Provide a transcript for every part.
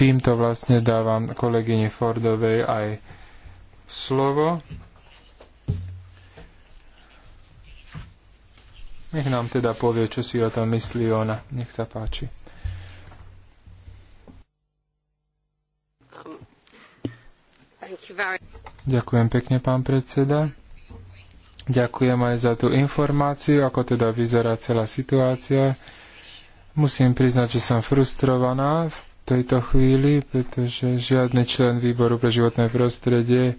týmto vlastne dávam kolegyni Fordovej aj slovo. Nech nám teda povie, čo si o tom myslí ona. Nech sa páči. Ďakujem pekne, pán predseda. Ďakujem aj za tú informáciu, ako teda vyzerá celá situácia. Musím priznať, že som frustrovaná v tejto chvíli, pretože žiadny člen výboru pre životné prostredie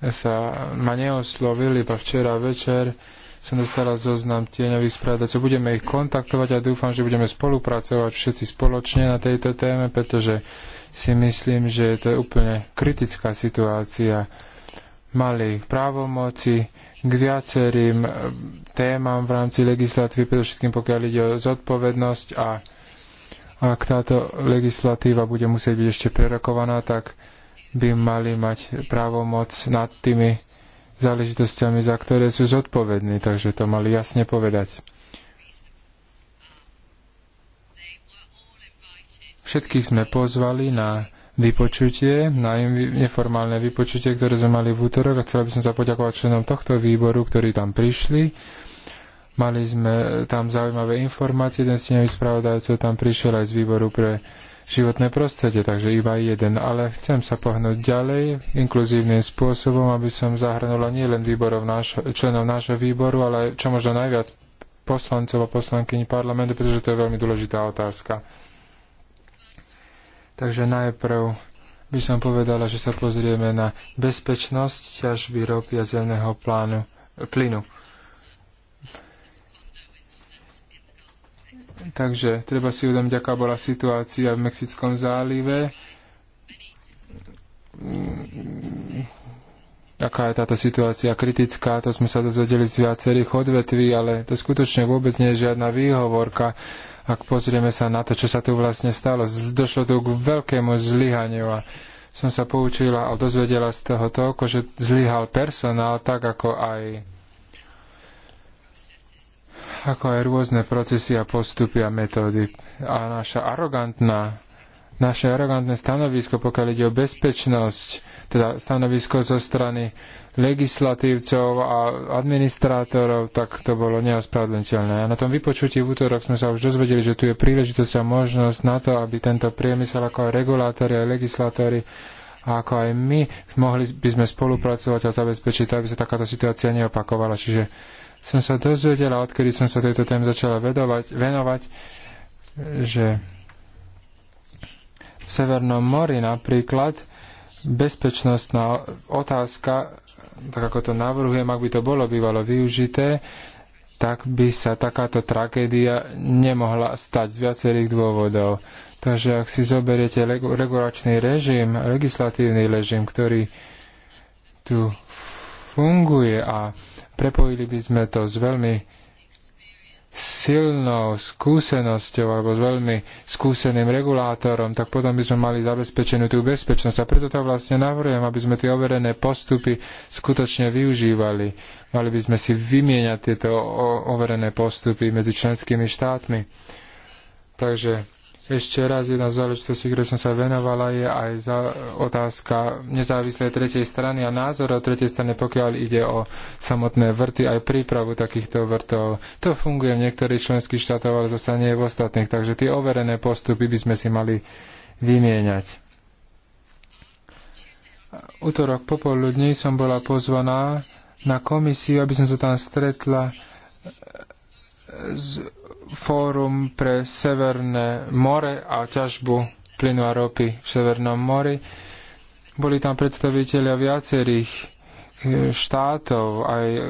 sa ma neoslovil, iba včera večer som dostala zoznam tieňových spravodajcov. Budeme ich kontaktovať a dúfam, že budeme spolupracovať všetci spoločne na tejto téme, pretože si myslím, že to je úplne kritická situácia. Mali právomoci k viacerým témam v rámci legislatívy, predovšetkým pokiaľ ide o zodpovednosť a ak táto legislatíva bude musieť byť ešte prerokovaná, tak by mali mať právomoc nad tými záležitostiami, za ktoré sú zodpovední. Takže to mali jasne povedať. Všetkých sme pozvali na vypočutie, na neformálne vypočutie, ktoré sme mali v útorok a chcel by som sa poďakovať členom tohto výboru, ktorí tam prišli Mali sme e, tam zaujímavé informácie, jeden z nových spravodajcov tam prišiel aj z výboru pre životné prostredie, takže iba jeden. Ale chcem sa pohnúť ďalej inkluzívnym spôsobom, aby som zahrnula nielen výborov nášho, členov nášho výboru, ale čo možno najviac poslancov a poslankyní parlamentu, pretože to je veľmi dôležitá otázka. Takže najprv by som povedala, že sa pozrieme na bezpečnosť ťažby ropy a zemného plánu, plynu. Takže treba si uvedomiť, aká bola situácia v Mexickom zálive, mm, aká je táto situácia kritická, to sme sa dozvedeli z viacerých odvetví, ale to skutočne vôbec nie je žiadna výhovorka, ak pozrieme sa na to, čo sa tu vlastne stalo. Došlo tu k veľkému zlyhaniu a som sa poučila a dozvedela z toho toľko, že zlyhal personál tak ako aj ako aj rôzne procesy a postupy a metódy. A naša arogantná, naše arogantné stanovisko, pokiaľ ide o bezpečnosť, teda stanovisko zo strany legislatívcov a administrátorov, tak to bolo neospravedlniteľné. A na tom vypočutí v útorok sme sa už dozvedeli, že tu je príležitosť a možnosť na to, aby tento priemysel ako aj regulátori aj legislatóri a ako aj my mohli by sme spolupracovať a zabezpečiť aby sa takáto situácia neopakovala. Čiže som sa dozvedela, odkedy som sa tejto téme začala vedovať, venovať, že v Severnom mori napríklad bezpečnostná otázka, tak ako to navrhujem, ak by to bolo bývalo využité, tak by sa takáto tragédia nemohla stať z viacerých dôvodov. Takže ak si zoberiete regulačný režim, legislatívny režim, ktorý tu funguje a Prepojili by sme to s veľmi silnou skúsenosťou alebo s veľmi skúseným regulátorom, tak potom by sme mali zabezpečenú tú bezpečnosť. A preto to vlastne navrhujem, aby sme tie overené postupy skutočne využívali. Mali by sme si vymieňať tieto overené postupy medzi členskými štátmi. Takže ešte raz jedna z záležitostí, ktoré som sa venovala, je aj za otázka nezávislej tretej strany a názor, o tretej strane, pokiaľ ide o samotné vrty, aj prípravu takýchto vrtov. To funguje v niektorých členských štátoch, ale zase nie v ostatných, takže tie overené postupy by sme si mali vymieňať. Útorok popoludní som bola pozvaná na komisiu, aby som sa tam stretla s fórum pre Severné more a ťažbu plynu a ropy v Severnom mori. Boli tam predstavitelia viacerých e, štátov, aj e,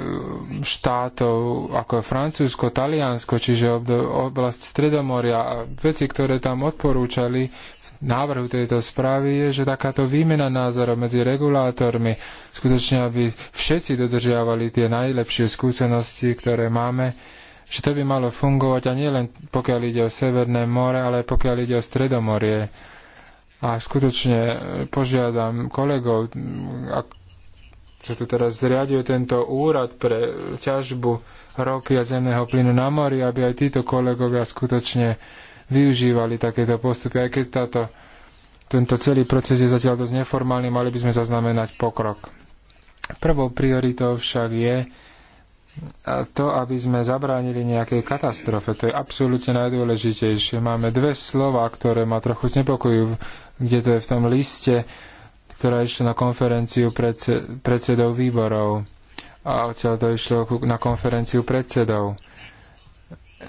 štátov ako Francúzsko, Taliansko, čiže oblasť Stredomoria a veci, ktoré tam odporúčali v návrhu tejto správy je, že takáto výmena názorov medzi regulátormi, skutočne aby všetci dodržiavali tie najlepšie skúsenosti, ktoré máme, že to by malo fungovať a nielen pokiaľ ide o Severné more, ale aj pokiaľ ide o Stredomorie. A skutočne e, požiadam kolegov, mm, ak sa tu teraz zriadil tento úrad pre ťažbu ropy a zemného plynu na mori, aby aj títo kolegovia skutočne využívali takéto postupy. Aj keď táto, tento celý proces je zatiaľ dosť neformálny, mali by sme zaznamenať pokrok. Prvou prioritou však je, to, aby sme zabránili nejakej katastrofe. To je absolútne najdôležitejšie. Máme dve slova, ktoré ma trochu znepokojujú, kde to je v tom liste, ktorá išla na konferenciu predsedov výborov. A odtiaľ to išlo na konferenciu predsedov.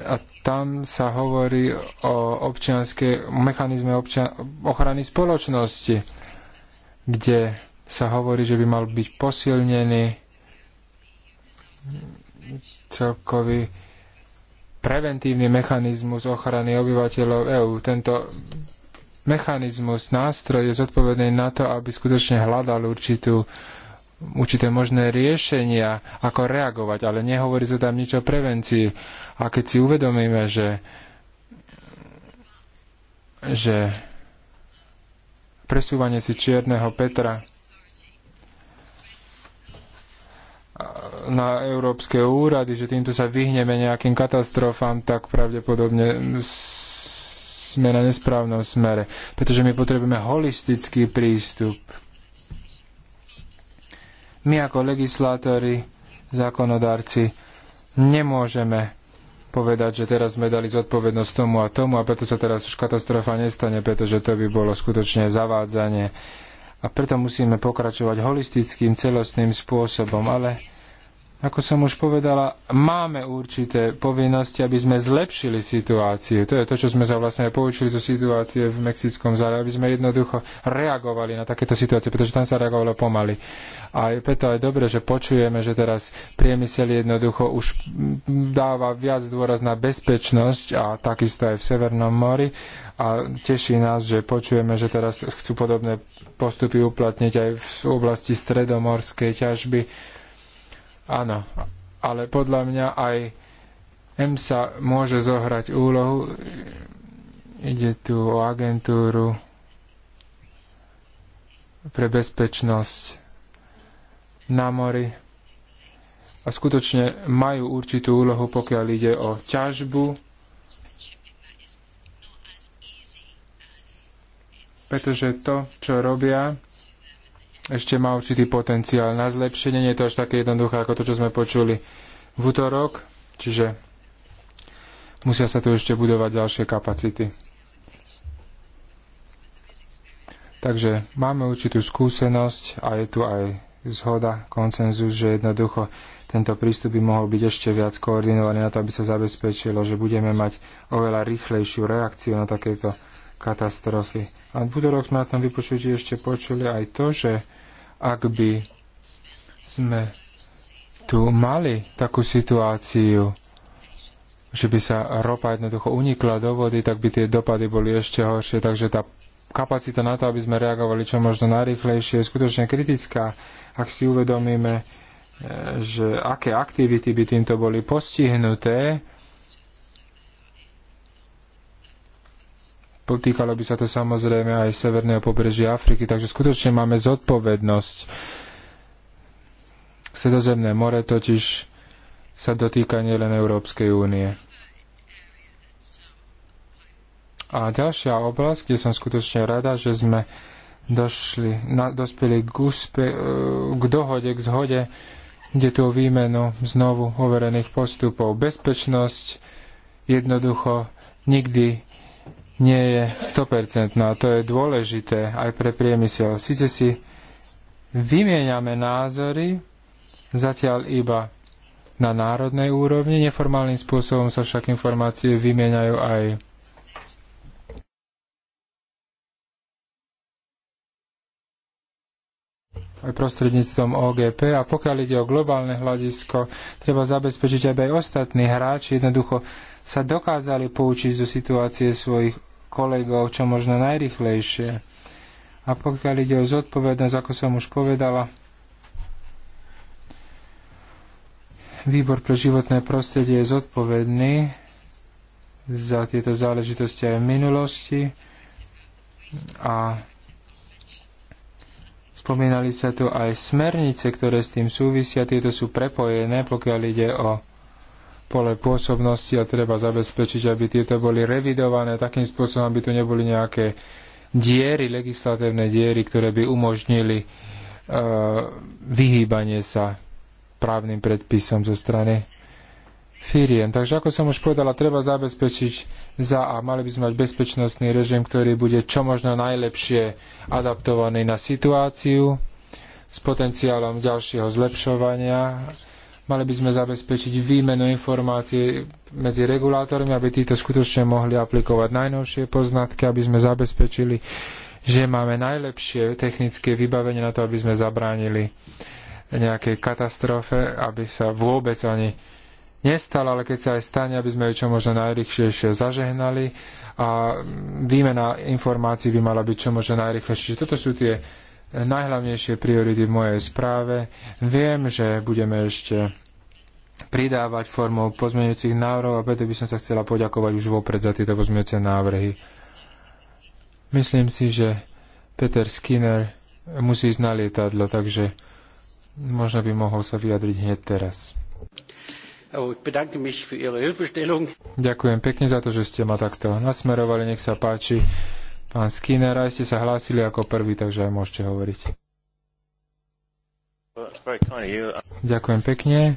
A tam sa hovorí o občianske, mechanizme občia- ochrany spoločnosti, kde sa hovorí, že by mal byť posilnený celkový preventívny mechanizmus ochrany obyvateľov EÚ. Tento mechanizmus, nástroj je zodpovedný na to, aby skutočne hľadal určitú určité možné riešenia, ako reagovať, ale nehovorí sa tam nič o prevencii. A keď si uvedomíme, že, že presúvanie si čierneho Petra na európske úrady, že týmto sa vyhneme nejakým katastrofám, tak pravdepodobne sme na nesprávnom smere. Pretože my potrebujeme holistický prístup. My ako legislátori, zákonodárci, nemôžeme povedať, že teraz sme dali zodpovednosť tomu a tomu a preto sa teraz už katastrofa nestane, pretože to by bolo skutočne zavádzanie uh, a preto musíme pokračovať holistickým, celostným spôsobom, ale ako som už povedala, máme určité povinnosti, aby sme zlepšili situáciu. To je to, čo sme sa vlastne poučili zo situácie v Mexickom zále, aby sme jednoducho reagovali na takéto situácie, pretože tam sa reagovalo pomaly. A preto je dobre, že počujeme, že teraz priemysel jednoducho už dáva viac dôraz na bezpečnosť a takisto aj v Severnom mori. A teší nás, že počujeme, že teraz chcú podobné postupy uplatniť aj v oblasti stredomorskej ťažby Áno, ale podľa mňa aj EMSA môže zohrať úlohu. Ide tu o agentúru pre bezpečnosť na mori a skutočne majú určitú úlohu, pokiaľ ide o ťažbu, pretože to, čo robia, ešte má určitý potenciál na zlepšenie. Nie je to až také jednoduché ako to, čo sme počuli v útorok, čiže musia sa tu ešte budovať ďalšie kapacity. Takže máme určitú skúsenosť a je tu aj zhoda, koncenzus, že jednoducho tento prístup by mohol byť ešte viac koordinovaný na to, aby sa zabezpečilo, že budeme mať oveľa rýchlejšiu reakciu na takéto katastrofy. A v útorok sme na tom vypočutí ešte počuli aj to, že ak by sme tu mali takú situáciu, že by sa ropa jednoducho unikla do vody, tak by tie dopady boli ešte horšie. Takže tá kapacita na to, aby sme reagovali čo možno najrychlejšie, je skutočne kritická, ak si uvedomíme, e, že aké aktivity by týmto boli postihnuté, Týkalo by sa to samozrejme aj severného pobrežia Afriky, takže skutočne máme zodpovednosť. Sredozemné more totiž sa dotýka nielen Európskej únie. A ďalšia oblasť, kde som skutočne rada, že sme došli, na, dospeli k, úspe, e, k dohode, k zhode, kde tu o výmenu znovu overených postupov. Bezpečnosť jednoducho nikdy nie je 100%. A to je dôležité aj pre priemysel. Sice si vymieňame názory, zatiaľ iba na národnej úrovni, neformálnym spôsobom sa však informácie vymieňajú aj aj prostredníctvom OGP a pokiaľ ide o globálne hľadisko, treba zabezpečiť, aby aj ostatní hráči jednoducho sa dokázali poučiť zo situácie svojich kolegov čo možno najrychlejšie. A pokiaľ ide o zodpovednosť, ako som už povedala, Výbor pre životné prostredie je zodpovedný za tieto záležitosti aj v minulosti a spomínali sa tu aj smernice, ktoré s tým súvisia, tieto sú prepojené, pokiaľ ide o pole pôsobnosti a treba zabezpečiť, aby tieto boli revidované takým spôsobom, aby tu neboli nejaké diery, legislatívne diery, ktoré by umožnili uh, vyhýbanie sa právnym predpisom zo strany firiem. Takže ako som už povedala, treba zabezpečiť za a mali by sme mať bezpečnostný režim, ktorý bude čo možno najlepšie adaptovaný na situáciu s potenciálom ďalšieho zlepšovania Mali by sme zabezpečiť výmenu informácií medzi regulátormi, aby títo skutočne mohli aplikovať najnovšie poznatky, aby sme zabezpečili, že máme najlepšie technické vybavenie na to, aby sme zabránili nejakej katastrofe, aby sa vôbec ani nestala, ale keď sa aj stane, aby sme ju čo možno najrychlejšie zažehnali a výmena informácií by mala byť čo možno najrychlejšie. Toto sú tie najhlavnejšie priority v mojej správe. Viem, že budeme ešte pridávať formou pozmeňujúcich návrhov a preto by som sa chcela poďakovať už vopred za tieto pozmeňujúce návrhy. Myslím si, že Peter Skinner musí ísť na lietadlo, takže možno by mohol sa vyjadriť hneď teraz. Oh, Ďakujem pekne za to, že ste ma takto nasmerovali. Nech sa páči, pán Skinner, aj ste sa hlásili ako prvý, takže aj môžete hovoriť. Ďakujem pekne.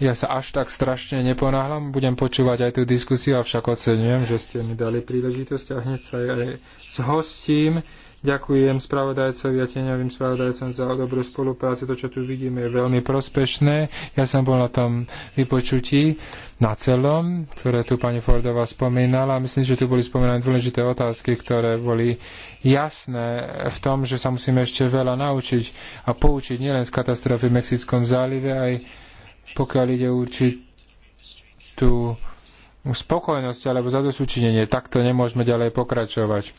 Ja sa až tak strašne neponáhľam, budem počúvať aj tú diskusiu, avšak oceňujem, že ste mi dali príležitosť a hneď sa aj zhostím. Ďakujem spravodajcovi a tieňovým spravodajcom za dobrú spoluprácu. To, čo tu vidíme, je veľmi prospešné. Ja som bol na tom vypočutí na celom, ktoré tu pani Fordová spomínala. Myslím, že tu boli spomínané dôležité otázky, ktoré boli jasné v tom, že sa musíme ešte veľa naučiť a poučiť nielen z katastrofy v Mexickom zálive, aj pokiaľ ide určitú spokojnosť alebo zadosúčinenie. Takto nemôžeme ďalej pokračovať.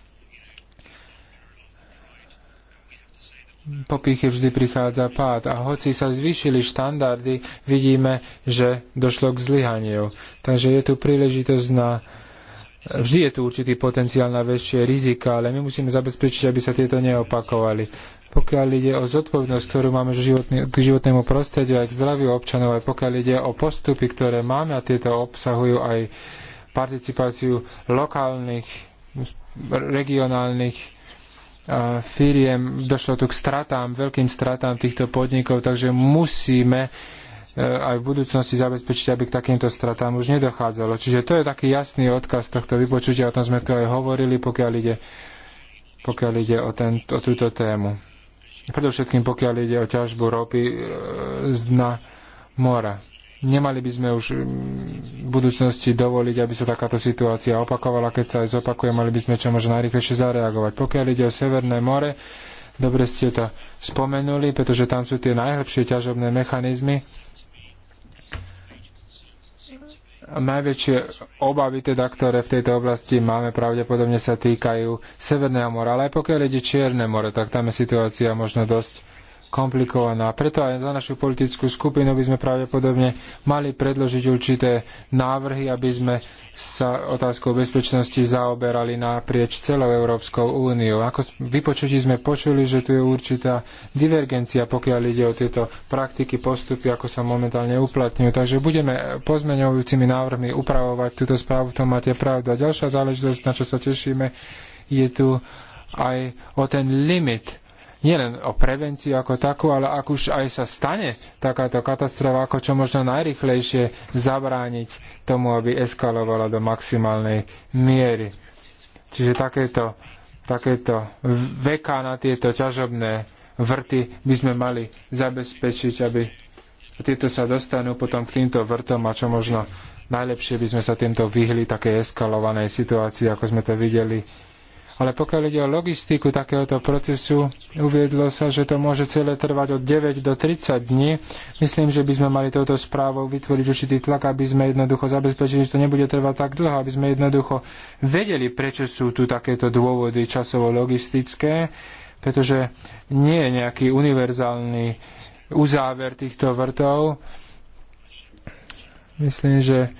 popíchy vždy prichádza pád a hoci sa zvýšili štandardy, vidíme, že došlo k zlyhaniu. Takže je tu príležitosť na Vždy je tu určitý potenciál na väčšie rizika, ale my musíme zabezpečiť, aby sa tieto neopakovali pokiaľ ide o zodpovednosť, ktorú máme životný, k životnému prostrediu aj k zdraviu občanov, aj pokiaľ ide o postupy, ktoré máme a tieto obsahujú aj participáciu lokálnych, regionálnych firiem. Došlo tu k stratám, veľkým stratám týchto podnikov, takže musíme e, aj v budúcnosti zabezpečiť, aby k takýmto stratám už nedochádzalo. Čiže to je taký jasný odkaz tohto vypočutia, o tom sme tu aj hovorili, pokiaľ ide, pokiaľ ide o, ten, o túto tému. Predovšetkým pokiaľ ide o ťažbu ropy e, z dna mora. Nemali by sme už v budúcnosti dovoliť, aby sa takáto situácia opakovala. Keď sa aj zopakuje, mali by sme čo možno najrychlejšie zareagovať. Pokiaľ ide o Severné more, dobre ste to spomenuli, pretože tam sú tie najlepšie ťažobné mechanizmy najväčšie obavy, teda, ktoré v tejto oblasti máme, pravdepodobne sa týkajú Severného mora, ale aj pokiaľ ide Čierne more, tak tam je situácia možno dosť komplikovaná. Preto aj za našu politickú skupinu by sme pravdepodobne mali predložiť určité návrhy, aby sme sa otázkou bezpečnosti zaoberali naprieč celou Európskou úniou. Ako vypočutí sme počuli, že tu je určitá divergencia, pokiaľ ide o tieto praktiky, postupy, ako sa momentálne uplatňujú. Takže budeme pozmeňujúcimi návrhmi upravovať túto správu, v tom máte pravdu. A ďalšia záležitosť, na čo sa tešíme, je tu aj o ten limit nielen o prevenciu ako takú, ale ak už aj sa stane takáto katastrofa, ako čo možno najrychlejšie zabrániť tomu, aby eskalovala do maximálnej miery. Čiže takéto, takéto veka na tieto ťažobné vrty by sme mali zabezpečiť, aby tieto sa dostanú potom k týmto vrtom a čo možno najlepšie by sme sa týmto vyhli také eskalovanej situácii, ako sme to videli ale pokiaľ ide o logistiku takéhoto procesu, uviedlo sa, že to môže celé trvať od 9 do 30 dní. Myslím, že by sme mali touto správou vytvoriť určitý tlak, aby sme jednoducho zabezpečili, že to nebude trvať tak dlho, aby sme jednoducho vedeli, prečo sú tu takéto dôvody časovo-logistické, pretože nie je nejaký univerzálny uzáver týchto vrtov. Myslím, že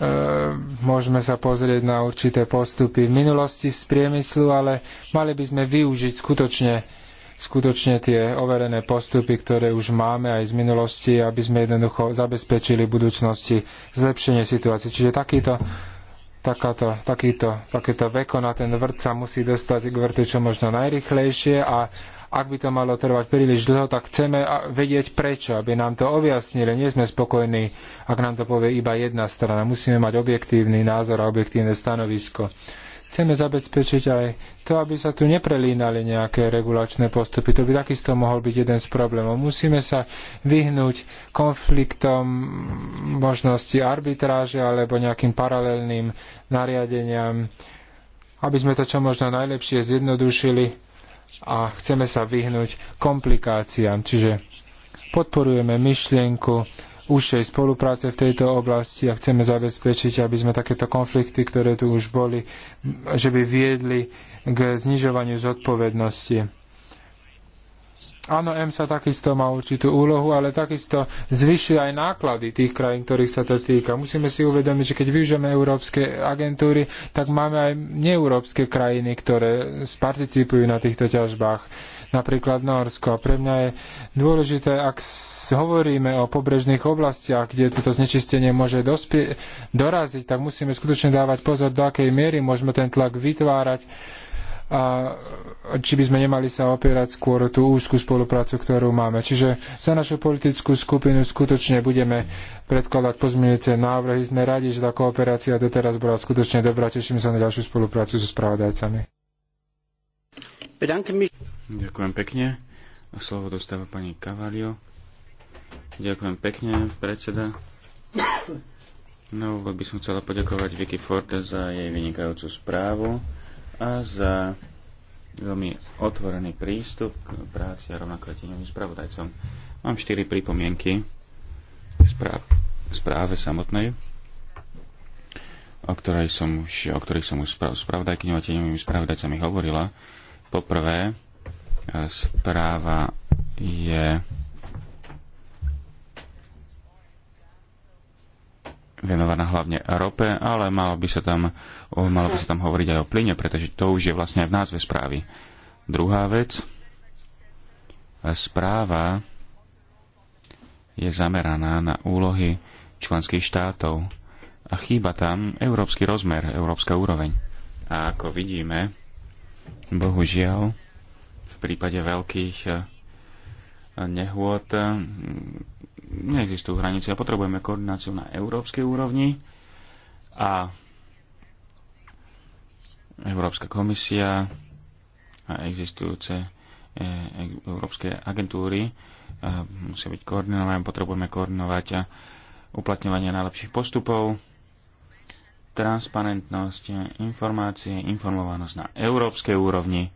Eh, môžeme sa pozrieť na určité postupy v minulosti z priemyslu, ale mali by sme využiť skutočne, skutočne tie overené postupy, ktoré už máme aj z minulosti, aby sme jednoducho zabezpečili v budúcnosti zlepšenie situácie. Čiže takýto, takáto, takýto, takéto veko na ten vrt sa musí dostať k vrtu čo možno najrychlejšie a ak by to malo trvať príliš dlho, tak chceme vedieť prečo, aby nám to objasnili. Nie sme spokojní, ak nám to povie iba jedna strana. Musíme mať objektívny názor a objektívne stanovisko. Chceme zabezpečiť aj to, aby sa tu neprelínali nejaké regulačné postupy. To by takisto mohol byť jeden z problémov. Musíme sa vyhnúť konfliktom možnosti arbitráže alebo nejakým paralelným nariadeniam, aby sme to čo možno najlepšie zjednodušili a chceme sa vyhnúť komplikáciám. Čiže podporujeme myšlienku užšej spolupráce v tejto oblasti a chceme zabezpečiť, aby sme takéto konflikty, ktoré tu už boli, že by viedli k znižovaniu zodpovednosti. Áno, EMSA takisto má určitú úlohu, ale takisto zvyšuje aj náklady tých krajín, ktorých sa to týka. Musíme si uvedomiť, že keď využijeme európske agentúry, tak máme aj neeurópske krajiny, ktoré participujú na týchto ťažbách. Napríklad Norsko. Pre mňa je dôležité, ak hovoríme o pobrežných oblastiach, kde toto znečistenie môže dospie- doraziť, tak musíme skutočne dávať pozor, do akej miery môžeme ten tlak vytvárať a či by sme nemali sa opierať skôr tú úzkú spoluprácu, ktorú máme. Čiže za našu politickú skupinu skutočne budeme predkladať pozmeňujúce návrhy. Sme radi, že tá kooperácia doteraz bola skutočne dobrá. Teším sa na ďalšiu spoluprácu so spravodajcami. Ďakujem pekne. A slovo dostáva pani Cavalio. Ďakujem pekne, predseda. Na no, úvod by som chcela poďakovať Vicky Ford za jej vynikajúcu správu a za veľmi otvorený prístup k práci a rovnako aj tieňovým spravodajcom. Mám štyri pripomienky správ, správe samotnej, o, ktorej som už, o ktorých som už sprav, spravodajkyňou a tieňovými spravodajcami hovorila. Poprvé, e, správa je venovaná hlavne rope, ale malo by, sa tam, malo by sa tam hovoriť aj o plyne, pretože to už je vlastne aj v názve správy. Druhá vec, správa je zameraná na úlohy členských štátov a chýba tam európsky rozmer, európska úroveň. A ako vidíme, bohužiaľ, v prípade veľkých eh, nehôd neexistujú hranice a potrebujeme koordináciu na európskej úrovni a Európska komisia a existujúce e, e, európske agentúry e, musia byť koordinované, potrebujeme koordinovať a uplatňovanie najlepších postupov, transparentnosť, informácie, informovanosť na európskej úrovni.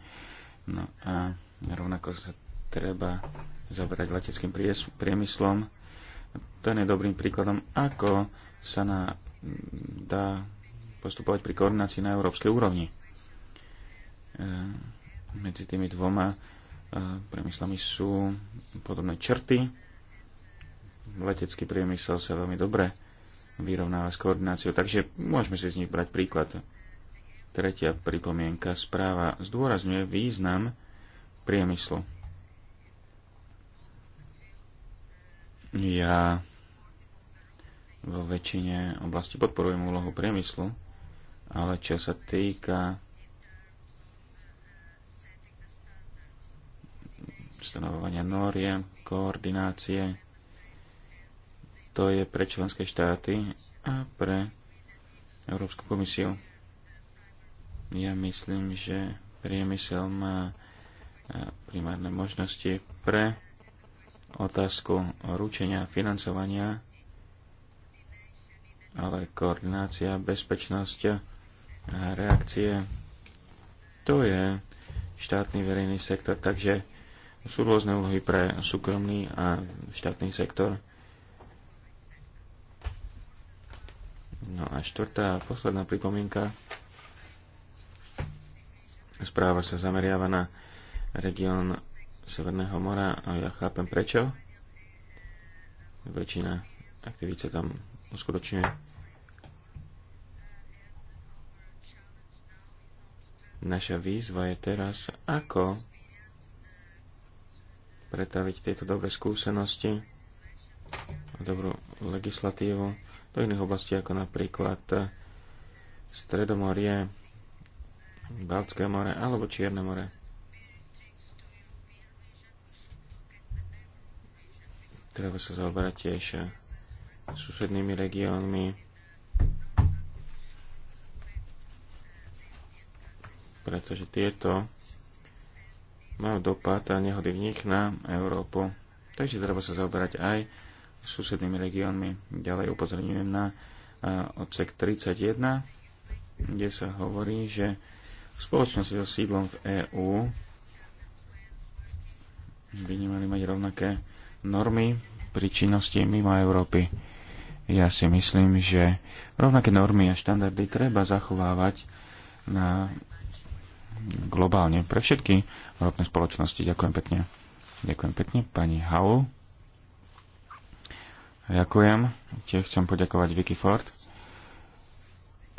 No a rovnako sa treba zaoberať leteckým priemyslom ten je dobrým príkladom, ako sa na, dá postupovať pri koordinácii na európskej úrovni. E, medzi tými dvoma e, priemyslami sú podobné črty. Letecký priemysel sa veľmi dobre vyrovnáva s koordináciou, takže môžeme si z nich brať príklad. Tretia pripomienka správa zdôrazňuje význam priemyslu. Ja vo väčšine oblasti podporujem úlohu priemyslu, ale čo sa týka stanovovania noriem, koordinácie, to je pre členské štáty a pre Európsku komisiu. Ja myslím, že priemysel má primárne možnosti pre otázku ručenia financovania, ale koordinácia, bezpečnosť a reakcie. To je štátny verejný sektor, takže sú rôzne úlohy pre súkromný a štátny sektor. No a štvrtá, a posledná pripomienka. Správa sa zameriava na región Severného mora a ja chápem prečo. Väčšina aktivít sa tam uskutočňuje. Naša výzva je teraz, ako pretaviť tieto dobré skúsenosti a dobrú legislatívu do iných oblastí, ako napríklad Stredomorie, Baltské more alebo Čierne more. Treba sa zaoberať tiež susednými regiónmi, pretože tieto majú dopad a nehody v nich na Európu. Takže treba sa zaoberať aj susednými regiónmi. Ďalej upozorňujem na odsek 31, kde sa hovorí, že spoločnosti so sídlom v EÚ by nemali mať rovnaké normy pri činnosti mimo Európy. Ja si myslím, že rovnaké normy a štandardy treba zachovávať na globálne pre všetky ropné spoločnosti. Ďakujem pekne. Ďakujem pekne pani Hau. Ďakujem. Tiež chcem poďakovať Vicky Ford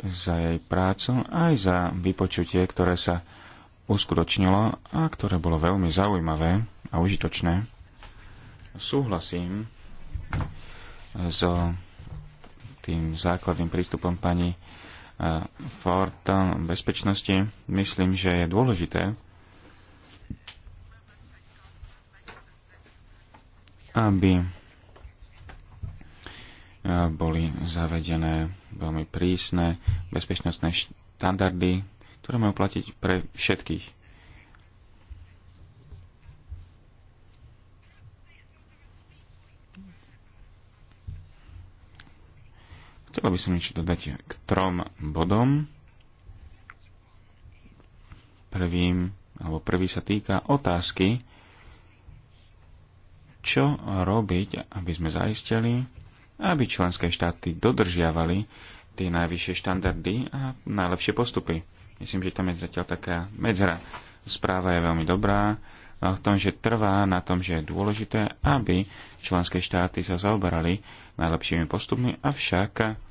za jej prácu, aj za vypočutie, ktoré sa uskutočnilo a ktoré bolo veľmi zaujímavé a užitočné súhlasím so tým základným prístupom pani e, Ford e, bezpečnosti. Myslím, že je dôležité, aby e, boli zavedené veľmi prísne bezpečnostné štandardy, ktoré majú platiť pre všetkých. Chcel by som niečo dodať k trom bodom. Prvým, alebo prvý sa týka otázky, čo robiť, aby sme zaistili, aby členské štáty dodržiavali tie najvyššie štandardy a najlepšie postupy. Myslím, že tam je zatiaľ taká medzera. Správa je veľmi dobrá v tom, že trvá na tom, že je dôležité, aby členské štáty sa zaoberali najlepšími postupmi, avšak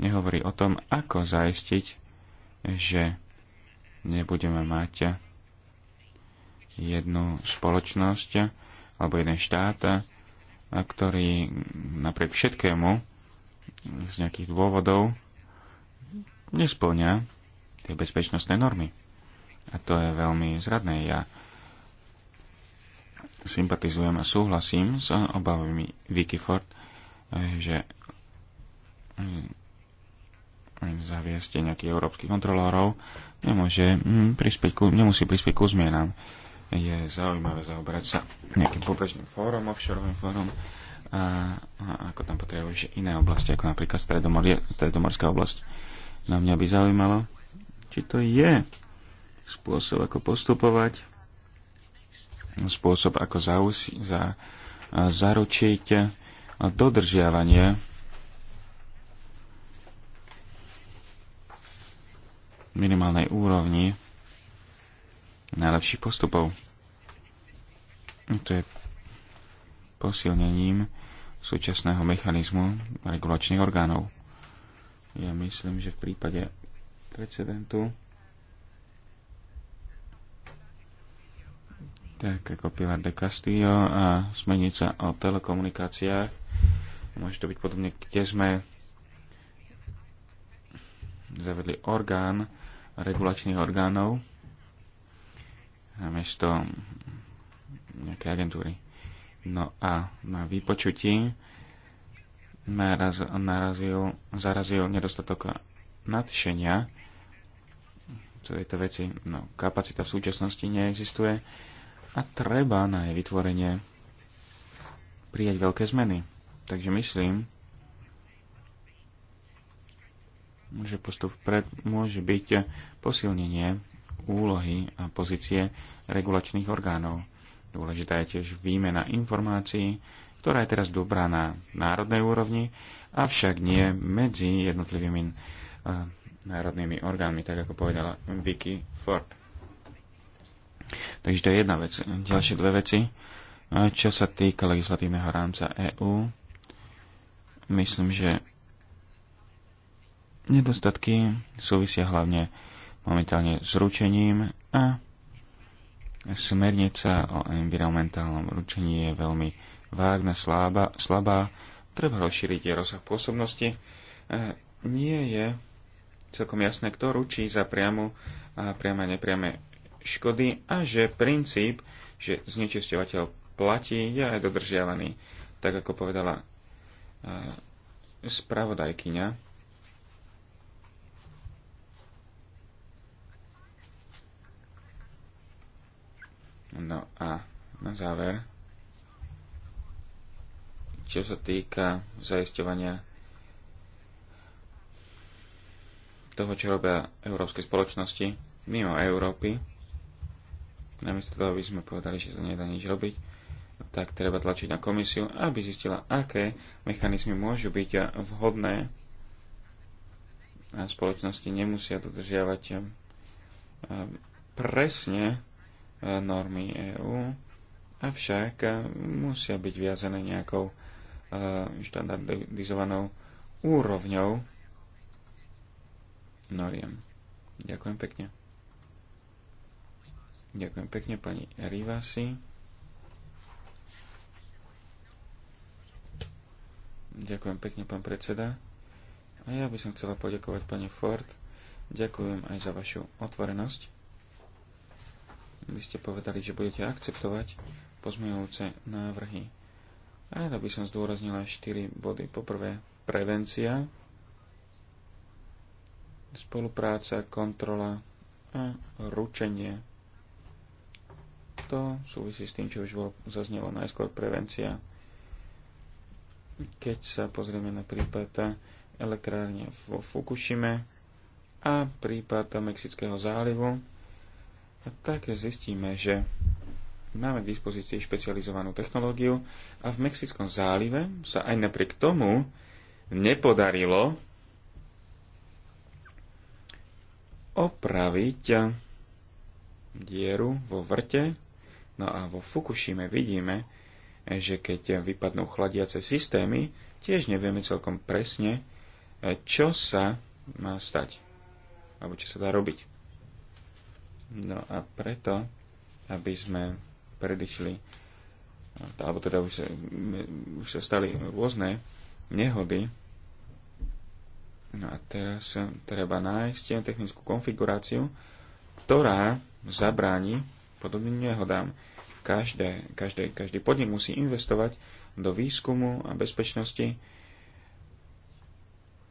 nehovorí o tom, ako zaistiť, že nebudeme mať jednu spoločnosť alebo jeden štát, ktorý napriek všetkému z nejakých dôvodov nesplňa tie bezpečnostné normy. A to je veľmi zradné. Ja sympatizujem a súhlasím s obavami Vicky Ford, že zaviesť nejakých európskych kontrolórov, nemôže mm, prispieť ku, nemusí prispieť ku zmienám. Je zaujímavé zaoberať sa nejakým pobrežným fórom, offshoreovým fórom, a, a ako tam potrebujú už iné oblasti, ako napríklad stredomorská oblasť. Na mňa by zaujímalo, či to je spôsob, ako postupovať, spôsob, ako zausi, za, zaručiť dodržiavanie minimálnej úrovni najlepších postupov. To je posilnením súčasného mechanizmu regulačných orgánov. Ja myslím, že v prípade precedentu tak ako Pilar de Castillo a smenica o telekomunikáciách. Môže to byť podobne, kde sme zavedli orgán, regulačných orgánov namiesto nejakej agentúry. No a na vypočutí narazil, zarazil nedostatok nadšenia celej tejto veci. No, kapacita v súčasnosti neexistuje a treba na jej vytvorenie prijať veľké zmeny. Takže myslím, že postup pred môže byť posilnenie úlohy a pozície regulačných orgánov. Dôležitá je tiež výmena informácií, ktorá je teraz dobrá na národnej úrovni, avšak nie medzi jednotlivými eh, národnými orgánmi, tak ako povedala Vicky Ford. Takže to je jedna vec. Ďalšie dve veci. Eh, čo sa týka legislatívneho rámca EÚ, myslím, že Nedostatky súvisia hlavne momentálne s ručením a smernica o environmentálnom ručení je veľmi vágna, slába, slabá. Treba rozšíriť jej rozsah pôsobnosti. E, nie je celkom jasné, kto ručí za priamu a priame a nepriame škody a že princíp, že znečisťovateľ platí, je aj dodržiavaný. Tak ako povedala e, spravodajkyňa, No a na záver, čo sa týka zaisťovania toho, čo robia európske spoločnosti mimo Európy, namiesto toho, aby sme povedali, že sa nedá nič robiť, tak treba tlačiť na komisiu, aby zistila, aké mechanizmy môžu byť vhodné a spoločnosti nemusia dodržiavať eh, presne normy EÚ, avšak e, musia byť viazané nejakou e, štandardizovanou úrovňou noriem. Ďakujem pekne. Ďakujem pekne pani Rivasi. Ďakujem pekne, pán predseda. A ja by som chcela poďakovať pani Ford. Ďakujem aj za vašu otvorenosť. Vy ste povedali, že budete akceptovať pozmeňujúce návrhy. Rada by som zdôraznila 4 body. Poprvé, prevencia, spolupráca, kontrola a ručenie. To súvisí s tým, čo už bolo zaznelo najskôr prevencia. Keď sa pozrieme na prípad elektrárne vo Fukushime a prípad Mexického zálivu, tak zistíme, že máme k dispozícii špecializovanú technológiu a v Mexickom zálive sa aj napriek tomu nepodarilo opraviť dieru vo vrte. No a vo Fukushime vidíme, že keď vypadnú chladiace systémy, tiež nevieme celkom presne, čo sa má stať alebo čo sa dá robiť. No a preto, aby sme predišli, alebo teda už, už sa stali rôzne nehody, no a teraz treba nájsť technickú konfiguráciu, ktorá zabráni podobným nehodám. Každé, každé, každý podnik musí investovať do výskumu a bezpečnosti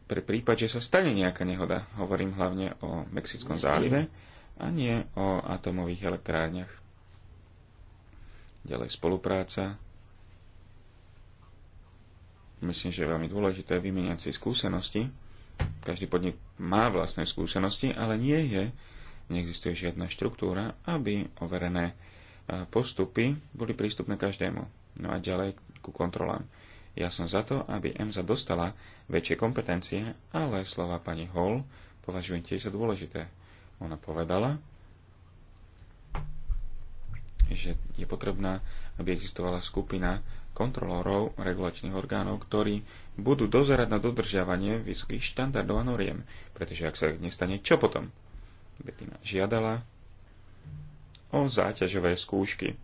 pre prípad, že sa stane nejaká nehoda. Hovorím hlavne o Mexickom zálive a nie o atomových elektrárniach. Ďalej spolupráca. Myslím, že je veľmi dôležité vymeniať si skúsenosti. Každý podnik má vlastné skúsenosti, ale nie je, neexistuje žiadna štruktúra, aby overené e, postupy boli prístupné každému. No a ďalej ku kontrolám. Ja som za to, aby EMSA dostala väčšie kompetencie, ale slova pani Hall považujem tiež za dôležité. Ona povedala, že je potrebná, aby existovala skupina kontrolórov regulačných orgánov, ktorí budú dozerať na dodržiavanie vysokých štandardov a noriem. Pretože ak sa nestane, čo potom? Bettina žiadala o záťažové skúšky.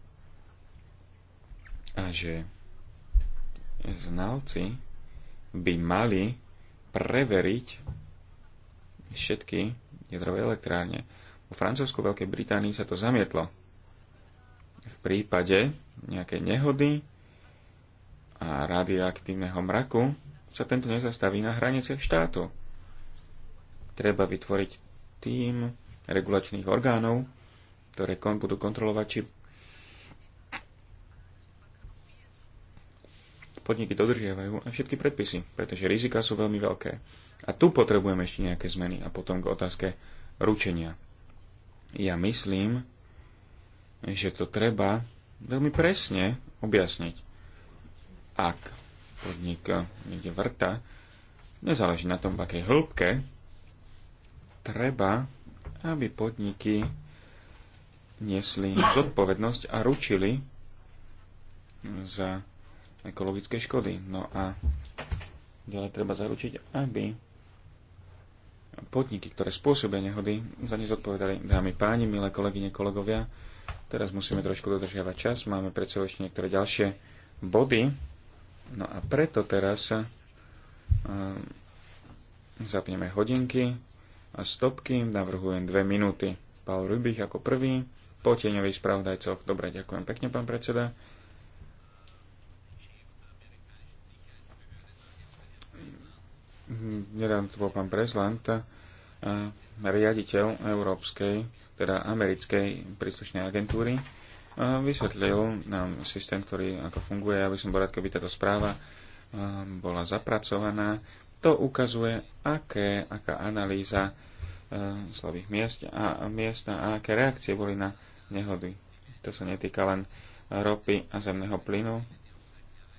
A že znalci by mali preveriť všetky jadrovej elektrárne. Vo Francúzsku, Veľkej Británii sa to zamietlo. V prípade nejakej nehody a radioaktívneho mraku sa tento nezastaví na hraniciach štátu. Treba vytvoriť tým regulačných orgánov, ktoré kon budú kontrolovať, či podniky dodržiavajú aj všetky predpisy, pretože rizika sú veľmi veľké. A tu potrebujeme ešte nejaké zmeny a potom k otázke ručenia. Ja myslím, že to treba veľmi presne objasniť. Ak podnik niekde vrta, nezáleží na tom, v akej hĺbke, treba, aby podniky nesli zodpovednosť a ručili za ekologické škody. No a ďalej treba zaručiť, aby podniky, ktoré spôsobia nehody, za ne zodpovedali dámy páni, milé kolegyne, kolegovia. Teraz musíme trošku dodržiavať čas, máme pred sebou ešte niektoré ďalšie body. No a preto teraz eh, zapneme hodinky a stopky, navrhujem dve minúty. Paul Rubich ako prvý, po spravodajcov, Dobre, ďakujem pekne, pán predseda. Mhm, nedávno to bol pán Breslant, riaditeľ európskej, teda americkej príslušnej agentúry, vysvetlil nám systém, ktorý ako funguje. Ja by som bol rád, keby táto správa bola zapracovaná. To ukazuje, aké, aká analýza slabých miest a, miesta a aké reakcie boli na nehody. To sa netýka len ropy a zemného plynu.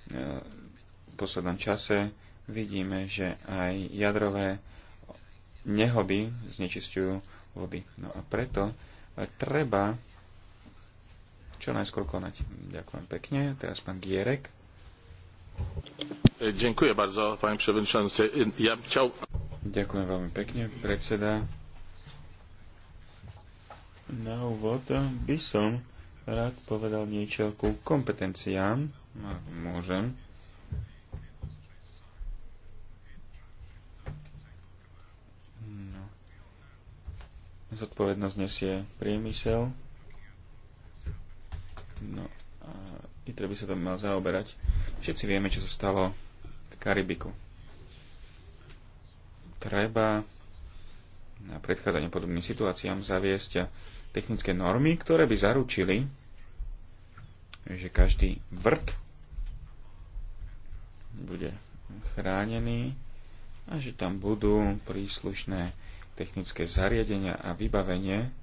V poslednom čase vidíme, že aj jadrové nehoby znečistujú vody. No a preto treba čo najskôr konať. Ďakujem pekne. Teraz pán Gierek. Ďakujem e, bardzo, pán przewodniczący. E, ja chciał... Ďakujem veľmi pekne, predseda. Na úvod by som rád povedal niečo ku kompetenciám. No, môžem. zodpovednosť nesie priemysel. No a ITRE by sa tam mal zaoberať. Všetci vieme, čo sa stalo v Karibiku. Treba na predchádzanie podobným situáciám zaviesť technické normy, ktoré by zaručili, že každý vrt bude chránený a že tam budú príslušné technické zariadenia a vybavenie,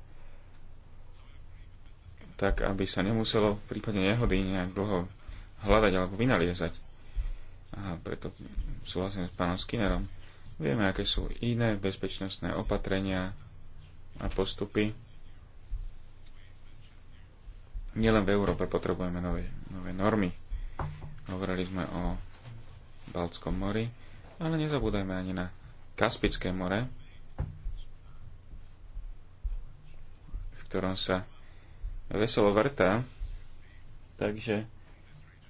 tak aby sa nemuselo v prípade nehody nejak dlho hľadať alebo vynaliezať. A preto súhlasím s pánom Skinnerom. Vieme, aké sú iné bezpečnostné opatrenia a postupy. Nielen v Európe potrebujeme nové, nové normy. Hovorili sme o Baltskom mori, ale nezabúdajme ani na Kaspické more, ktorom sa veselo vrtá. Takže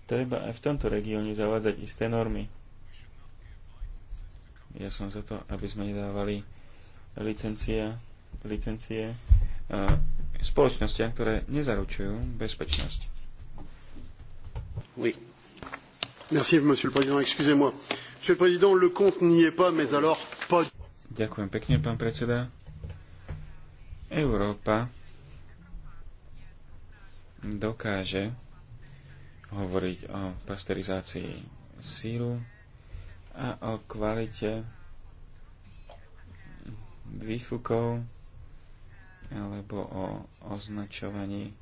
treba aj v tomto regióne zavádzať isté normy. Ja som za to, aby sme nedávali licencie, licencie e, spoločnostiam, ktoré nezaručujú bezpečnosť. Oui. Merci, monsieur le président. Excusez-moi. Monsieur le président, le compte n'y est pas, mais alors pas... Ďakujem pekne, pán predseda. Európa dokáže hovoriť o pasterizácii síru a o kvalite výfukov alebo o označovaní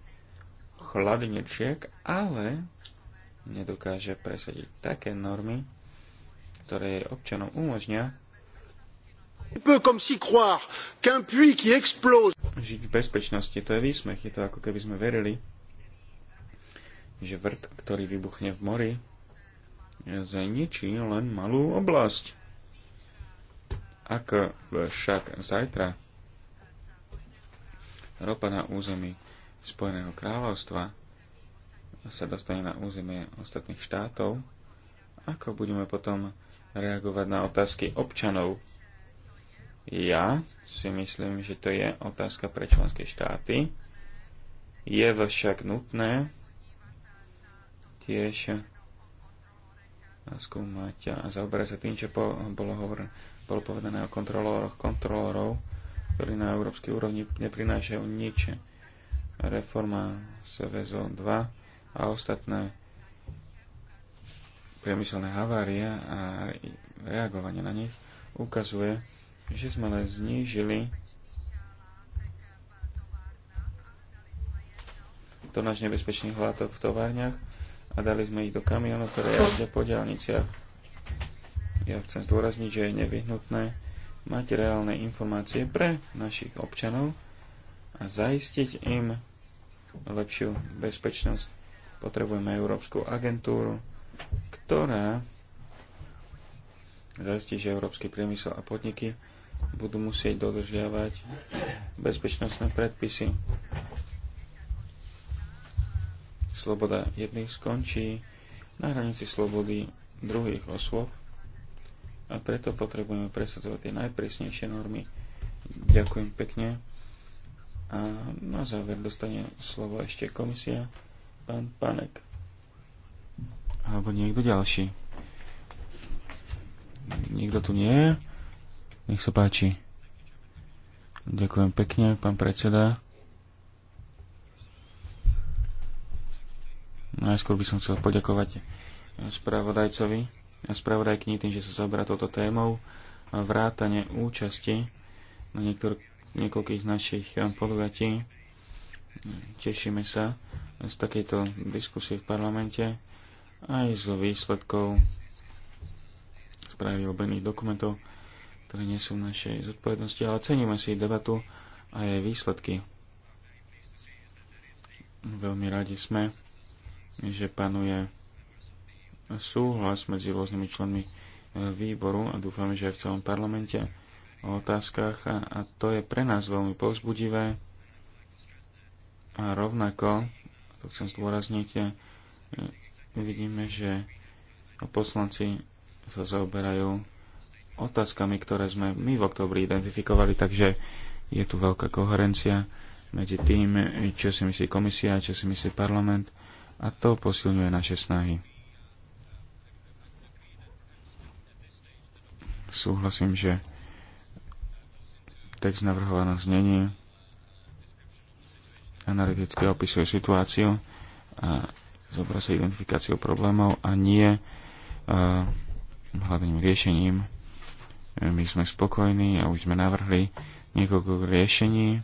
chladničiek, ale nedokáže presadiť také normy, ktoré jej občanom umožňa žiť v bezpečnosti. To je výsmech. Je to ako keby sme verili, že vrt, ktorý vybuchne v mori, zničí len malú oblasť. Ak však zajtra ropa na území Spojeného kráľovstva sa dostane na územie ostatných štátov, ako budeme potom reagovať na otázky občanov? Ja si myslím, že to je otázka pre členské štáty. Je však nutné tiež skúmať a zaoberať sa tým, čo po, bolo, hovor, bolo povedané o kontrolóroch kontrolórov, ktorí na európskej úrovni neprinášajú nič. Reforma SVZO 2 a ostatné priemyselné havárie a reagovanie na nich ukazuje, že sme len znížili náš nebezpečných látok v továrniach, a dali sme ich do kamionu, ktoré jazdia po diálniciach. Ja chcem zdôrazniť, že je nevyhnutné mať reálne informácie pre našich občanov a zaistiť im lepšiu bezpečnosť. Potrebujeme Európsku agentúru, ktorá zaistí, že európsky priemysel a podniky budú musieť dodržiavať bezpečnostné predpisy sloboda jedných skončí na hranici slobody druhých osôb a preto potrebujeme presadzovať tie najprísnejšie normy. Ďakujem pekne. A na záver dostane slovo ešte komisia, pán Panek. Alebo niekto ďalší. Nikto tu nie je. Nech sa páči. Ďakujem pekne, pán predseda. Najskôr by som chcel poďakovať spravodajcovi a spravodajkyni tým, že sa zabrá touto témou a vrátane účasti na niektor- niekoľkých z našich eh, podujatí. Tešíme sa z takejto diskusie v parlamente aj z výsledkov správy obených dokumentov, ktoré nie sú v našej zodpovednosti, ale ceníme si debatu a aj výsledky. Veľmi radi sme, že panuje súhlas medzi rôznymi členmi e, výboru a dúfame, že aj v celom parlamente o otázkach a, a to je pre nás veľmi povzbudivé a rovnako, to chcem zdôrazniť, e, vidíme, že poslanci sa zaoberajú otázkami, ktoré sme my v oktobri identifikovali, takže je tu veľká koherencia medzi tým, čo si myslí komisia, čo si myslí parlament a to posilňuje naše snahy. Súhlasím, že text navrhovaného znení analyticky opisuje situáciu a zobra sa identifikáciou problémov a nie a, e, hľadaním riešením. My sme spokojní a už sme navrhli niekoľko riešení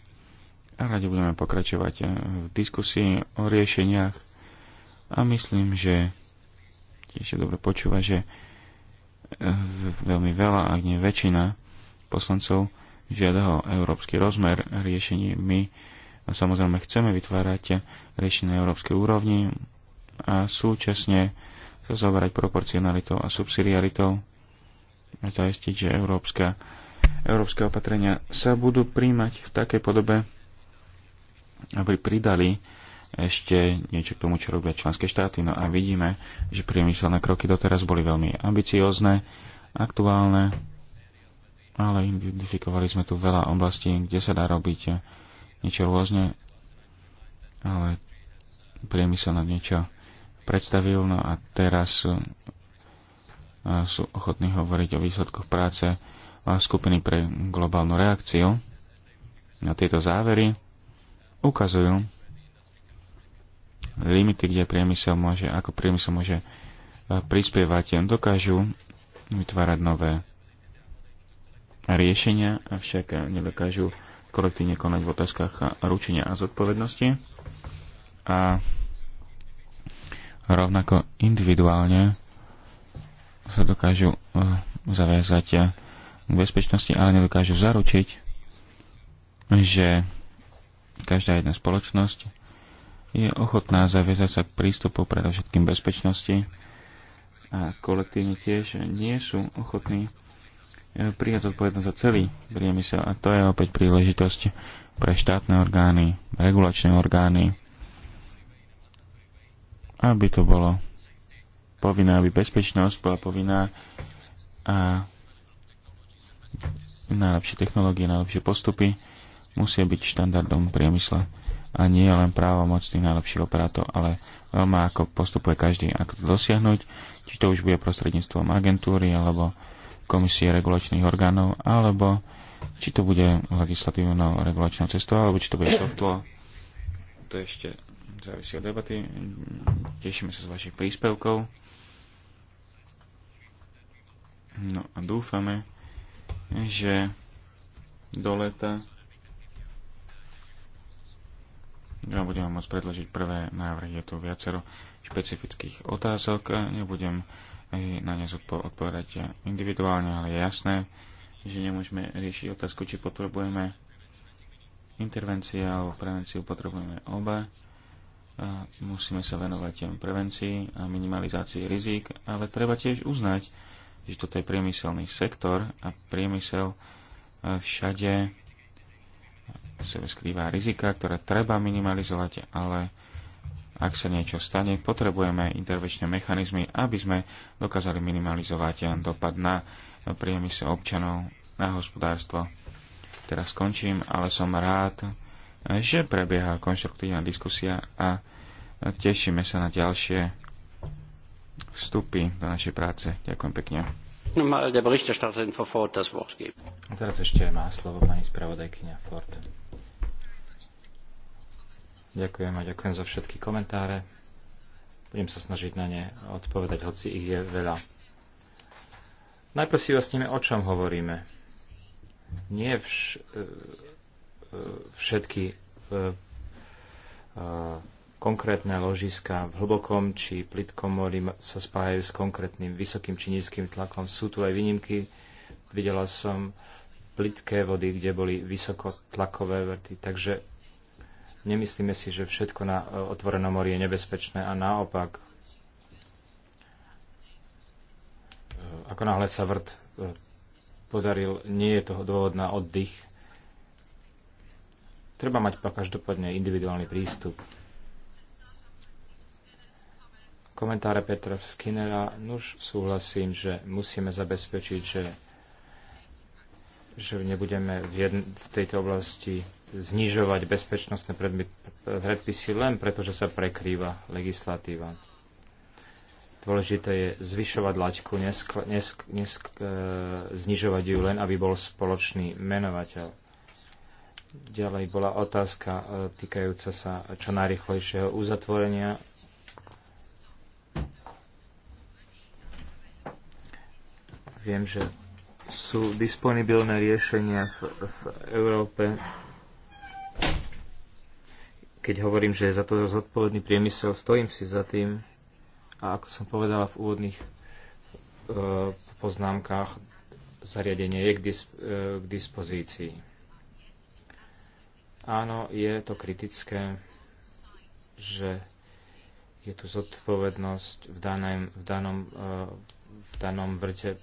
a radi budeme pokračovať e, v diskusii o riešeniach a myslím, že tiež dobre počúva, že veľmi veľa, ak nie väčšina poslancov žiada o európsky rozmer riešení. My a samozrejme chceme vytvárať riešenie na európskej úrovni a súčasne sa zaoberať proporcionalitou a subsidiaritou a zaistiť, že európska, európske opatrenia sa budú príjmať v takej podobe, aby pridali ešte niečo k tomu, čo robia členské štáty. No a vidíme, že priemyselné kroky doteraz boli veľmi ambiciózne, aktuálne, ale identifikovali sme tu veľa oblastí, kde sa dá robiť niečo rôzne, ale priemysel nám niečo predstavil, no a teraz e, sú ochotní hovoriť o výsledkoch práce a e, skupiny pre globálnu reakciu. Na tieto závery ukazujú, limity, kde priemysel môže, ako priemysel môže e, prispievať, dokážu vytvárať nové riešenia, avšak nedokážu kolektívne konať v otázkach ručenia a zodpovednosti. A rovnako individuálne sa dokážu e, zaviazať k bezpečnosti, ale nedokážu zaručiť, že každá jedna spoločnosť je ochotná zaviazať sa k prístupu predovšetkým bezpečnosti a kolektívne tiež nie sú ochotní e, prijať zodpovednosť za celý priemysel a to je opäť príležitosť pre štátne orgány, regulačné orgány, aby to bolo povinná, aby bezpečnosť bola povinná a najlepšie technológie, najlepšie postupy musia byť štandardom priemysla a nie len právomoc tých najlepších operátor, ale veľmi ako postupuje každý, ako to dosiahnuť, či to už bude prostredníctvom agentúry alebo komisie regulačných orgánov, alebo či to bude legislatívnou regulačnou cestou, alebo či to bude softlo. To ešte závisí od debaty. Tešíme sa z vašich príspevkov. No a dúfame, že do leta ja vám môcť predložiť prvé návrhy. Je tu viacero špecifických otázok. Nebudem na ne odpovedať individuálne, ale je jasné, že nemôžeme riešiť otázku, či potrebujeme intervencie alebo prevenciu, potrebujeme a Musíme sa venovať prevencii a minimalizácii rizik, ale treba tiež uznať, že toto je priemyselný sektor a priemysel e, všade skrýva rizika, ktoré treba minimalizovať, ale ak sa niečo stane, potrebujeme intervenčné mechanizmy, aby sme dokázali minimalizovať dopad na priemysel občanov, na hospodárstvo. Teraz skončím, ale som rád, že prebieha konštruktívna diskusia a tešíme sa na ďalšie vstupy do našej práce. Ďakujem pekne. teraz ešte má slovo pani spravodajkynia Ford. Ďakujem a ďakujem za všetky komentáre. Budem sa snažiť na ne odpovedať, hoci ich je veľa. Najprv si vlastníme, o čom hovoríme. Nie vš, e, e, všetky e, konkrétne ložiska v hlbokom či plitkom mori sa spájajú s konkrétnym vysokým či nízkym tlakom. Sú tu aj výnimky. Videla som plitké vody, kde boli vysokotlakové vrty. Takže Nemyslíme si, že všetko na e, otvorenom mori je nebezpečné a naopak. E, ako náhle sa vrt e, podaril, nie je toho dôvod na oddych. Treba mať každopádne individuálny prístup. Komentáre Petra Skinnera. Nuž súhlasím, že musíme zabezpečiť, že, že nebudeme v, jedn, v tejto oblasti znižovať bezpečnostné predpisy len preto, že sa prekrýva legislatíva. Dôležité je zvyšovať laťku, nesk, nesk, nesk, e, znižovať ju len, aby bol spoločný menovateľ. Ďalej bola otázka e, týkajúca sa čo najrychlejšieho uzatvorenia. Viem, že sú disponibilné riešenia v, v Európe keď hovorím, že je za to zodpovedný priemysel, stojím si za tým. A ako som povedala v úvodných e, poznámkach, zariadenie je k, dis- e, eh, k dispozícii. Áno, je to kritické, že je tu zodpovednosť v, danem, v, danom, e, v danom vrte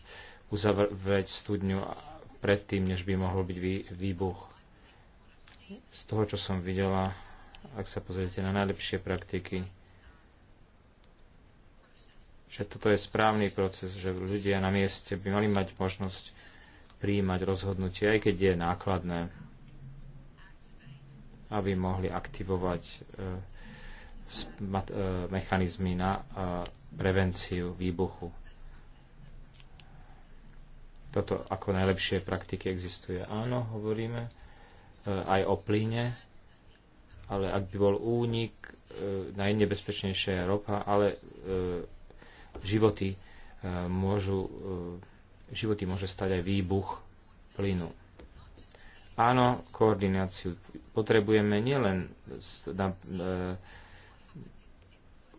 uzavrieť studňu predtým, než by mohol byť vý, výbuch. Z toho, čo som videla, ak sa pozriete na najlepšie praktiky, že toto je správny proces, že ľudia na mieste by mali mať možnosť príjmať rozhodnutie, aj keď je nákladné, aby mohli aktivovať e, e, mechanizmy na e, prevenciu výbuchu. Toto ako najlepšie praktiky existuje. Áno, hovoríme aj o plyne, ale ak by bol únik, e, najnebezpečnejšia je ropa, ale e, životy, e, môžu, e, životy môže stať aj výbuch plynu. Áno, koordináciu potrebujeme nielen na, e,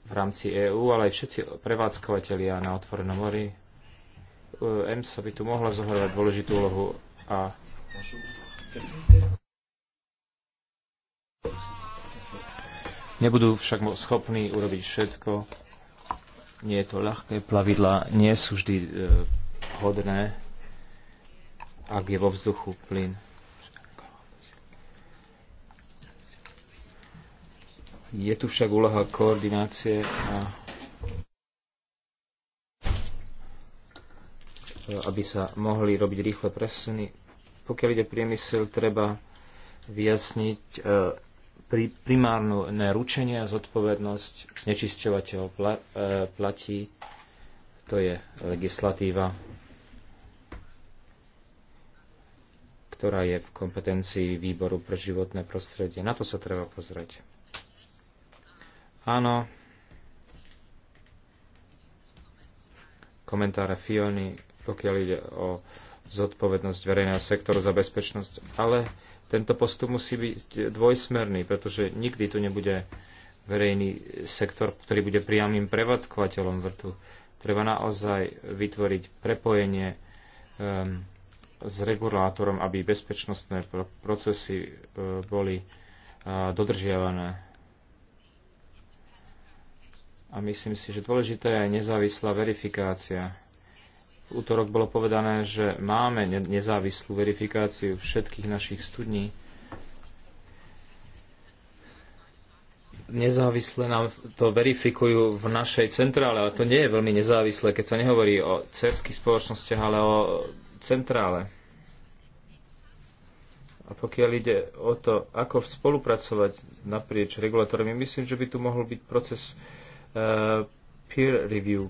v rámci EÚ, ale aj všetci prevádzkovateľia na otvorenom mori. EMSA by tu mohla zohrávať dôležitú úlohu a Nebudú však schopní urobiť všetko. Nie je to ľahké, plavidla nie sú vždy e, hodné, ak je vo vzduchu plyn. Je tu však úloha koordinácie a e, aby sa mohli robiť rýchle presuny. Pokiaľ ide priemysel, treba vyjasniť e, pri, primárne ručenie a zodpovednosť znečisťovateľ pla, e, platí. To je legislatíva, ktorá je v kompetencii výboru pre životné prostredie. Na to sa treba pozrieť. Áno. Komentáre Fiony, pokiaľ ide o zodpovednosť verejného sektoru za bezpečnosť, ale tento postup musí byť dvojsmerný, pretože nikdy tu nebude verejný sektor, ktorý bude priamým prevádzkovateľom vrtu. Treba naozaj vytvoriť prepojenie um, s regulátorom, aby bezpečnostné procesy uh, boli uh, dodržiavané. A myslím si, že dôležitá je aj nezávislá verifikácia v útorok bolo povedané, že máme nezávislú verifikáciu všetkých našich studní. Nezávisle nám to verifikujú v našej centrále, ale to nie je veľmi nezávislé, keď sa nehovorí o cerských spoločnostiach, ale o centrále. A pokiaľ ide o to, ako spolupracovať naprieč regulátormi, myslím, že by tu mohol byť proces uh, peer review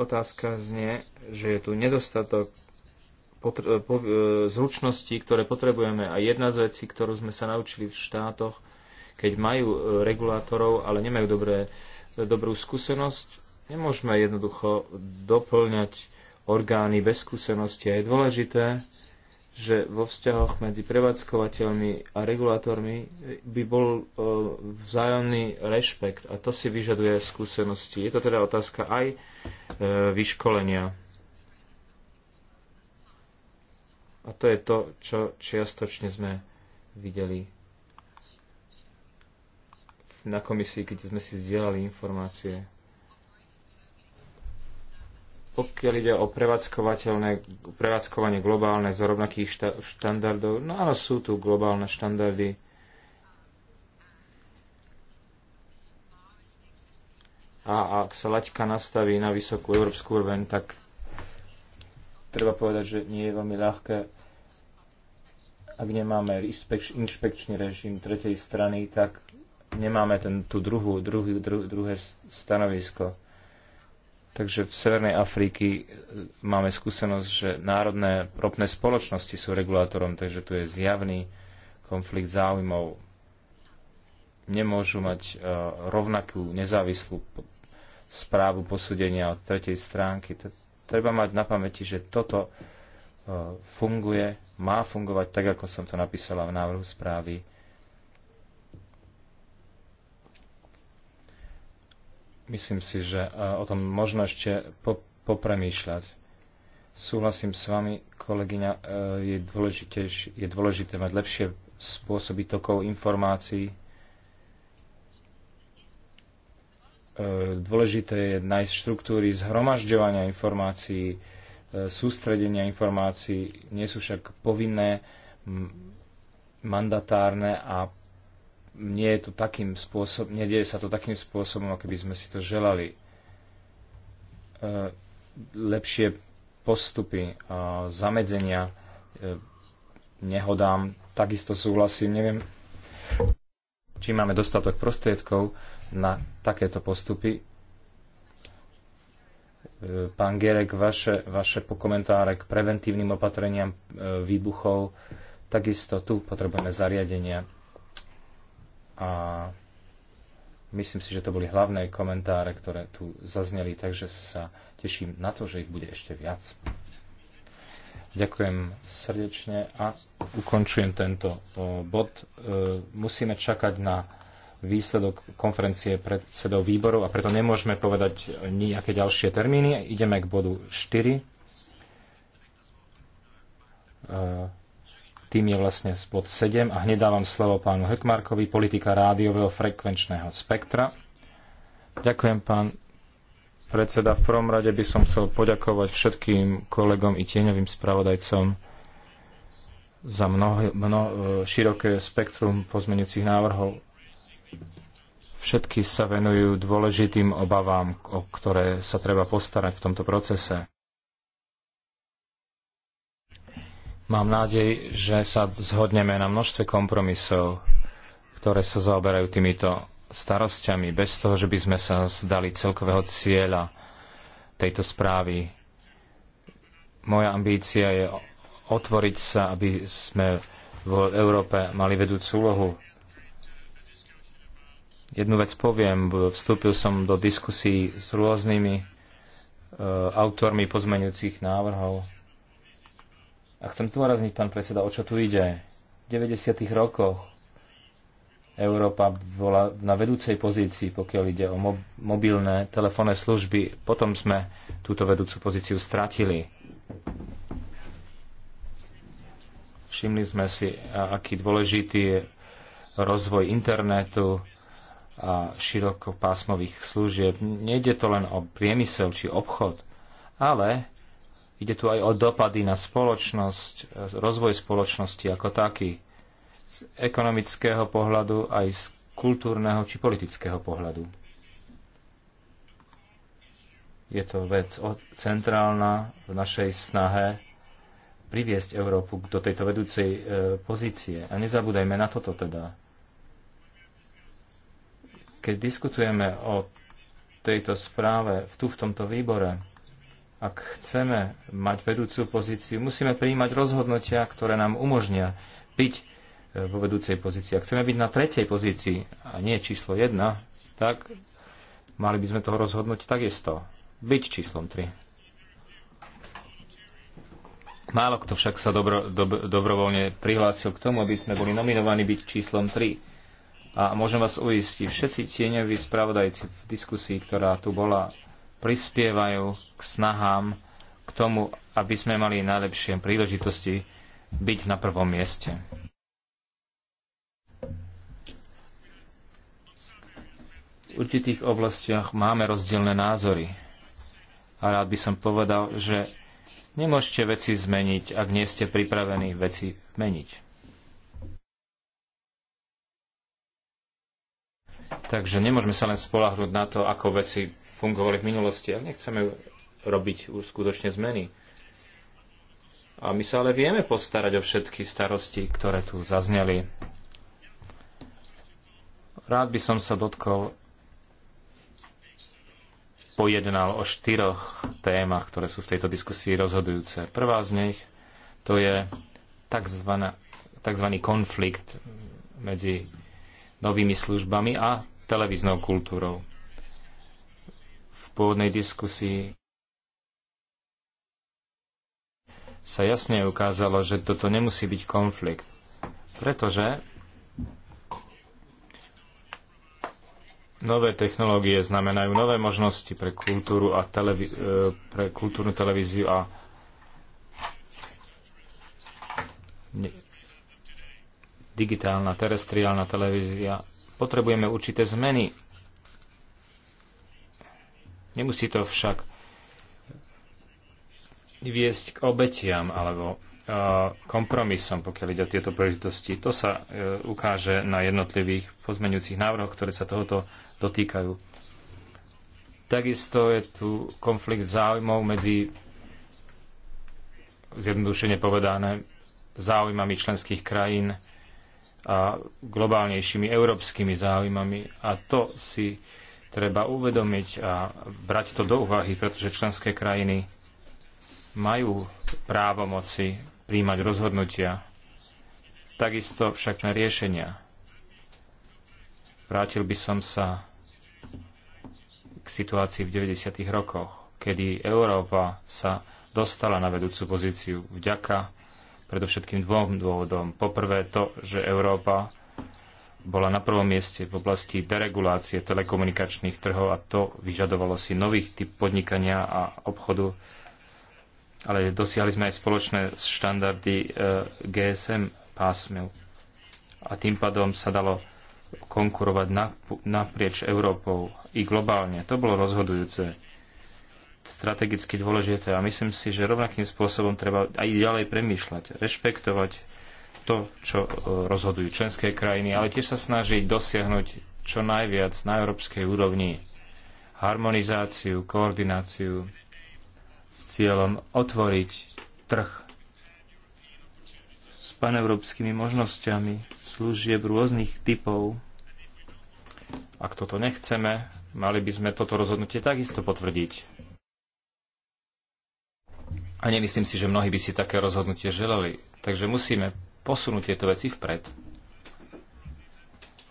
Otázka znie, že je tu nedostatok eh, eh, zručností, ktoré potrebujeme. A jedna z vecí, ktorú sme sa naučili v štátoch, keď majú eh, regulátorov, ale nemajú dobré, dobrú skúsenosť, nemôžeme jednoducho doplňať orgány bez skúsenosti. A je dôležité, že vo vzťahoch medzi prevádzkovateľmi a regulátormi by bol vzájomný rešpekt. A to si vyžaduje skúsenosti. Je to teda otázka aj E, vyškolenia. A to je to, čo čiastočne sme videli na komisii, keď sme si zdieľali informácie. Pokiaľ ide o prevádzkovanie globálne z rovnakých štandardov, no áno, sú tu globálne štandardy, a ak sa laťka nastaví na vysokú európsku úroveň, tak treba povedať, že nie je veľmi ľahké, ak nemáme inšpekčný režim tretej strany, tak nemáme ten, tú druhú, druhý, dru, druhé stanovisko. Takže v Severnej Afriky e, máme skúsenosť, že národné ropné spoločnosti sú regulátorom, takže tu je zjavný konflikt záujmov. Nemôžu mať e, rovnakú nezávislú správu posúdenia od tretej stránky. Treba mať na pamäti, že toto e, funguje, má fungovať tak, ako som to napísala v návrhu správy. Myslím si, že e, o tom možno ešte popremýšľať. Súhlasím s vami, kolegyňa, e, je, je dôležité mať lepšie spôsoby tokov informácií, E, dôležité je nájsť štruktúry zhromažďovania informácií, e, sústredenia informácií, nie sú však povinné, mandatárne a nie je to takým spôsobom, nedieje sa to takým spôsobom, ako by sme si to želali. E, lepšie postupy a zamedzenia nehodám, takisto súhlasím, neviem, či máme dostatok prostriedkov, na takéto postupy. E, pán Gerek, vaše, vaše pokomentáre k preventívnym opatreniam e, výbuchov, takisto tu potrebujeme zariadenia. A myslím si, že to boli hlavné komentáre, ktoré tu zazneli, takže sa teším na to, že ich bude ešte viac. Ďakujem srdečne a ukončujem tento e, bod. Musíme čakať na výsledok konferencie predsedov výborov a preto nemôžeme povedať nejaké ďalšie termíny. Ideme k bodu 4. E, tým je vlastne bod 7 a hneď dávam slovo pánu Hekmarkovi, politika rádiového frekvenčného spektra. Ďakujem, pán predseda. V prvom rade by som chcel poďakovať všetkým kolegom i tieňovým spravodajcom za mnoho, e, široké spektrum pozmenujúcich návrhov Všetky sa venujú dôležitým obavám, o ktoré sa treba postarať v tomto procese. Mám nádej, že sa zhodneme na množstve kompromisov, ktoré sa zaoberajú týmito starostiami, bez toho, že by sme sa vzdali celkového cieľa tejto správy. Moja ambícia je otvoriť sa, aby sme v Európe mali vedúcu úlohu jednu vec poviem. Vstúpil som do diskusí s rôznymi e, autormi pozmeňujúcich návrhov. A chcem zdôrazniť, pán predseda, o čo tu ide. V 90. rokoch Európa bola na vedúcej pozícii, pokiaľ ide o mobilné telefónne služby. Potom sme túto vedúcu pozíciu stratili. Všimli sme si, aký dôležitý je rozvoj internetu, a širokopásmových služieb. Nejde to len o priemysel či obchod, ale ide tu aj o dopady na spoločnosť, rozvoj spoločnosti ako taký, z ekonomického pohľadu aj z kultúrneho či politického pohľadu. Je to vec centrálna v našej snahe priviesť Európu do tejto vedúcej e, pozície. A nezabúdajme na toto teda keď diskutujeme o tejto správe tu v tomto výbore, ak chceme mať vedúcu pozíciu, musíme prijímať rozhodnutia, ktoré nám umožnia byť e, vo vedúcej pozícii. Ak chceme byť na tretej pozícii a nie číslo 1, tak mali by sme toho rozhodnúť takisto. Byť číslom 3. Málo kto však sa dobro, do, dobrovoľne prihlásil k tomu, aby sme boli nominovaní byť číslom 3. A môžem vás uistiť, všetci tieňoví spravodajci v diskusii, ktorá tu bola, prispievajú k snahám k tomu, aby sme mali najlepšie príležitosti byť na prvom mieste. V určitých oblastiach máme rozdielne názory. A rád by som povedal, že nemôžete veci zmeniť, ak nie ste pripravení veci meniť. Takže nemôžeme sa len spolahnúť na to, ako veci fungovali v minulosti, ak nechceme robiť už skutočne zmeny. A my sa ale vieme postarať o všetky starosti, ktoré tu zazneli. Rád by som sa dotkol pojednal o štyroch témach, ktoré sú v tejto diskusii rozhodujúce. Prvá z nich to je takzvaný konflikt medzi novými službami a televíznou kultúrou. V pôvodnej diskusii sa jasne ukázalo, že toto nemusí byť konflikt, pretože nové technológie znamenajú nové možnosti pre kultúru a televí- e, pre kultúrnu televíziu a digitálna terestriálna televízia Potrebujeme určité zmeny. Nemusí to však viesť k obetiam alebo e, kompromisom, pokiaľ ide o tieto príležitosti. To sa e, ukáže na jednotlivých pozmeňujúcich návrhoch, ktoré sa tohoto dotýkajú. Takisto je tu konflikt záujmov medzi zjednodušene povedané záujmami členských krajín a globálnejšími európskymi záujmami. A to si treba uvedomiť a brať to do úvahy, pretože členské krajiny majú právo moci príjmať rozhodnutia, takisto však na riešenia. Vrátil by som sa k situácii v 90. rokoch, kedy Európa sa dostala na vedúcu pozíciu vďaka predovšetkým dvom dôvodom. Poprvé to, že Európa bola na prvom mieste v oblasti deregulácie telekomunikačných trhov a to vyžadovalo si nových typ podnikania a obchodu. Ale dosiahli sme aj spoločné štandardy e, GSM pásmev. A tým pádom sa dalo konkurovať naprieč Európou i globálne. To bolo rozhodujúce strategicky dôležité a myslím si, že rovnakým spôsobom treba aj ďalej premýšľať, rešpektovať to, čo e, rozhodujú členské krajiny, ale tiež sa snažiť dosiahnuť čo najviac na európskej úrovni harmonizáciu, koordináciu s cieľom otvoriť trh s paneurópskymi možnosťami služieb rôznych typov. Ak toto nechceme, mali by sme toto rozhodnutie takisto potvrdiť a nemyslím si, že mnohí by si také rozhodnutie želali. Takže musíme posunúť tieto veci vpred.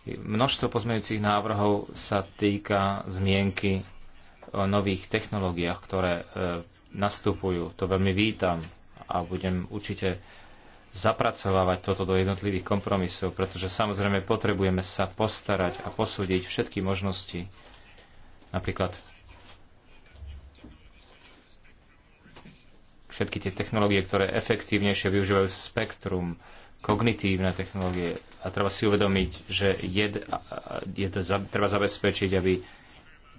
Množstvo pozmeňujúcich návrhov sa týka zmienky o nových technológiách, ktoré e, nastupujú. To veľmi vítam a budem určite zapracovávať toto do jednotlivých kompromisov, pretože samozrejme potrebujeme sa postarať a posúdiť všetky možnosti, napríklad všetky tie technológie, ktoré efektívnejšie využívajú spektrum, kognitívne technológie. A treba si uvedomiť, že jed, jed, treba zabezpečiť, aby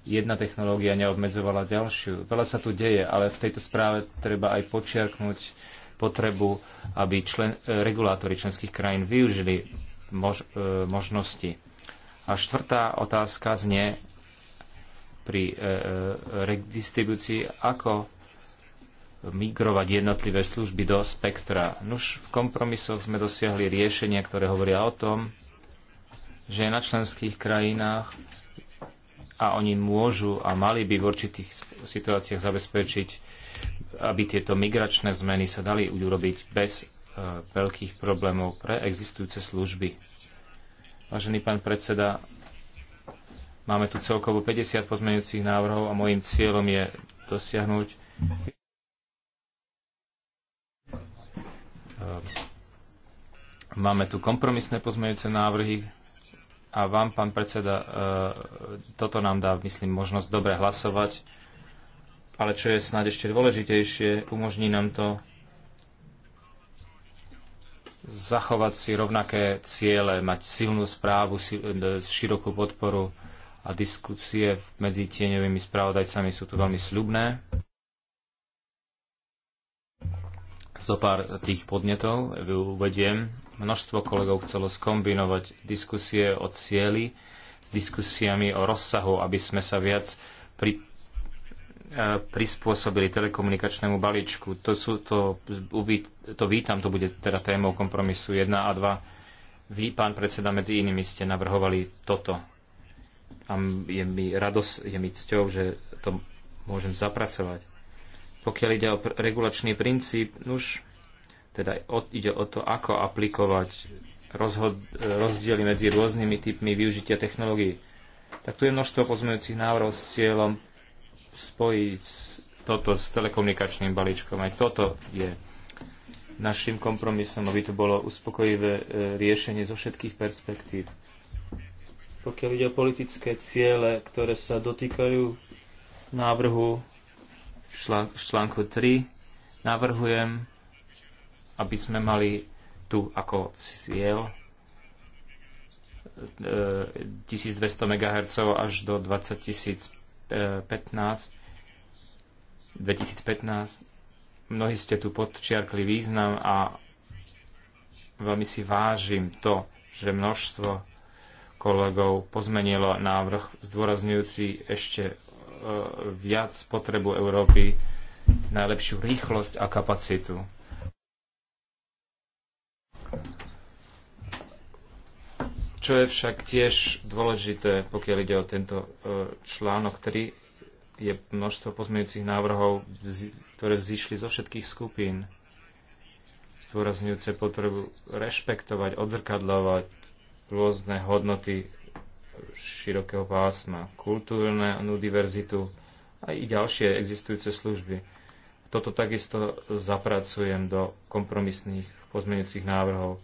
jedna technológia neobmedzovala ďalšiu. Veľa sa tu deje, ale v tejto správe treba aj počiarknúť potrebu, aby člen, e, regulátori členských krajín využili mož, e, možnosti. A štvrtá otázka znie pri e, e redistribúcii, ako migrovať jednotlivé služby do spektra. Nuž v kompromisoch sme dosiahli riešenia, ktoré hovoria o tom, že na členských krajinách a oni môžu a mali by v určitých situáciách zabezpečiť, aby tieto migračné zmeny sa dali urobiť bez e, veľkých problémov pre existujúce služby. Vážený pán predseda, máme tu celkovo 50 pozmeňujúcich návrhov a môjim cieľom je dosiahnuť Ehm, máme tu kompromisné pozmeňujúce návrhy a vám, pán predseda, ehm, toto nám dá, myslím, možnosť dobre hlasovať. Ale čo je snáď ešte dôležitejšie, umožní nám to zachovať si rovnaké ciele, mať silnú správu, e, širokú podporu a diskusie medzi tieňovými spravodajcami sú tu veľmi sľubné. zo pár tých podnetov uvediem. Množstvo kolegov chcelo skombinovať diskusie o cieli s diskusiami o rozsahu, aby sme sa viac pri, e, prispôsobili telekomunikačnému balíčku. To, sú, to, to vítam, to bude teda témou kompromisu 1 a 2. Vy, pán predseda, medzi inými ste navrhovali toto. A je mi radosť, je mi cťou, že to môžem zapracovať. Pokiaľ ide o regulačný princíp, už teda ide o to, ako aplikovať rozhod- rozdiely medzi rôznymi typmi využitia technológií. Tak tu je množstvo pozmeňujúcich návrhov s cieľom spojiť toto s telekomunikačným balíčkom. Aj toto je našim kompromisom, aby to bolo uspokojivé e, riešenie zo všetkých perspektív. Pokiaľ ide o politické ciele, ktoré sa dotýkajú návrhu v článku 3 navrhujem, aby sme mali tu ako cieľ 1200 e, MHz až do 2015 2015. E, Mnohí ste tu podčiarkli význam a veľmi si vážim to, že množstvo kolegov pozmenilo návrh zdôrazňujúci ešte E, viac potrebu Európy na lepšiu rýchlosť a kapacitu. Čo je však tiež dôležité, pokiaľ ide o tento e, článok, ktorý je množstvo pozmeňujúcich návrhov, ktoré vzýšli zo všetkých skupín, stôrazňujúce potrebu rešpektovať, odzrkadľovať rôzne hodnoty širokého pásma, kultúrnu diverzitu a i ďalšie existujúce služby. Toto takisto zapracujem do kompromisných pozmeňujúcich návrhov,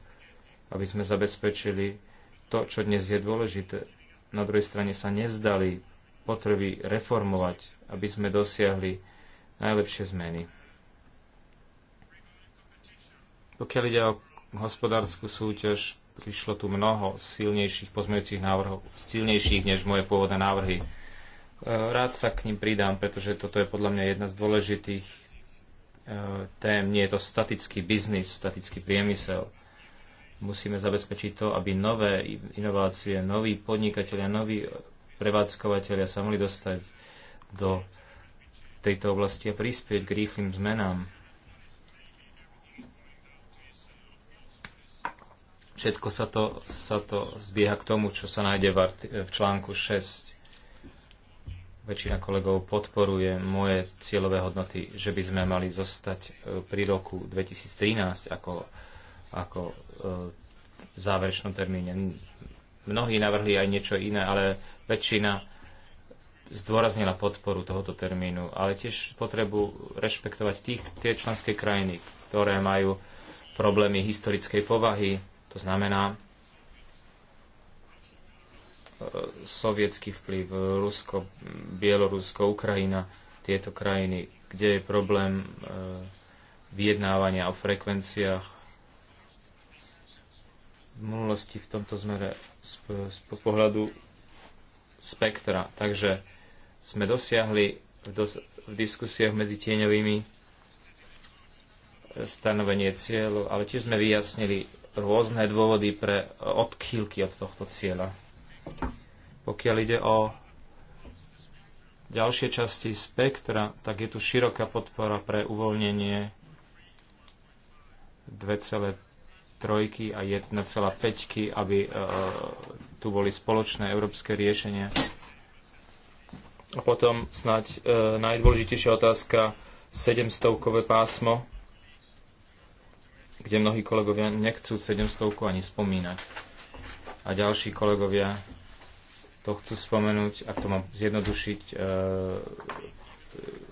aby sme zabezpečili to, čo dnes je dôležité. Na druhej strane sa nevzdali potreby reformovať, aby sme dosiahli najlepšie zmeny. Pokiaľ ide o hospodárskú súťaž, prišlo tu mnoho silnejších pozmeňujúcich návrhov, silnejších než moje pôvodné návrhy. E, rád sa k ním pridám, pretože toto je podľa mňa jedna z dôležitých e, tém. Nie je to statický biznis, statický priemysel. Musíme zabezpečiť to, aby nové inovácie, noví podnikatelia, noví prevádzkovateľia sa mohli dostať do tejto oblasti a prispieť k rýchlym zmenám Všetko sa to, sa to zbieha k tomu, čo sa nájde v, v článku 6. Väčšina kolegov podporuje moje cieľové hodnoty, že by sme mali zostať e, pri roku 2013 ako, ako e, v záverečnom termíne. Mnohí navrhli aj niečo iné, ale väčšina zdôraznila podporu tohoto termínu, ale tiež potrebu rešpektovať tých, tie členské krajiny, ktoré majú problémy historickej povahy, to znamená, e, sovietský vplyv, Rusko, Bielorusko, Ukrajina, tieto krajiny, kde je problém e, vyjednávania o frekvenciách. V minulosti v tomto zmere z, z pohľadu spektra. Takže sme dosiahli v, dos- v diskusiách medzi tieňovými e, stanovenie cieľov, ale tiež sme vyjasnili rôzne dôvody pre odchýlky od tohto cieľa. Pokiaľ ide o ďalšie časti spektra, tak je tu široká podpora pre uvoľnenie 2,3 a 1,5, aby e, e, tu boli spoločné európske riešenia. A potom snáď e, najdôležitejšia otázka 700-kové pásmo kde mnohí kolegovia nechcú 700 ani spomínať. A ďalší kolegovia to chcú spomenúť, ak to mám zjednodušiť, e,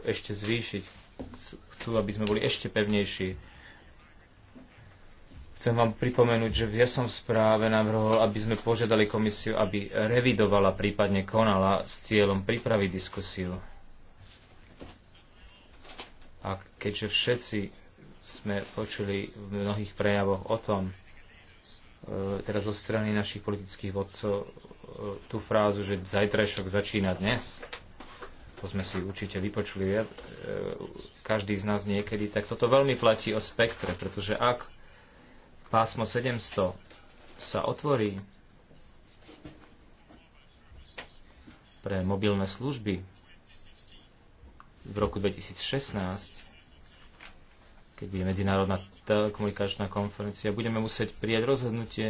ešte zvýšiť. Chcú, aby sme boli ešte pevnejší. Chcem vám pripomenúť, že ja som v správe navrhol, aby sme požiadali komisiu, aby revidovala, prípadne konala s cieľom pripraviť diskusiu. A keďže všetci sme počuli v mnohých prejavoch o tom, e, teraz zo strany našich politických vodcov e, tú frázu, že zajtrajšok začína dnes, to sme si určite vypočuli, e, každý z nás niekedy, tak toto veľmi platí o spektre, pretože ak pásmo 700 sa otvorí pre mobilné služby v roku 2016, keď bude medzinárodná telekomunikačná konferencia, budeme musieť prijať rozhodnutie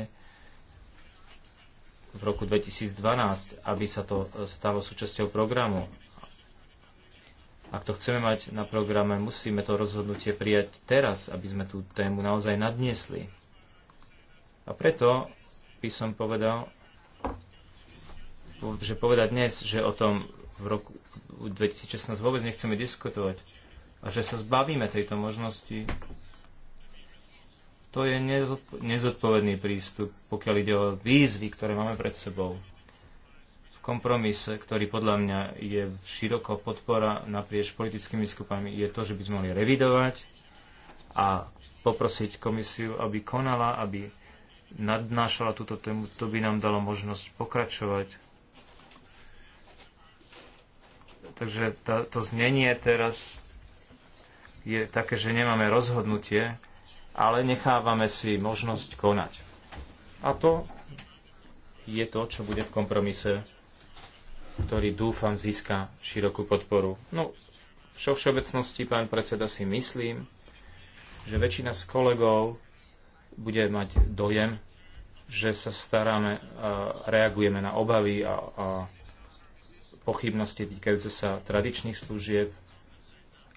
v roku 2012, aby sa to stalo súčasťou programu. Ak to chceme mať na programe, musíme to rozhodnutie prijať teraz, aby sme tú tému naozaj nadniesli. A preto by som povedal, že povedať dnes, že o tom v roku 2016 vôbec nechceme diskutovať, a že sa zbavíme tejto možnosti, to je nezodpovedný prístup, pokiaľ ide o výzvy, ktoré máme pred sebou. V kompromise, ktorý podľa mňa je široko podpora naprieč politickými skupami, je to, že by sme mohli revidovať a poprosiť komisiu, aby konala, aby nadnášala túto tému. To by nám dalo možnosť pokračovať. Takže tá, to znenie teraz je také, že nemáme rozhodnutie, ale nechávame si možnosť konať. A to je to, čo bude v kompromise, ktorý dúfam získa širokú podporu. No, všo všeobecnosti, pán predseda, si myslím, že väčšina z kolegov bude mať dojem, že sa staráme, a reagujeme na obavy a, a pochybnosti týkajúce sa tradičných služieb,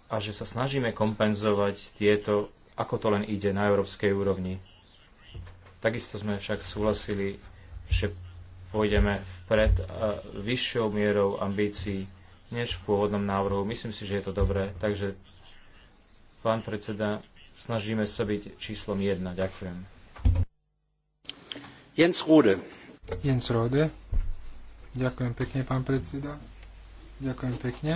a že sa snažíme kompenzovať tieto, ako to len ide na európskej úrovni. Takisto sme však súhlasili, že pôjdeme vpred e, vyššou mierou ambícií než v pôvodnom návrhu. Myslím si, že je to dobré. Takže, pán predseda, snažíme sa byť číslom jedna. Ďakujem. Jens Rode. Jens Rode. Ďakujem pekne, pán predseda. Ďakujem pekne.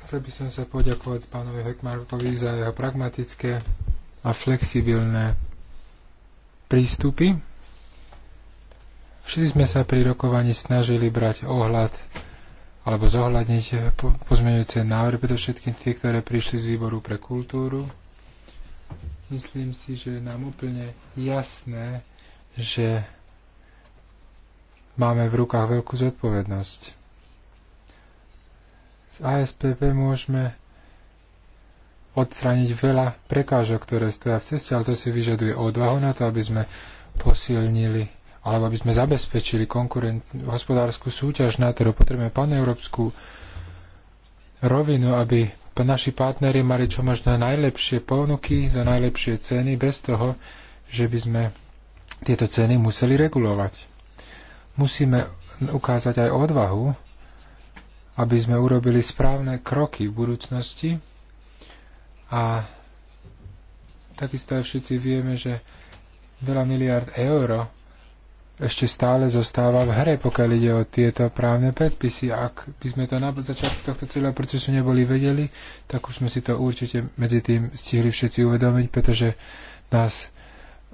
Chcel by som sa poďakovať pánovi Hekmarkovi za jeho pragmatické a flexibilné prístupy. Všetci sme sa pri rokovaní snažili brať ohľad alebo zohľadniť pozmeňujúce návrhy, všetkým tie, ktoré prišli z výboru pre kultúru. Myslím si, že je nám úplne jasné, že máme v rukách veľkú zodpovednosť z ASPP môžeme odstrániť veľa prekážok, ktoré stoja v ceste, ale to si vyžaduje odvahu na to, aby sme posilnili alebo aby sme zabezpečili konkurent, hospodárskú súťaž na trhu. Potrebujeme paneurópsku rovinu, aby naši partnery mali čo možno najlepšie ponuky za najlepšie ceny bez toho, že by sme tieto ceny museli regulovať. Musíme ukázať aj odvahu, aby sme urobili správne kroky v budúcnosti. A takisto aj všetci vieme, že veľa miliard eur ešte stále zostáva v hre, pokiaľ ide o tieto právne predpisy. Ak by sme to na začiatku tohto celého procesu neboli vedeli, tak už sme si to určite medzi tým stihli všetci uvedomiť, pretože nás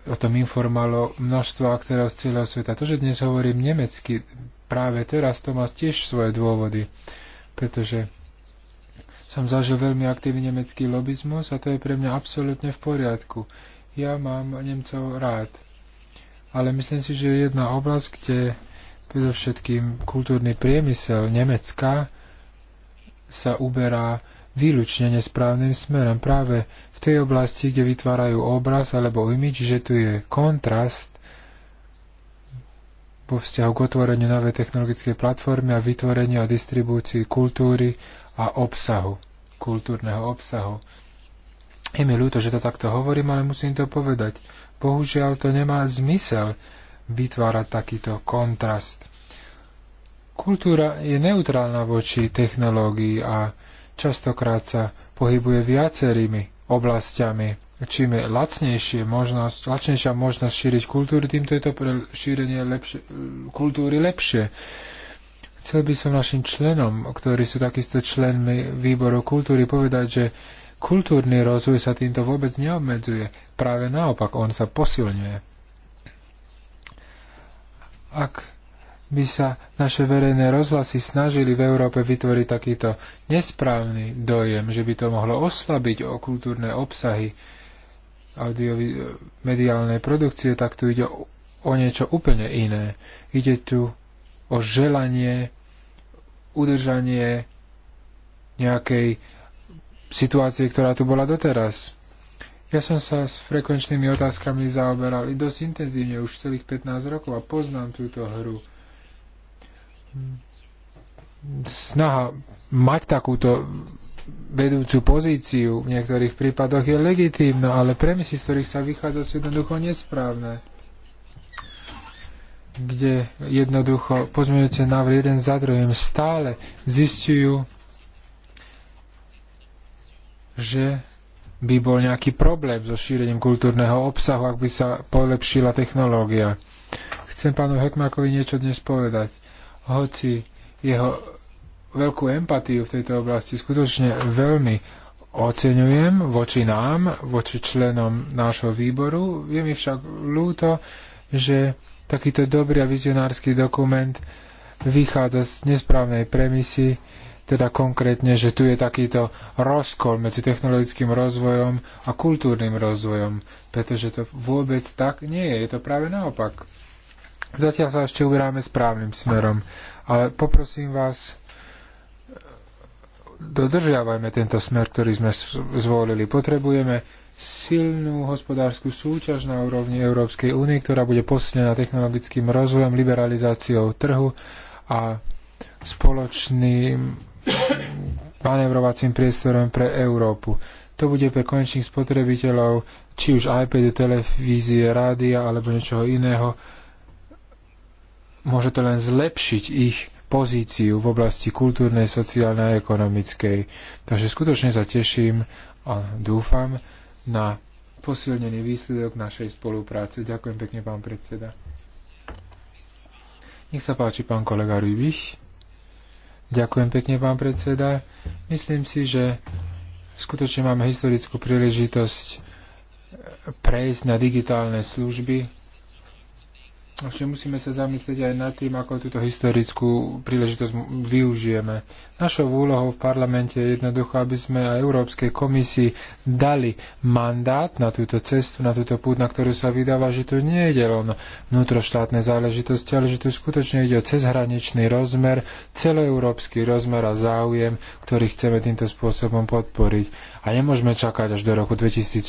o tom informovalo množstvo aktérov z celého sveta. To, že dnes hovorím nemecky, práve teraz to má tiež svoje dôvody, pretože som zažil veľmi aktívny nemecký lobizmus a to je pre mňa absolútne v poriadku. Ja mám Nemcov rád. Ale myslím si, že je jedna oblasť, kde predovšetkým kultúrny priemysel Nemecka sa uberá výlučne nesprávnym smerom práve v tej oblasti, kde vytvárajú obraz alebo imič, že tu je kontrast vo vzťahu k otvoreniu novej technologickej platformy a vytvoreniu a distribúcii kultúry a obsahu, kultúrneho obsahu. Je mi ľúto, že to takto hovorím, ale musím to povedať. Bohužiaľ to nemá zmysel vytvárať takýto kontrast. Kultúra je neutrálna voči technológii a častokrát sa pohybuje viacerými oblastiami čím je lacnejšie možnosť, lacnejšia možnosť šíriť kultúry, týmto je to pre šírenie lepšie, kultúry lepšie. Chcel by som našim členom, ktorí sú takisto členmi výboru kultúry, povedať, že kultúrny rozvoj sa týmto vôbec neobmedzuje. Práve naopak, on sa posilňuje. Ak by sa naše verejné rozhlasy snažili v Európe vytvoriť takýto nesprávny dojem, že by to mohlo oslabiť o kultúrne obsahy, mediálnej produkcie, tak tu ide o niečo úplne iné. Ide tu o želanie, udržanie nejakej situácie, ktorá tu bola doteraz. Ja som sa s frekvenčnými otázkami zaoberal i dosť intenzívne, už celých 15 rokov a poznám túto hru snaha mať takúto vedúcu pozíciu v niektorých prípadoch je legitímno, ale premisy, z ktorých sa vychádza, sú jednoducho nesprávne kde jednoducho pozmeňujúce návrh jeden za druhým stále zistujú, že by bol nejaký problém so šírením kultúrneho obsahu, ak by sa polepšila technológia. Chcem pánu Hekmarkovi niečo dnes povedať. Hoci jeho veľkú empatiu v tejto oblasti. Skutočne veľmi oceňujem voči nám, voči členom nášho výboru. Je mi však ľúto, že takýto dobrý a vizionársky dokument vychádza z nesprávnej premisy, teda konkrétne, že tu je takýto rozkol medzi technologickým rozvojom a kultúrnym rozvojom, pretože to vôbec tak nie je, je to práve naopak. Zatiaľ sa ešte uberáme správnym smerom, ale poprosím vás, dodržiavajme tento smer, ktorý sme zvolili. Potrebujeme silnú hospodárskú súťaž na úrovni Európskej únie, ktorá bude posilnená technologickým rozvojom, liberalizáciou trhu a spoločným manevrovacím priestorom pre Európu. To bude pre konečných spotrebiteľov, či už iPad, televízie, rádia alebo niečoho iného, môže to len zlepšiť ich pozíciu v oblasti kultúrnej, sociálnej a ekonomickej. Takže skutočne sa teším a dúfam na posilnený výsledok našej spolupráce. Ďakujem pekne, pán predseda. Nech sa páči, pán kolega Rybich. Ďakujem pekne, pán predseda. Myslím si, že skutočne máme historickú príležitosť prejsť na digitálne služby Takže musíme sa zamyslieť aj nad tým, ako túto historickú príležitosť využijeme. Našou úlohou v parlamente je jednoducho, aby sme aj Európskej komisii dali mandát na túto cestu, na túto púd, na ktorú sa vydáva, že tu nie ide len vnútroštátne záležitosti, ale že tu skutočne ide o cezhraničný rozmer, celoeurópsky rozmer a záujem, ktorý chceme týmto spôsobom podporiť. A nemôžeme čakať až do roku 2016,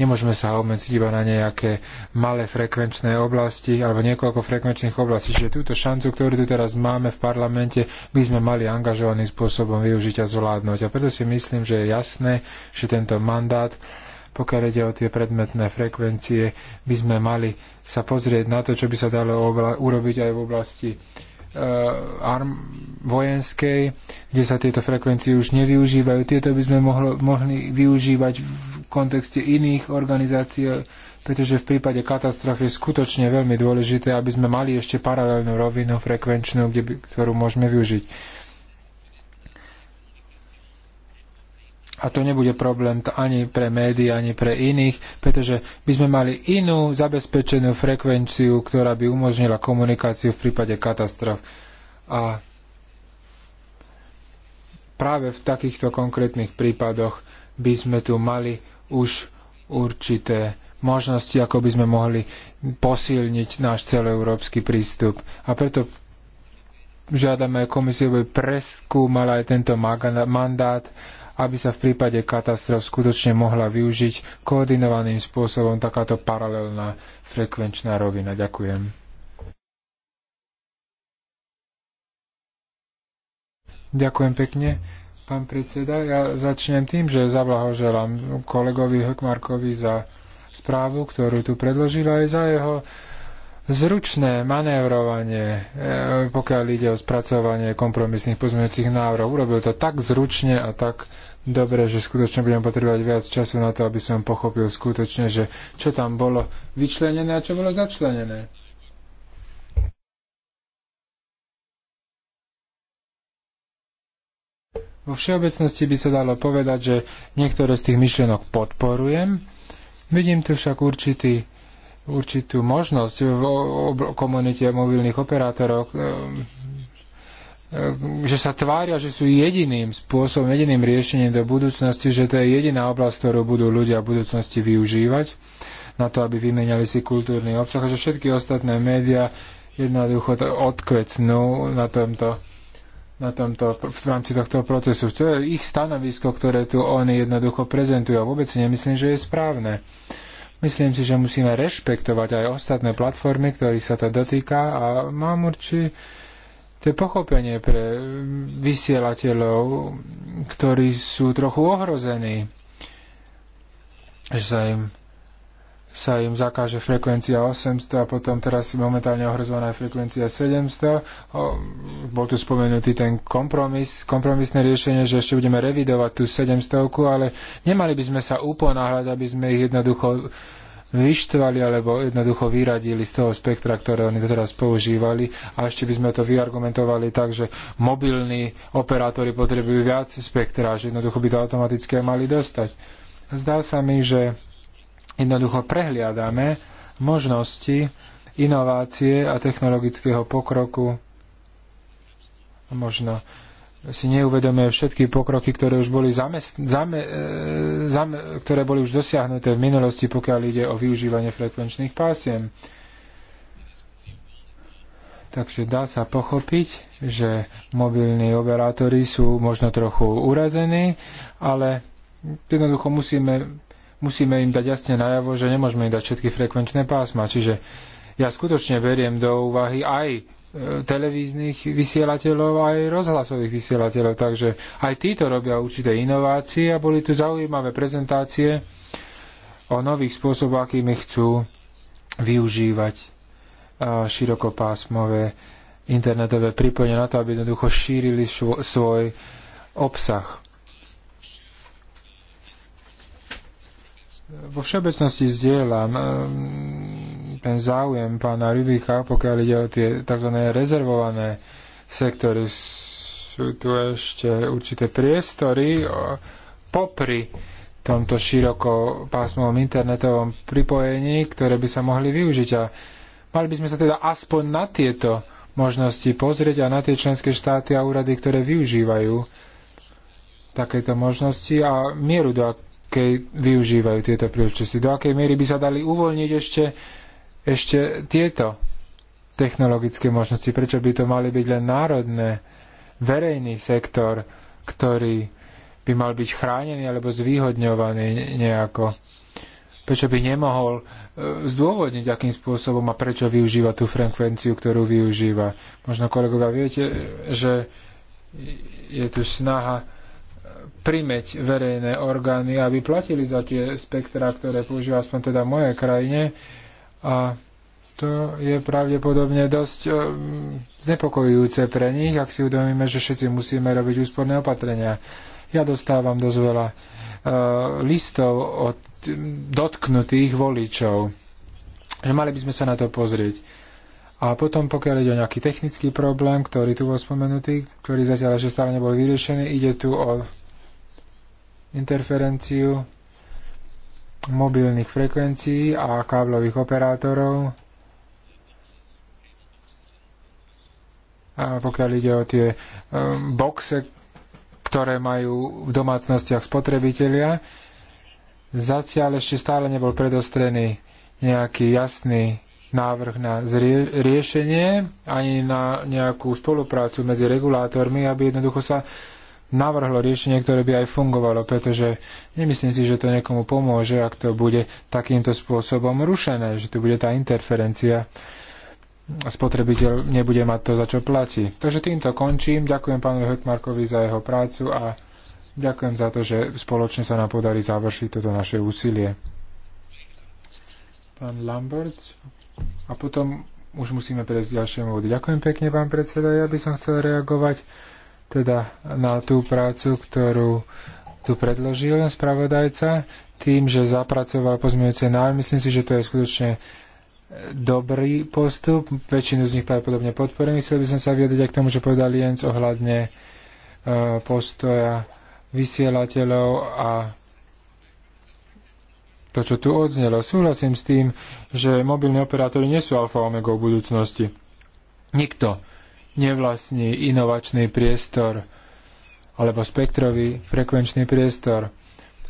nemôžeme sa obmedziť iba na nejaké malé frekvenčné oblasti alebo niekoľko frekvenčných oblastí, čiže túto šancu, ktorú tu teraz máme v parlamente, by sme mali angažovaným spôsobom využiť a zvládnuť. A preto si myslím, že je jasné, že tento mandát pokiaľ ide o tie predmetné frekvencie, by sme mali sa pozrieť na to, čo by sa dalo urobiť aj v oblasti e, vojenskej, kde sa tieto frekvencie už nevyužívajú. Tieto by sme mohlo, mohli využívať v kontexte iných organizácií, pretože v prípade katastrofy je skutočne veľmi dôležité, aby sme mali ešte paralelnú rovinu frekvenčnú, kde by, ktorú môžeme využiť. a to nebude problém ani pre médií, ani pre iných, pretože by sme mali inú zabezpečenú frekvenciu, ktorá by umožnila komunikáciu v prípade katastrof. A práve v takýchto konkrétnych prípadoch by sme tu mali už určité možnosti, ako by sme mohli posilniť náš celoeurópsky prístup. A preto žiadame komisiu, aby preskúmala aj tento mandát, aby sa v prípade katastrof skutočne mohla využiť koordinovaným spôsobom takáto paralelná frekvenčná rovina. Ďakujem. Ďakujem pekne, pán predseda. Ja začnem tým, že zablahoželám kolegovi Hökmarkovi za správu, ktorú tu predložila aj za jeho zručné manévrovanie, e, pokiaľ ide o spracovanie kompromisných pozmeňujúcich návrhov. Urobil to tak zručne a tak dobre, že skutočne budem potrebovať viac času na to, aby som pochopil skutočne, že čo tam bolo vyčlenené a čo bolo začlenené. Vo všeobecnosti by sa dalo povedať, že niektoré z tých myšlenok podporujem. Vidím tu však určitý určitú možnosť v komunite mobilných operátorov, e, e, že sa tvária, že sú jediným spôsobom, jediným riešením do budúcnosti, že to je jediná oblasť, ktorú budú ľudia v budúcnosti využívať na to, aby vymenali si kultúrny obsah a že všetky ostatné médiá jednoducho to odkvecnú na tomto, na tomto, v rámci tohto procesu. To je ich stanovisko, ktoré tu oni jednoducho prezentujú a vôbec si nemyslím, že je správne. Uh, Myslím si, že musíme rešpektovať aj ostatné platformy, ktorých sa to dotýka a mám určite pochopenie pre vysielateľov, ktorí sú trochu ohrození, že sa im sa im zakáže frekvencia 800 a potom teraz momentálne ohrozovaná je frekvencia 700. O, bol tu spomenutý ten kompromis, kompromisné riešenie, že ešte budeme revidovať tú 700, ale nemali by sme sa uponáhľať, aby sme ich jednoducho vyštvali alebo jednoducho vyradili z toho spektra, ktoré oni teraz používali a ešte by sme to vyargumentovali tak, že mobilní operátori potrebujú viac spektra, že jednoducho by to automatické mali dostať. Zdá sa mi, že jednoducho prehliadame možnosti inovácie a technologického pokroku. Možno si neuvedomuje všetky pokroky, ktoré už boli zamest- zame- e, zame- ktoré boli už dosiahnuté v minulosti, pokiaľ ide o využívanie frekvenčných pásiem. Takže dá sa pochopiť, že mobilní operátori sú možno trochu urazení, ale jednoducho musíme musíme im dať jasne najavo, že nemôžeme im dať všetky frekvenčné pásma. Čiže ja skutočne beriem do úvahy aj e, televíznych vysielateľov aj rozhlasových vysielateľov. Takže aj títo robia určité inovácie a boli tu zaujímavé prezentácie o nových spôsoboch, akými chcú využívať e, širokopásmové internetové pripojenie na to, aby jednoducho šírili svoj obsah. vo všeobecnosti zdieľam ehm, ten záujem pána Rybicha, pokiaľ ide o tie tzv. rezervované sektory. Sú tu ešte určité priestory popri tomto široko pásmovom internetovom pripojení, ktoré by sa mohli využiť. A mali by sme sa teda aspoň na tieto možnosti pozrieť a na tie členské štáty a úrady, ktoré využívajú takéto možnosti a mieru, do keď využívajú tieto príležitosti. Do akej miery by sa dali uvoľniť ešte, ešte tieto technologické možnosti? Prečo by to mali byť len národné, verejný sektor, ktorý by mal byť chránený alebo zvýhodňovaný nejako? Prečo by nemohol e, zdôvodniť, akým spôsobom a prečo využíva tú frekvenciu, ktorú využíva? Možno kolegovia viete, že je tu snaha primeť verejné orgány, aby platili za tie spektra, ktoré používa aspoň teda moje krajine. A to je pravdepodobne dosť eh, znepokojujúce pre nich, ak si uvedomíme, že všetci musíme robiť úsporné opatrenia. Ja dostávam dosť veľa uh, listov od hm, dotknutých voličov, že mali by sme sa na to pozrieť. A potom, pokiaľ ide o nejaký technický problém, ktorý tu bol spomenutý, ktorý zatiaľ ešte stále nebol vyriešený, ide tu o interferenciu mobilných frekvencií a káblových operátorov. A pokiaľ ide o tie um, boxe, ktoré majú v domácnostiach spotrebitelia, zatiaľ ešte stále nebol predostrený nejaký jasný návrh na zrie- riešenie, ani na nejakú spoluprácu medzi regulátormi, aby jednoducho sa navrhlo riešenie, ktoré by aj fungovalo, pretože nemyslím si, že to niekomu pomôže, ak to bude takýmto spôsobom rušené, že tu bude tá interferencia a spotrebiteľ nebude mať to, za čo platí. Takže týmto končím. Ďakujem pánovi Hökmarkovi za jeho prácu a ďakujem za to, že spoločne sa nám podarí završiť toto naše úsilie. Pán Lambert a potom už musíme prejsť k ďalšiemu vodu. Ďakujem pekne, pán predseda. Ja by som chcel reagovať teda na tú prácu, ktorú tu predložil spravodajca, tým, že zapracoval pozmeňujúce návrhy. Myslím si, že to je skutočne dobrý postup. Väčšinu z nich pravdepodobne podporím. myslel by som sa vyjadriť aj k tomu, že povedal Jens ohľadne e, postoja vysielateľov a to, čo tu odznelo. Súhlasím s tým, že mobilní operátori nie sú alfa omegou budúcnosti. Nikto nevlastní inovačný priestor alebo spektrový frekvenčný priestor.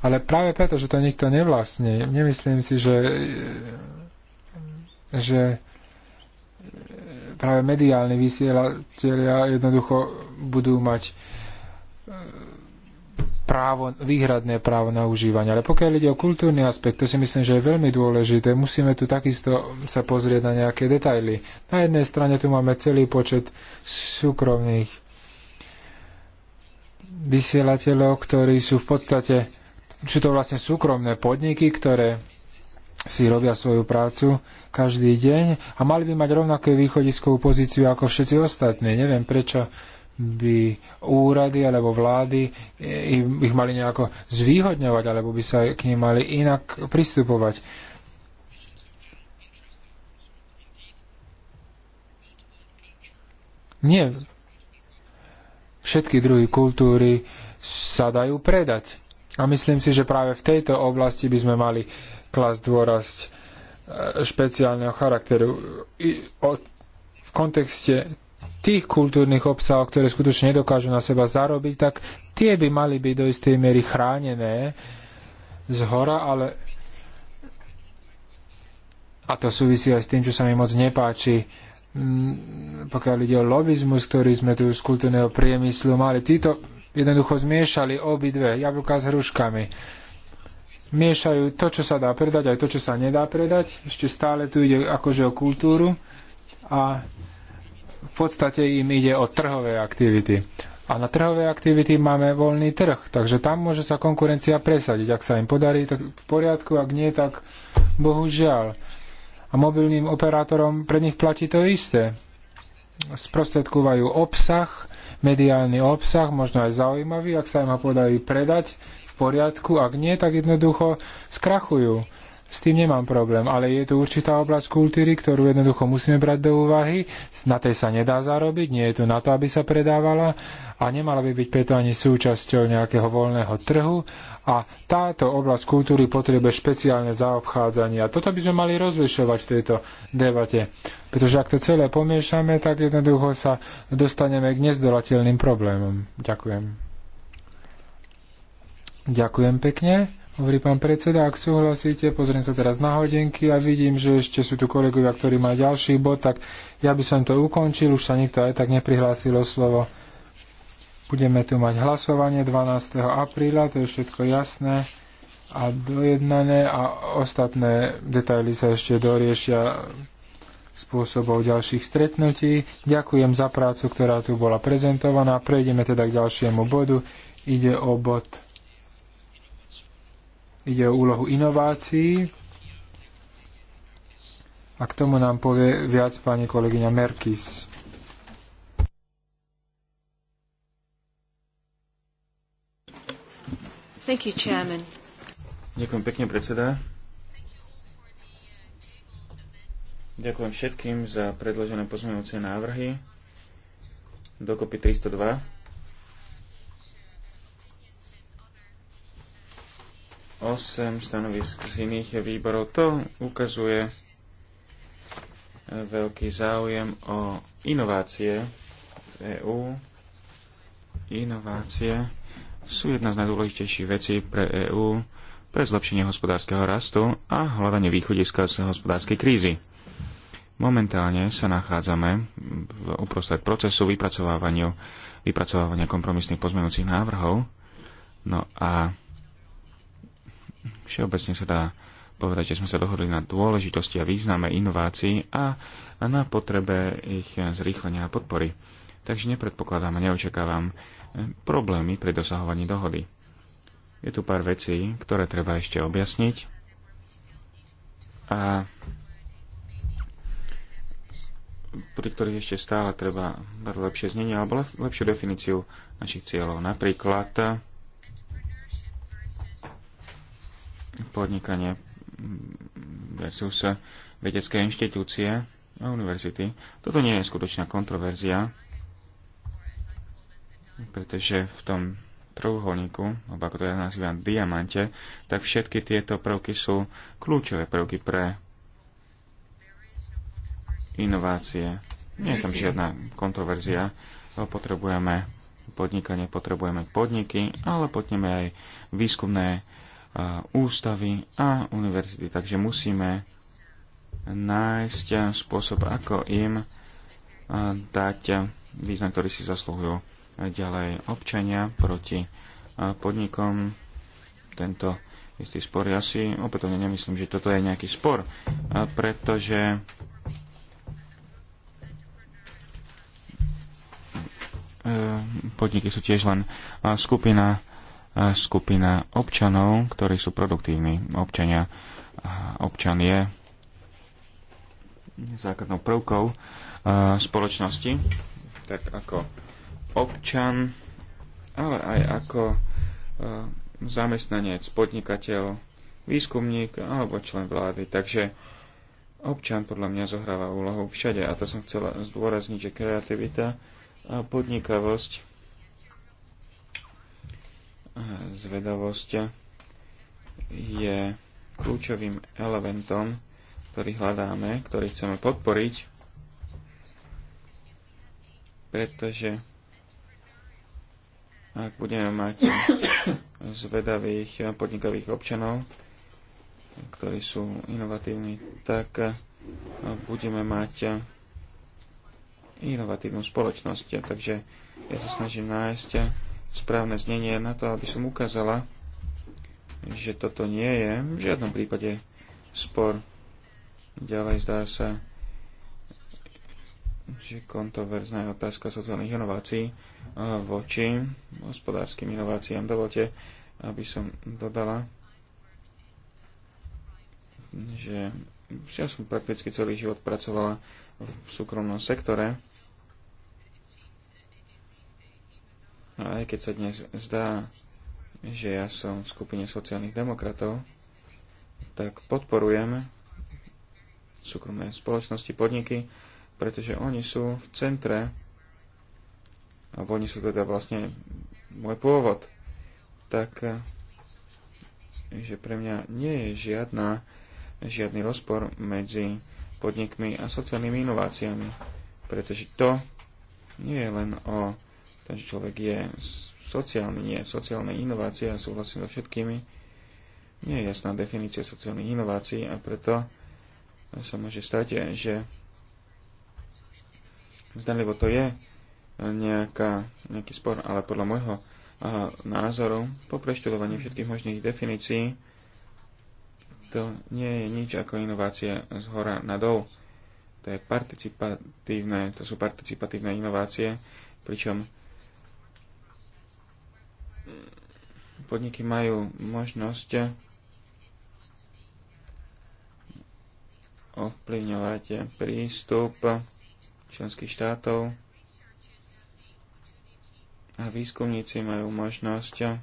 Ale práve preto, že to nikto nevlastní, nemyslím si, že, že práve mediálni vysielatelia jednoducho budú mať právo, výhradné právo na užívanie. Ale pokiaľ ide o kultúrny aspekt, to si myslím, že je veľmi dôležité. Musíme tu takisto sa pozrieť na nejaké detaily. Na jednej strane tu máme celý počet súkromných vysielateľov, ktorí sú v podstate, sú to vlastne súkromné podniky, ktoré si robia svoju prácu každý deň a mali by mať rovnakú východiskovú pozíciu ako všetci ostatní. Neviem, prečo by úrady alebo vlády eh, ich mali nejako zvýhodňovať, alebo by sa k nim mali inak pristupovať. Nie všetky druhy kultúry sa dajú predať. A myslím si, že práve v tejto oblasti by sme mali klas dôrazť eh, špeciálneho charakteru. I o, v kontexte tých kultúrnych obsahov, ktoré skutočne nedokážu na seba zarobiť, tak tie by mali byť do istej miery chránené z hora, ale a to súvisí aj s tým, čo sa mi moc nepáči, mm, pokiaľ ide o lobizmus, ktorý sme tu z kultúrneho priemyslu mali. Títo jednoducho zmiešali obidve jablka s hruškami miešajú to, čo sa dá predať, aj to, čo sa nedá predať. Ešte stále tu ide akože o kultúru. A v podstate im ide o trhové aktivity. A na trhové aktivity máme voľný trh, takže tam môže sa konkurencia presadiť. Ak sa im podarí, tak v poriadku, ak nie, tak bohužiaľ. A mobilným operátorom pre nich platí to isté. Sprostredkovajú obsah, mediálny obsah, možno aj zaujímavý, ak sa im ho podarí predať, v poriadku, ak nie, tak jednoducho skrachujú. S tým nemám problém, ale je tu určitá oblasť kultúry, ktorú jednoducho musíme brať do úvahy. Na tej sa nedá zarobiť, nie je to na to, aby sa predávala a nemala by byť preto ani súčasťou nejakého voľného trhu. A táto oblasť kultúry potrebuje špeciálne zaobchádzanie. A toto by sme mali rozlišovať v tejto debate. Pretože ak to celé pomiešame, tak jednoducho sa dostaneme k nezdolateľným problémom. Ďakujem. Ďakujem pekne. Hovorí pán predseda, ak súhlasíte, pozriem sa teraz na hodinky a vidím, že ešte sú tu kolegovia, ktorí majú ďalší bod, tak ja by som to ukončil, už sa nikto aj tak neprihlásil o slovo. Budeme tu mať hlasovanie 12. apríla, to je všetko jasné a dojednané a ostatné detaily sa ešte doriešia spôsobov ďalších stretnutí. Ďakujem za prácu, ktorá tu bola prezentovaná. Prejdeme teda k ďalšiemu bodu. Ide o bod Ide o úlohu inovácií. A k tomu nám povie viac pani kolegyňa Merkis. Thank you, Chairman. Ďakujem pekne, predseda. Ďakujem všetkým za predložené pozmeňujúce návrhy. Dokopy 302. 8 stanovisk z iných výborov. To ukazuje e, veľký záujem o inovácie v EÚ. Inovácie sú jedna z najdôležitejších vecí pre EÚ pre zlepšenie hospodárskeho rastu a hľadanie východiska z hospodárskej krízy. Momentálne sa nachádzame v uprostred procesu vypracovávania kompromisných pozmenujúcich návrhov. No a Všeobecne sa dá povedať, že sme sa dohodli na dôležitosti a význame inovácií a na potrebe ich zrýchlenia a podpory. Takže nepredpokladám a neočakávam problémy pri dosahovaní dohody. Je tu pár vecí, ktoré treba ešte objasniť a pri ktorých ešte stále treba dať lepšie znenie alebo lepšiu definíciu našich cieľov. Napríklad podnikanie versus vedecké inštitúcie a univerzity. Toto nie je skutočná kontroverzia, pretože v tom trojuholníku, alebo ako to ja nazývam diamante, tak všetky tieto prvky sú kľúčové prvky pre inovácie. Nie je tam žiadna kontroverzia. Potrebujeme podnikanie, potrebujeme podniky, ale potneme aj výskumné ústavy a univerzity. Takže musíme nájsť spôsob, ako im dať význam, ktorý si zaslúhujú ďalej občania proti podnikom. Tento istý spor. Ja si opätovne nemyslím, že toto je nejaký spor, pretože e, podniky sú tiež len skupina skupina občanov, ktorí sú produktívni. Občania, občan je základnou prvkou spoločnosti, tak ako občan, ale aj ako zamestnanec, podnikateľ, výskumník alebo člen vlády. Takže občan podľa mňa zohráva úlohu všade a to som chcela zdôrazniť, že kreativita a podnikavosť zvedavosť je kľúčovým elementom, ktorý hľadáme, ktorý chceme podporiť, pretože ak budeme mať zvedavých podnikových občanov, ktorí sú inovatívni, tak budeme mať inovatívnu spoločnosť. Takže ja sa snažím nájsť správne znenie na to, aby som ukázala, že toto nie je v žiadnom prípade spor. Ďalej zdá sa, že kontroverzná je otázka sociálnych inovácií voči hospodárskym inováciám. Dovolte, aby som dodala, že ja som prakticky celý život pracovala v súkromnom sektore No aj keď sa dnes zdá, že ja som v skupine sociálnych demokratov, tak podporujem súkromné spoločnosti, podniky, pretože oni sú v centre, alebo oni sú teda vlastne môj pôvod. Tak, že pre mňa nie je žiadna, žiadny rozpor medzi podnikmi a sociálnymi inováciami, pretože to nie je len o každý človek je sociálny, nie sociálne inovácie a súhlasím so všetkými. Nie je jasná definícia sociálnych inovácií a preto sa môže stať, že zdanlivo to je nejaká, nejaký spor, ale podľa môjho názoru, po preštudovaní všetkých možných definícií, to nie je nič ako inovácie z hora na dol. To, je participatívne, to sú participatívne inovácie, pričom podniky majú možnosť ovplyvňovať prístup členských štátov a výskumníci majú možnosť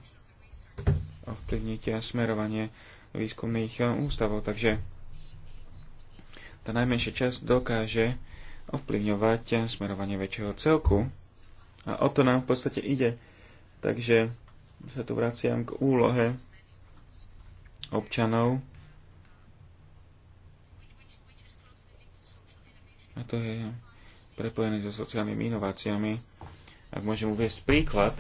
ovplyvniť smerovanie výskumných ústavov. Takže tá najmenšia časť dokáže ovplyvňovať smerovanie väčšieho celku. A o to nám v podstate ide. Takže sa tu vraciam k úlohe občanov. A to je prepojené so sociálnymi inováciami. Ak môžem uviesť príklad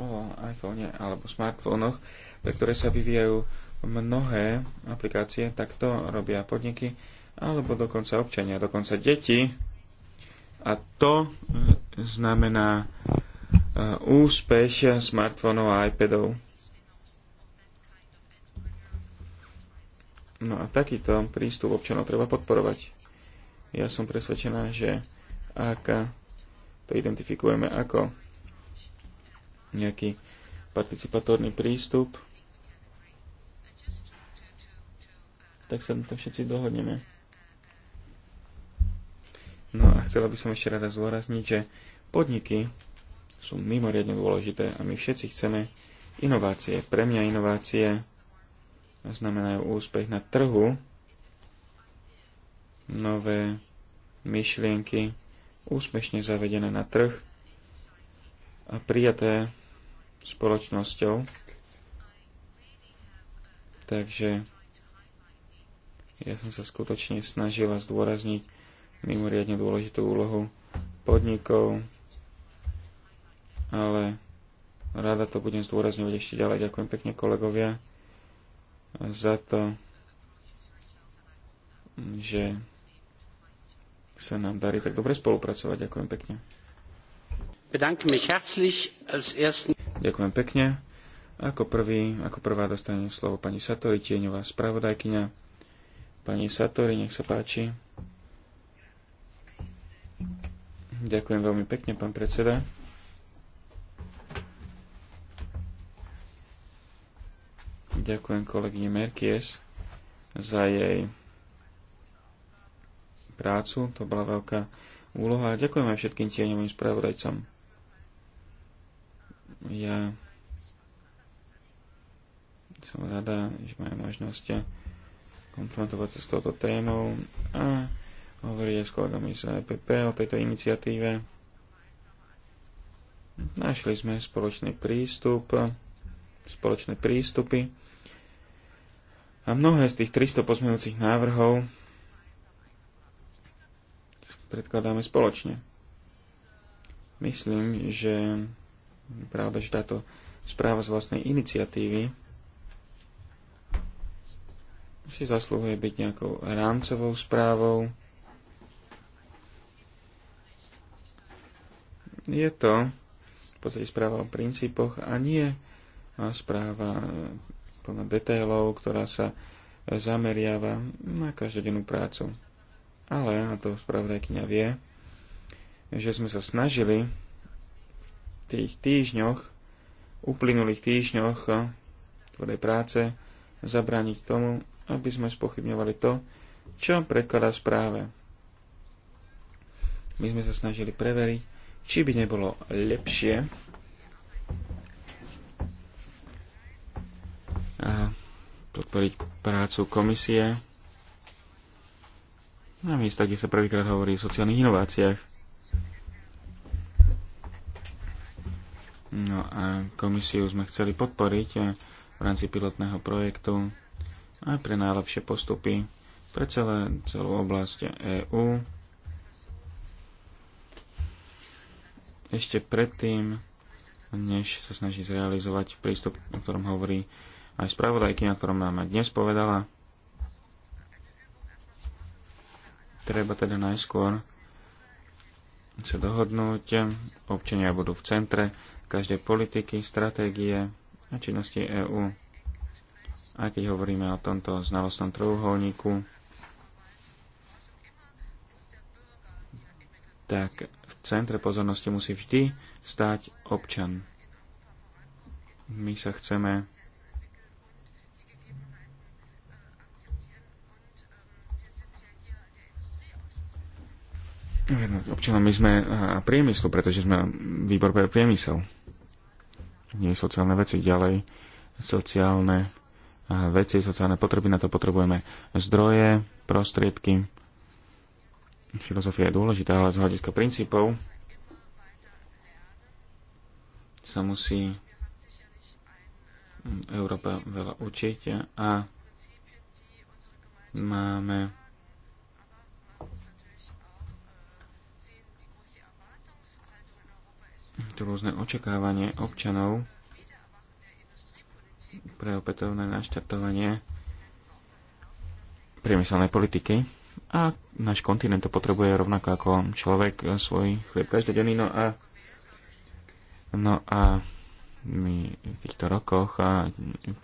o iPhone alebo smartfónoch, pre ktoré sa vyvíjajú mnohé aplikácie, tak to robia podniky alebo dokonca občania, dokonca deti. A to e, znamená Eh, úspech smartfónov a iPadov. No a takýto prístup občanov treba podporovať. Ja som presvedčená, že ak to identifikujeme ako nejaký participatórny prístup, tak sa na to všetci dohodneme. No a chcela by som ešte rada zvorazniť, že podniky sú mimoriadne dôležité a my všetci chceme inovácie. Pre mňa inovácie znamenajú úspech na trhu, nové myšlienky, úspešne zavedené na trh a prijaté spoločnosťou. Takže ja som sa skutočne snažila zdôrazniť mimoriadne dôležitú úlohu podnikov, ale rada to budem zdôrazňovať ešte ďalej. Ďakujem pekne kolegovia za to, že sa nám darí tak dobre spolupracovať. Ďakujem pekne. Ďakujem pekne. Ako, prvý, ako prvá dostane slovo pani Satori, tieňová spravodajkyňa. Pani Satori, nech sa páči. Ďakujem veľmi pekne, pán predseda. Ďakujem kolegyne Merkies za jej prácu. To bola veľká úloha. Ďakujem aj všetkým tieňovým spravodajcom. Ja som rada, že majú možnosť konfrontovať sa s touto témou a hovoriť aj s kolegami z EPP o tejto iniciatíve. Našli sme spoločný prístup, spoločné prístupy a mnohé z tých 300 pozmeňujúcich návrhov predkladáme spoločne. Myslím, že pravda, že táto správa z vlastnej iniciatívy si zaslúhuje byť nejakou rámcovou správou. Je to v podstate správa o princípoch a nie správa plná detailov, ktorá sa zameriava na každodennú prácu. Ale, a to spravodajkynia vie, že sme sa snažili v tých týždňoch, uplynulých týždňoch tvrdej práce, zabrániť tomu, aby sme spochybňovali to, čo predkladá správe. My sme sa snažili preveriť, či by nebolo lepšie podporiť prácu komisie na miesta, kde sa prvýkrát hovorí o sociálnych inováciách. No a komisiu sme chceli podporiť eh, v rámci pilotného projektu aj pre najlepšie postupy pre celé, celú oblasť EÚ. Ešte predtým, než sa snaží zrealizovať prístup, o ktorom hovorí aj spravodajkyňa, ktorom nám dnes povedala. Treba teda najskôr sa dohodnúť. Občania budú v centre každej politiky, stratégie a činnosti EÚ. Aj keď hovoríme o tomto znalostnom trojuholníku, tak v centre pozornosti musí vždy stáť občan. My sa chceme občanom my sme a eh, priemyslu, pretože sme výbor pre priemysel. Nie sociálne veci, ďalej sociálne eh, veci, sociálne potreby, na to potrebujeme zdroje, prostriedky. Filozofia je dôležitá, ale z hľadiska princípov sa musí Európa veľa učiť a máme tu rôzne očakávanie občanov pre opätovné naštartovanie priemyselnej politiky. A náš kontinent to potrebuje rovnako ako človek eh, svoj chlieb každodenný. No a, no a my v týchto rokoch a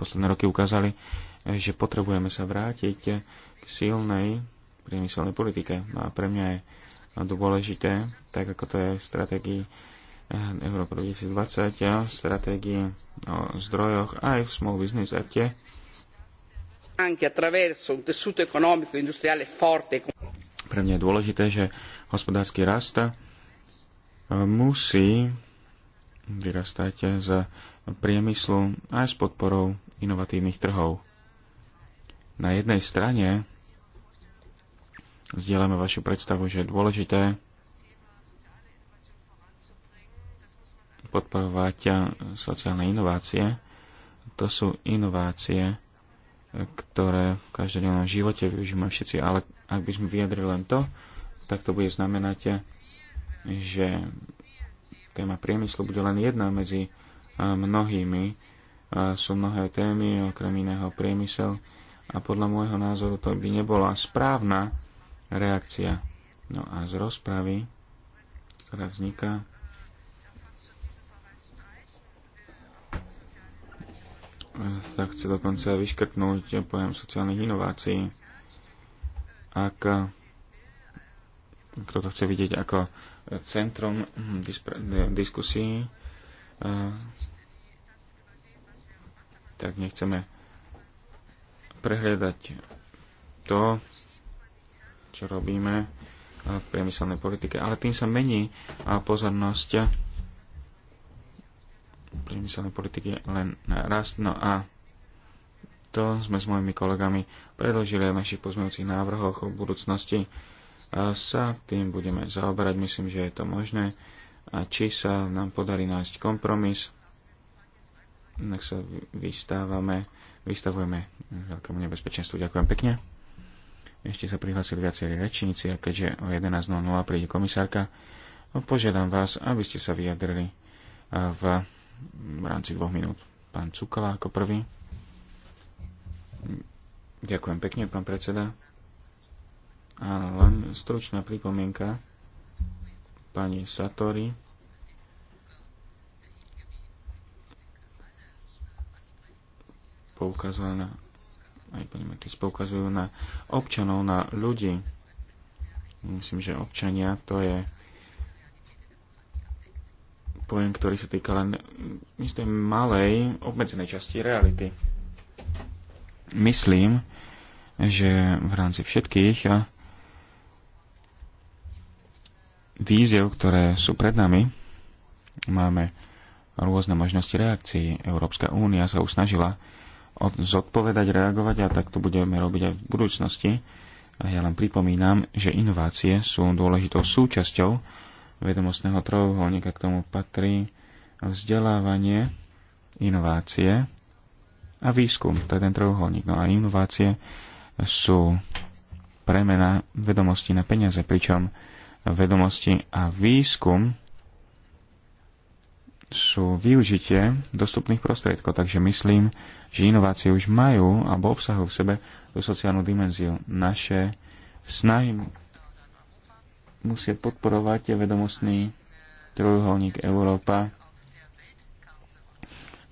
posledné roky ukázali, že potrebujeme sa vrátiť k silnej priemyselnej politike. No a pre mňa je dôležité, tak ako to je v stratégii Európa 2020, stratégie o zdrojoch aj v Small Business Acte. E e Pre mňa je dôležité, že hospodársky rast eh, musí vyrastať z priemyslu aj s podporou inovatívnych trhov. Na jednej strane zdieľame vašu predstavu, že je dôležité podporovať sociálne inovácie. To sú inovácie, ktoré v každodennom živote využívame všetci, ale ak by sme vyjadrili len to, tak to bude znamenať, že téma priemyslu bude len jedna medzi mnohými. Sú mnohé témy, okrem iného priemysel a podľa môjho názoru to by nebola správna reakcia. No a z rozpravy, ktorá vzniká, sa chce dokonca vyškrtnúť pojem sociálnych inovácií. Ak kto to chce vidieť ako centrom diskusí, eh, tak nechceme prehľadať to, čo robíme v priemyselnej politike. Ale tým sa mení eh, pozornosť priemyselnej politiky len rast. No a to sme s mojimi kolegami predložili aj v našich pozmejúcich návrhoch v budúcnosti. A sa tým budeme zaoberať, myslím, že je to možné. A či sa nám podarí nájsť kompromis, tak sa vystávame, vystavujeme veľkému nebezpečenstvu. Ďakujem pekne. Ešte sa prihlásili viacerí rečníci a keďže o 11.00 príde komisárka, požiadam vás, aby ste sa vyjadrili v v rámci dvoch minút. Pán Cukala ako prvý. Ďakujem pekne, pán predseda. A len stručná pripomienka pani Satori. Poukazujú na aj pani Matis, poukazujú na občanov, na ľudí. Myslím, že občania to je pojem, ktorý sa týka len istej malej, obmedzenej časti reality. Myslím, že v rámci všetkých eh, víziev, ktoré sú pred nami, máme rôzne možnosti reakcií. Európska únia sa už snažila zodpovedať, reagovať a tak to budeme robiť aj v budúcnosti. A ja len pripomínam, že inovácie sú dôležitou súčasťou vedomostného trojuholníka. K tomu patrí vzdelávanie, inovácie a výskum. To je ten trojuholník. No a inovácie sú premena vedomostí na peniaze, pričom vedomosti a výskum sú využitie dostupných prostriedkov. Takže myslím, že inovácie už majú alebo obsahujú v sebe tú sociálnu dimenziu. Naše snahy musia podporovať vedomostný trojuholník Európa.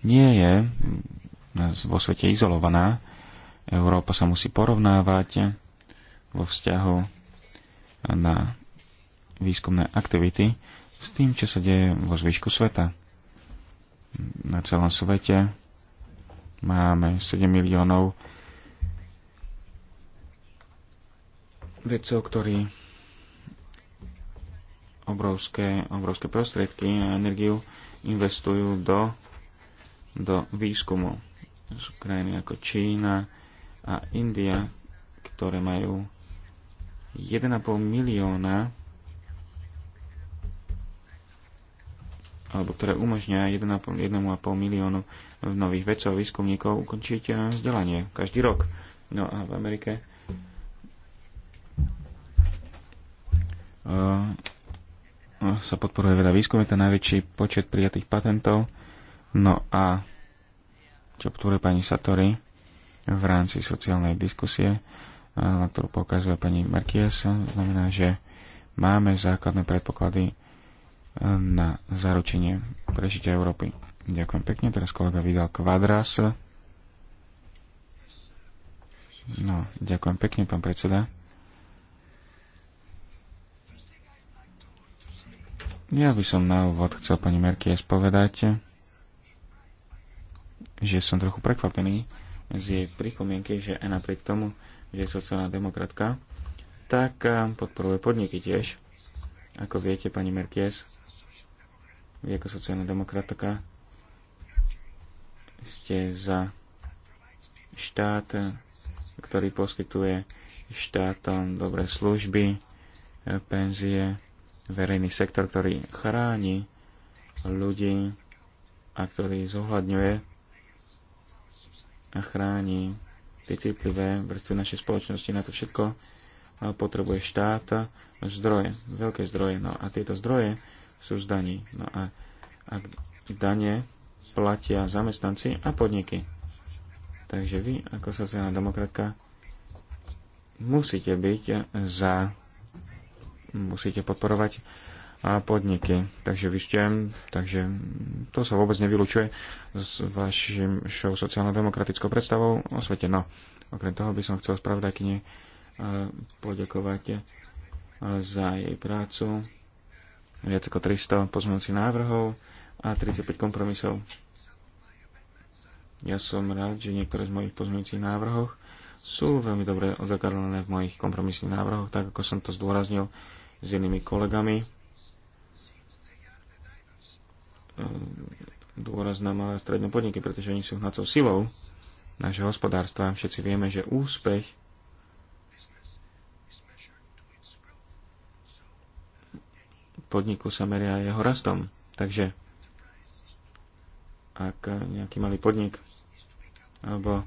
Nie je vo svete izolovaná. Európa sa musí porovnávať vo vzťahu na výskumné aktivity s tým, čo sa deje vo zvyšku sveta. Na celom svete máme 7 miliónov vedcov, ktorí obrovské, obrovské prostriedky a energiu investujú do, do výskumu. Sú krajiny ako Čína a India, ktoré majú 1,5 milióna alebo ktoré umožňuje 1,5 miliónu nových vedcov, výskumníkov ukončiť eh, vzdelanie každý rok. No a v Amerike eh, sa podporuje veda výskum, je to najväčší počet prijatých patentov. No a čo podporuje pani Satori v rámci sociálnej diskusie, na ktorú poukazuje pani Markies, znamená, že máme základné predpoklady e, na zaručenie prežitia Európy. Ďakujem pekne. Teraz kolega vydal Kvadras. No, ďakujem pekne, pán predseda. Ja by som na úvod chcel pani Merkies povedať, že som trochu prekvapený z jej pripomienky, že aj napriek tomu, že je sociálna demokratka, tak eh, podporuje podniky tiež. Ako viete, pani Merkies, vy ako sociálna demokratka ste za štát, ktorý poskytuje štátom dobré služby, eh, penzie, verejný sektor, ktorý chráni ľudí a ktorý zohľadňuje a chráni tie citlivé vrstvy našej spoločnosti. Na to všetko potrebuje štát zdroje, veľké zdroje. No a tieto zdroje sú z daní. No a ak dane platia zamestnanci a podniky. Takže vy, ako sociálna demokratka, musíte byť za musíte podporovať a podniky. Takže vy ste, takže to sa vôbec nevylučuje s vašou sociálno-demokratickou predstavou o svete. No, okrem toho by som chcel spravodajkyni poďakovať za jej prácu. Viac ako 300 pozmeňujúcich návrhov a 35 kompromisov. Ja som rád, že niektoré z mojich pozmeňujúcich návrhov sú veľmi dobre odzakarované v mojich kompromisných návrhoch, tak ako som to zdôraznil s inými kolegami. Ehm, dôraz na malé a stredné podniky, pretože oni sú hnacou silou nášho hospodárstva. Všetci vieme, že úspech podniku sa meria jeho rastom. Takže ak nejaký malý podnik alebo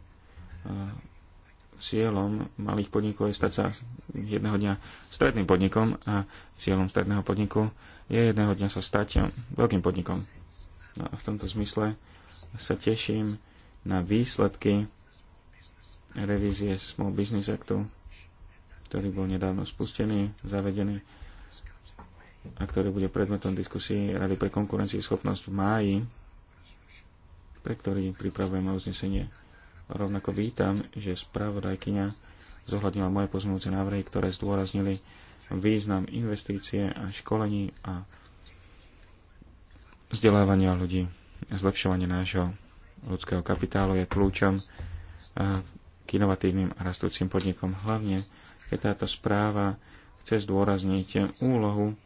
cieľom malých podnikov je stať sa jedného dňa stredným podnikom a cieľom stredného podniku je jedného dňa sa stať veľkým podnikom. No a v tomto zmysle sa teším na výsledky revízie Small Business Actu, ktorý bol nedávno spustený, zavedený a ktorý bude predmetom diskusí Rady pre konkurencieschopnosť v máji, pre ktorý pripravujeme uznesenie Rovnako vítam, že spravodajkyňa zohľadnila moje pozmúce návrhy, ktoré zdôraznili význam investície a školení a vzdelávania ľudí. Zlepšovanie nášho ľudského kapitálu je kľúčom k inovatívnym a rastúcim podnikom. Hlavne, keď táto správa chce zdôrazniť úlohu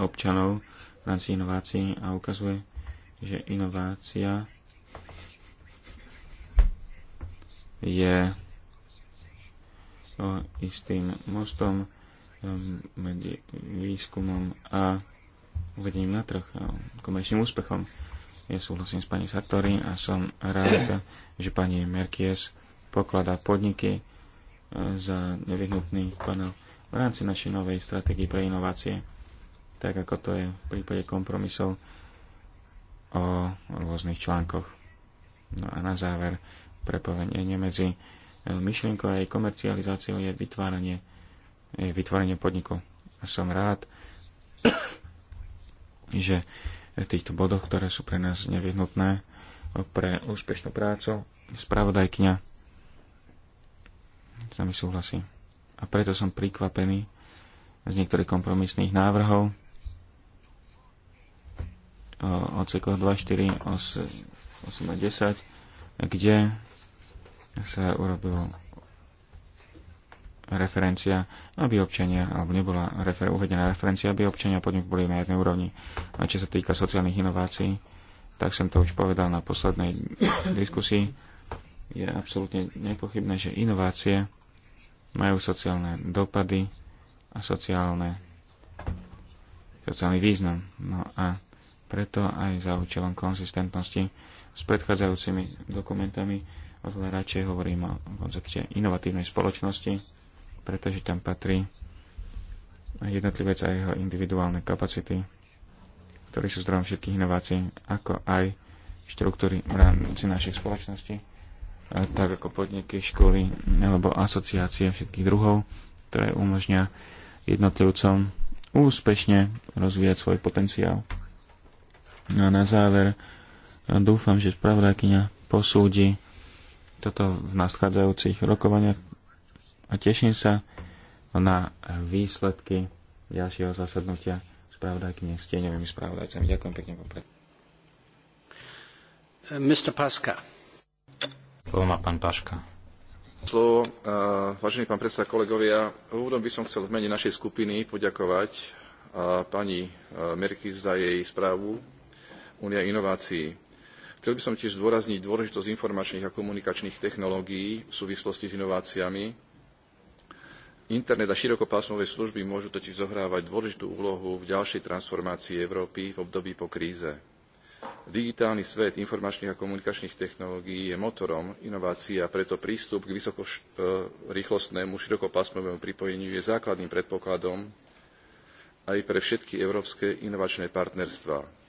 občanov v rámci inovácií a ukazuje, že inovácia je no, istým mostom um, medzi výskumom a uvedením na trh a um, komerčným úspechom. Ja súhlasím s pani Sartori a som rád, že pani Merkies pokladá podniky uh, za nevyhnutný panel v rámci našej novej stratégie pre inovácie, tak ako to je v prípade kompromisov o rôznych článkoch. No a na záver prepojenie medzi e, myšlienkou a jej komercializáciou je vytváranie, je vytvorenie podniku. A som rád, že v týchto bodoch, ktoré sú pre nás nevyhnutné pre úspešnú prácu, spravodajkňa sa mi súhlasí. A preto som prikvapený z niektorých kompromisných návrhov o odsekoch 2, 4, 8, 8 a 10, kde sa urobil referencia, aby občania, alebo nebola refer- uvedená referencia, aby občania podnik boli na jednej úrovni. A čo sa týka sociálnych inovácií, tak som to už povedal na poslednej diskusii, je absolútne nepochybné, že inovácie majú sociálne dopady a sociálne, sociálny význam. No a preto aj za účelom konzistentnosti s predchádzajúcimi dokumentami ale radšej hovorím o koncepte inovatívnej spoločnosti, pretože tam patrí jednotlivec a jeho individuálne kapacity, ktoré sú zdrojom všetkých inovácií, ako aj štruktúry v rámci našich spoločností, tak ako podniky, školy alebo asociácie všetkých druhov, ktoré umožňa jednotlivcom úspešne rozvíjať svoj potenciál. No a na záver dúfam, že spravodajkyňa posúdi toto v nadchádzajúcich rokovaniach a teším sa na výsledky ďalšieho zasadnutia spravodajkyne s tieňovými spravodajcami. Ďakujem pekne, pán Mr. Paska. Slovo má pán Paška. Slovo, uh, vážený pán predseda, kolegovia, úvodom by som chcel v mene našej skupiny poďakovať uh, pani uh, Merky za jej správu Unia inovácií Chcel by som tiež zdôrazniť dôležitosť informačných a komunikačných technológií v súvislosti s inováciami. Internet a širokopásmové služby môžu totiž zohrávať dôležitú úlohu v ďalšej transformácii Európy v období po kríze. Digitálny svet informačných a komunikačných technológií je motorom inovácií a preto prístup k vysokorýchlostnému e, širokopásmovému pripojeniu je základným predpokladom aj pre všetky európske inovačné partnerstvá.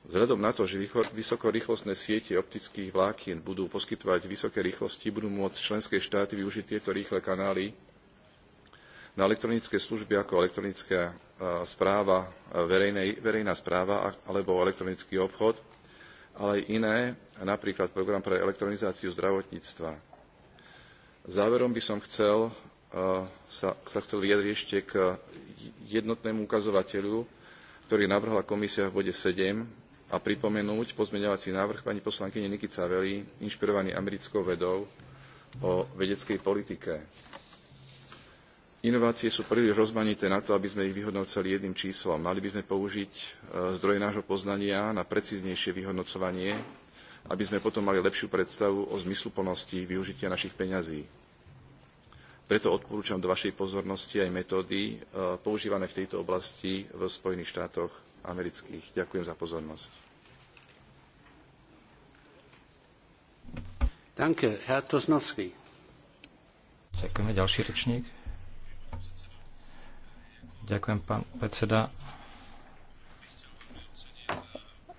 Vzhľadom na to, že vysokorýchlostné siete optických vlákien budú poskytovať vysoké rýchlosti, budú môcť členské štáty využiť tieto rýchle kanály na elektronické služby ako elektronická správa, verejná správa alebo elektronický obchod, ale aj iné, napríklad program pre elektronizáciu zdravotníctva. Záverom by som chcel, sa, sa chcel vyjadriť ešte k jednotnému ukazovateľu, ktorý navrhla komisia v bode 7 a pripomenúť pozmeňovací návrh pani poslankyne Niky Cavely, inšpirovaný americkou vedou o vedeckej politike. Inovácie sú príliš rozmanité na to, aby sme ich vyhodnocovali jedným číslom. Mali by sme použiť e, zdroje nášho poznania na precíznejšie vyhodnocovanie, aby sme potom mali lepšiu predstavu o zmysluplnosti využitia našich peňazí. Preto odporúčam do vašej pozornosti aj metódy e, používané v tejto oblasti v Spojených štátoch amerických. Ďakujem za pozornosť. Danke, Herr Tosnovský. Ďakujeme, ďalší rečník. Ďakujem, pán predseda.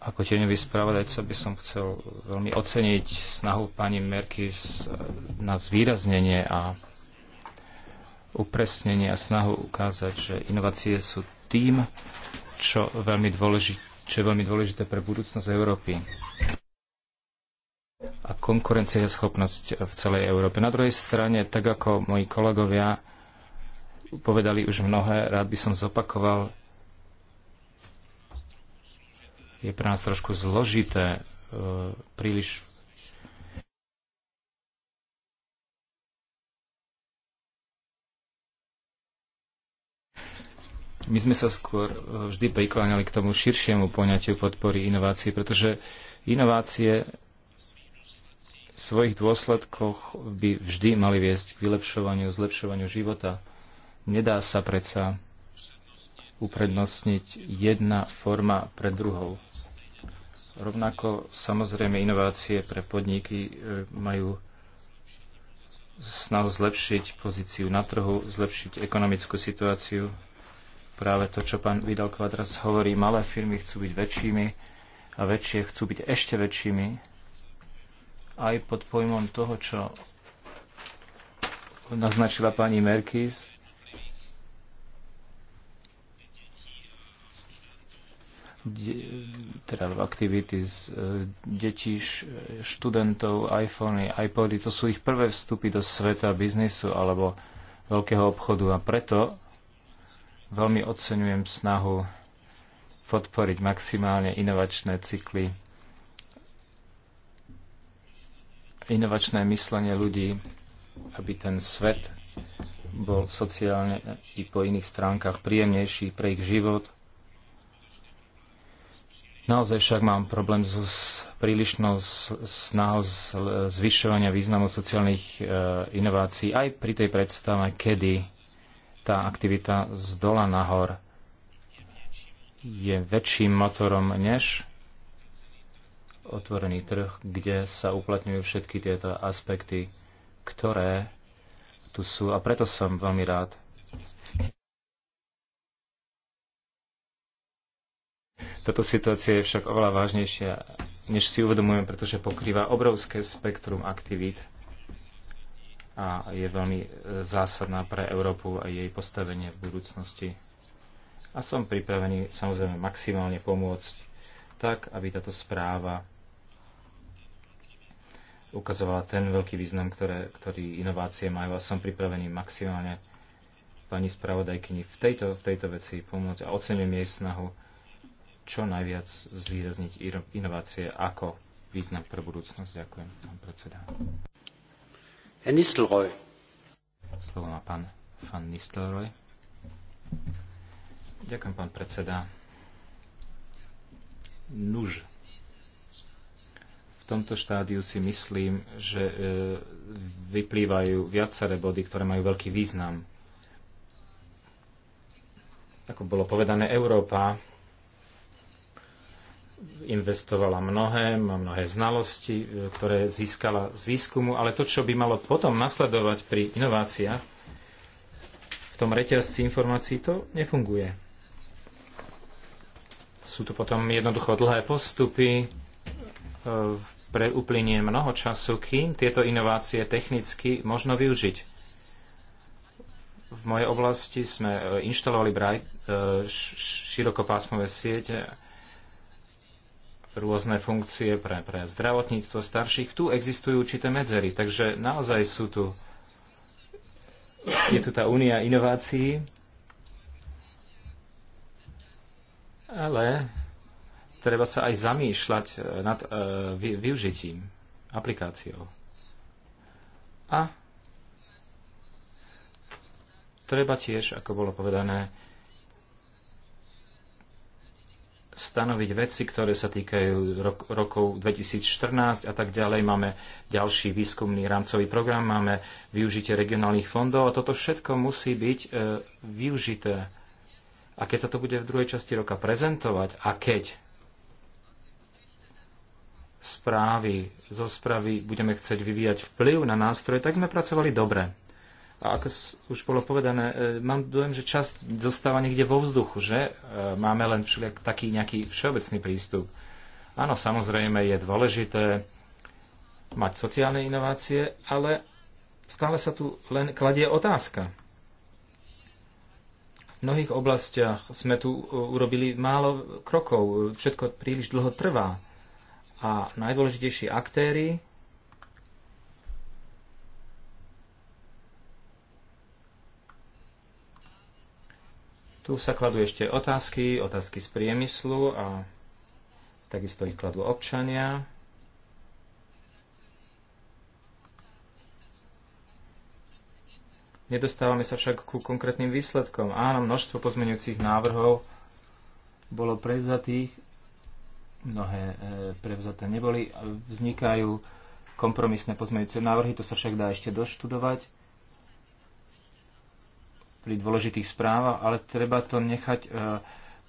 Ako tieňový spravodajca by som chcel veľmi oceniť snahu pani Merkis eh, na zvýraznenie a upresnenie a snahu ukázať, že inovácie sú tým, čo, veľmi čo je veľmi dôležité pre budúcnosť Európy a konkurencieschopnosť v celej Európe. Na druhej strane, tak ako moji kolegovia povedali už mnohé, rád by som zopakoval, je pre nás trošku zložité e, príliš My sme sa skôr e, vždy prikláňali k tomu širšiemu poňatiu podpory inovácií, pretože inovácie v svojich dôsledkoch by vždy mali viesť k vylepšovaniu, zlepšovaniu života. Nedá sa predsa uprednostniť jedna forma pred druhou. Rovnako samozrejme inovácie pre podniky e, majú snahu zlepšiť pozíciu na trhu, zlepšiť ekonomickú situáciu práve to, čo pán Vidal Kvadras hovorí. Malé firmy chcú byť väčšími a väčšie chcú byť ešte väčšími. Aj pod pojmom toho, čo naznačila pani Merkis, teda aktivity z e, detí, študentov, iPhony, iPody, to sú ich prvé vstupy do sveta biznisu alebo veľkého obchodu a preto Veľmi oceňujem snahu podporiť maximálne inovačné cykly, inovačné myslenie ľudí, aby ten svet bol sociálne i po iných stránkach príjemnejší pre ich život. Naozaj však mám problém so prílišnou snahou zvyšovania významu sociálnych e, inovácií aj pri tej predstave, kedy tá aktivita z dola nahor je väčším motorom než otvorený trh, kde sa uplatňujú všetky tieto aspekty, ktoré tu sú a preto som veľmi rád. Táto situácia je však oveľa vážnejšia, než si uvedomujem, pretože pokrýva obrovské spektrum aktivít a je veľmi e, zásadná pre Európu a jej postavenie v budúcnosti. A som pripravený samozrejme maximálne pomôcť tak, aby táto správa ukazovala ten veľký význam, ktoré, ktorý inovácie majú a som pripravený maximálne pani spravodajkyni v tejto, v tejto veci pomôcť a ocením jej snahu čo najviac zvýrazniť inovácie ako význam pre budúcnosť. Ďakujem, pán predseda. Herr Nistelrooy. Slovo má pán, pán Nistelrooy. Ďakujem, pán predseda. Nuž. V tomto štádiu si myslím, že e, vyplývajú viaceré body, ktoré majú veľký význam. Ako bolo povedané, Európa investovala mnohé, má mnohé znalosti, e, ktoré získala z výskumu, ale to, čo by malo potom nasledovať pri inováciách, v tom reťazci informácií to nefunguje. Sú tu potom jednoducho dlhé postupy, e, pre uplynie mnoho času, kým tieto inovácie technicky možno využiť v mojej oblasti sme e, inštalovali širokopásmové siete rôzne funkcie pre, pre zdravotníctvo starších. Tu existujú určité medzery, takže naozaj sú tu, je tu tá únia inovácií, ale treba sa aj zamýšľať e, nad e, vy, využitím, aplikáciou. A treba tiež, ako bolo povedané, stanoviť veci, ktoré sa týkajú rok, rokov 2014 a tak ďalej. Máme ďalší výskumný rámcový program, máme využitie regionálnych fondov a toto všetko musí byť e, využité. A keď sa to bude v druhej časti roka prezentovať a keď správy, zo správy budeme chcieť vyvíjať vplyv na nástroje, tak sme pracovali dobre. A ako už bolo povedané, e, mám dojem, že časť zostáva niekde vo vzduchu, že e, máme len všelijak taký nejaký všeobecný prístup. Áno, samozrejme je dôležité mať sociálne inovácie, ale stále sa tu len kladie otázka. V mnohých oblastiach sme tu e, urobili málo krokov, všetko príliš dlho trvá. A najdôležitejší aktéry, Tu sa kladú ešte otázky, otázky z priemyslu a takisto ich kladú občania. Nedostávame sa však ku konkrétnym výsledkom. Áno, množstvo pozmeňujúcich návrhov bolo prevzatých, mnohé e, prevzaté neboli. Vznikajú kompromisné pozmeňujúce návrhy, to sa však dá ešte doštudovať pri dôležitých správach, ale treba to nechať e,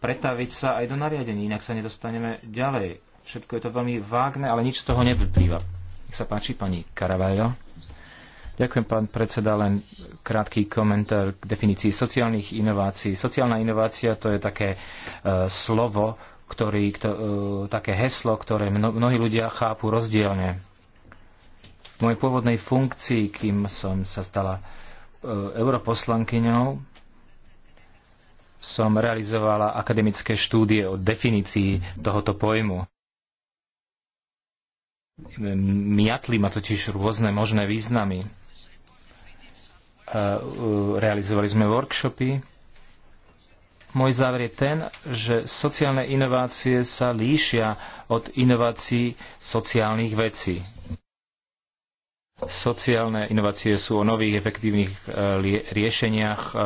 pretaviť sa aj do nariadení, inak sa nedostaneme ďalej. Všetko je to veľmi vágne, ale nič z toho nevyplýva. Nech sa páči, pani Caravajo. Ďakujem, pán predseda, len krátky komentár k definícii sociálnych inovácií. Sociálna inovácia to je také e, slovo, ktorý, kto, e, také heslo, ktoré mno, mnohí ľudia chápu rozdielne. V mojej pôvodnej funkcii, kým som sa stala E, europoslankyňou som realizovala akademické štúdie o definícii tohoto pojmu. Miatli ma totiž rôzne možné významy. E, e, realizovali sme workshopy. Môj záver je ten, že sociálne inovácie sa líšia od inovácií sociálnych vecí. Sociálne inovácie sú o nových efektívnych e, riešeniach e, e,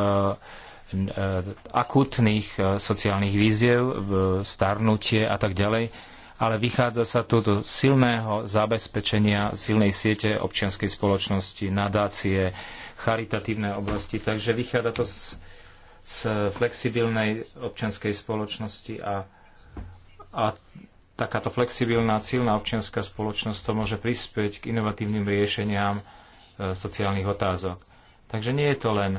akutných sociálnych víziev, starnutie a tak ďalej, ale vychádza sa tu do silného zabezpečenia silnej siete občianskej spoločnosti, nadácie, charitatívnej oblasti, takže vychádza to z, z flexibilnej občianskej spoločnosti a, a takáto flexibilná silná občianská spoločnosť to môže prispieť k inovatívnym riešeniam e, sociálnych otázok. Takže nie je to len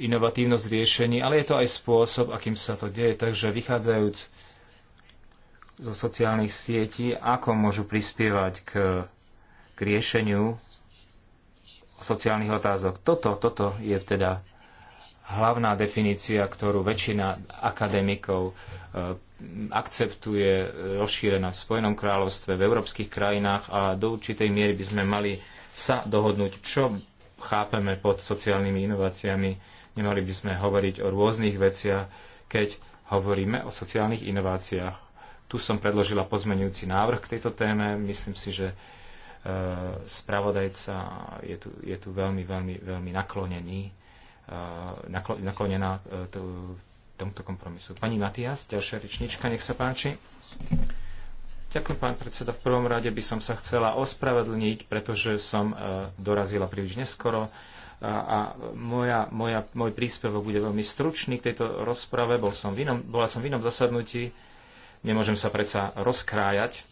inovatívnosť riešení, ale je to aj spôsob, akým sa to deje. Takže vychádzajúc zo sociálnych sietí, ako môžu prispievať k, k riešeniu sociálnych otázok. Toto, toto je teda hlavná definícia, ktorú väčšina akademikov e, akceptuje, e, rozšírená v Spojenom kráľovstve, v európskych krajinách a do určitej miery by sme mali sa dohodnúť, čo chápeme pod sociálnymi inováciami. Nemali by sme hovoriť o rôznych veciach, keď hovoríme o sociálnych inováciách. Tu som predložila pozmenujúci návrh k tejto téme. Myslím si, že e, spravodajca je tu, je tu veľmi, veľmi, veľmi naklonený Eh, naklonená eh, tomuto kompromisu. Pani Matias, ďalšia rečnička, nech sa páči. Ďakujem, pán predseda. V prvom rade by som sa chcela ospravedlniť, pretože som eh, dorazila príliš neskoro a, moja, moja, môj príspevok bude veľmi stručný k tejto rozprave. Bol som v inom, bola som v inom zasadnutí, nemôžem sa predsa rozkrájať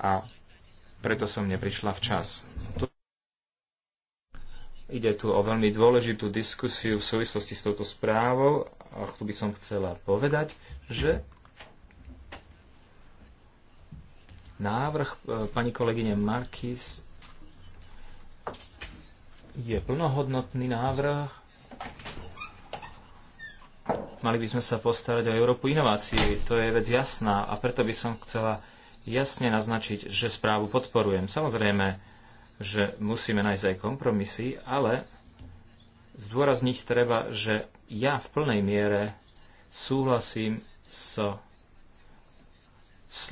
a preto som neprišla včas. Ide tu o veľmi dôležitú diskusiu v súvislosti s touto správou a tu by som chcela povedať, že návrh e, pani kolegyne Markis je plnohodnotný návrh. Mali by sme sa postarať o Európu inovácií, to je vec jasná a preto by som chcela jasne naznačiť, že správu podporujem. Samozrejme, že musíme nájsť aj kompromisy, ale zdôrazniť treba, že ja v plnej miere súhlasím s, s,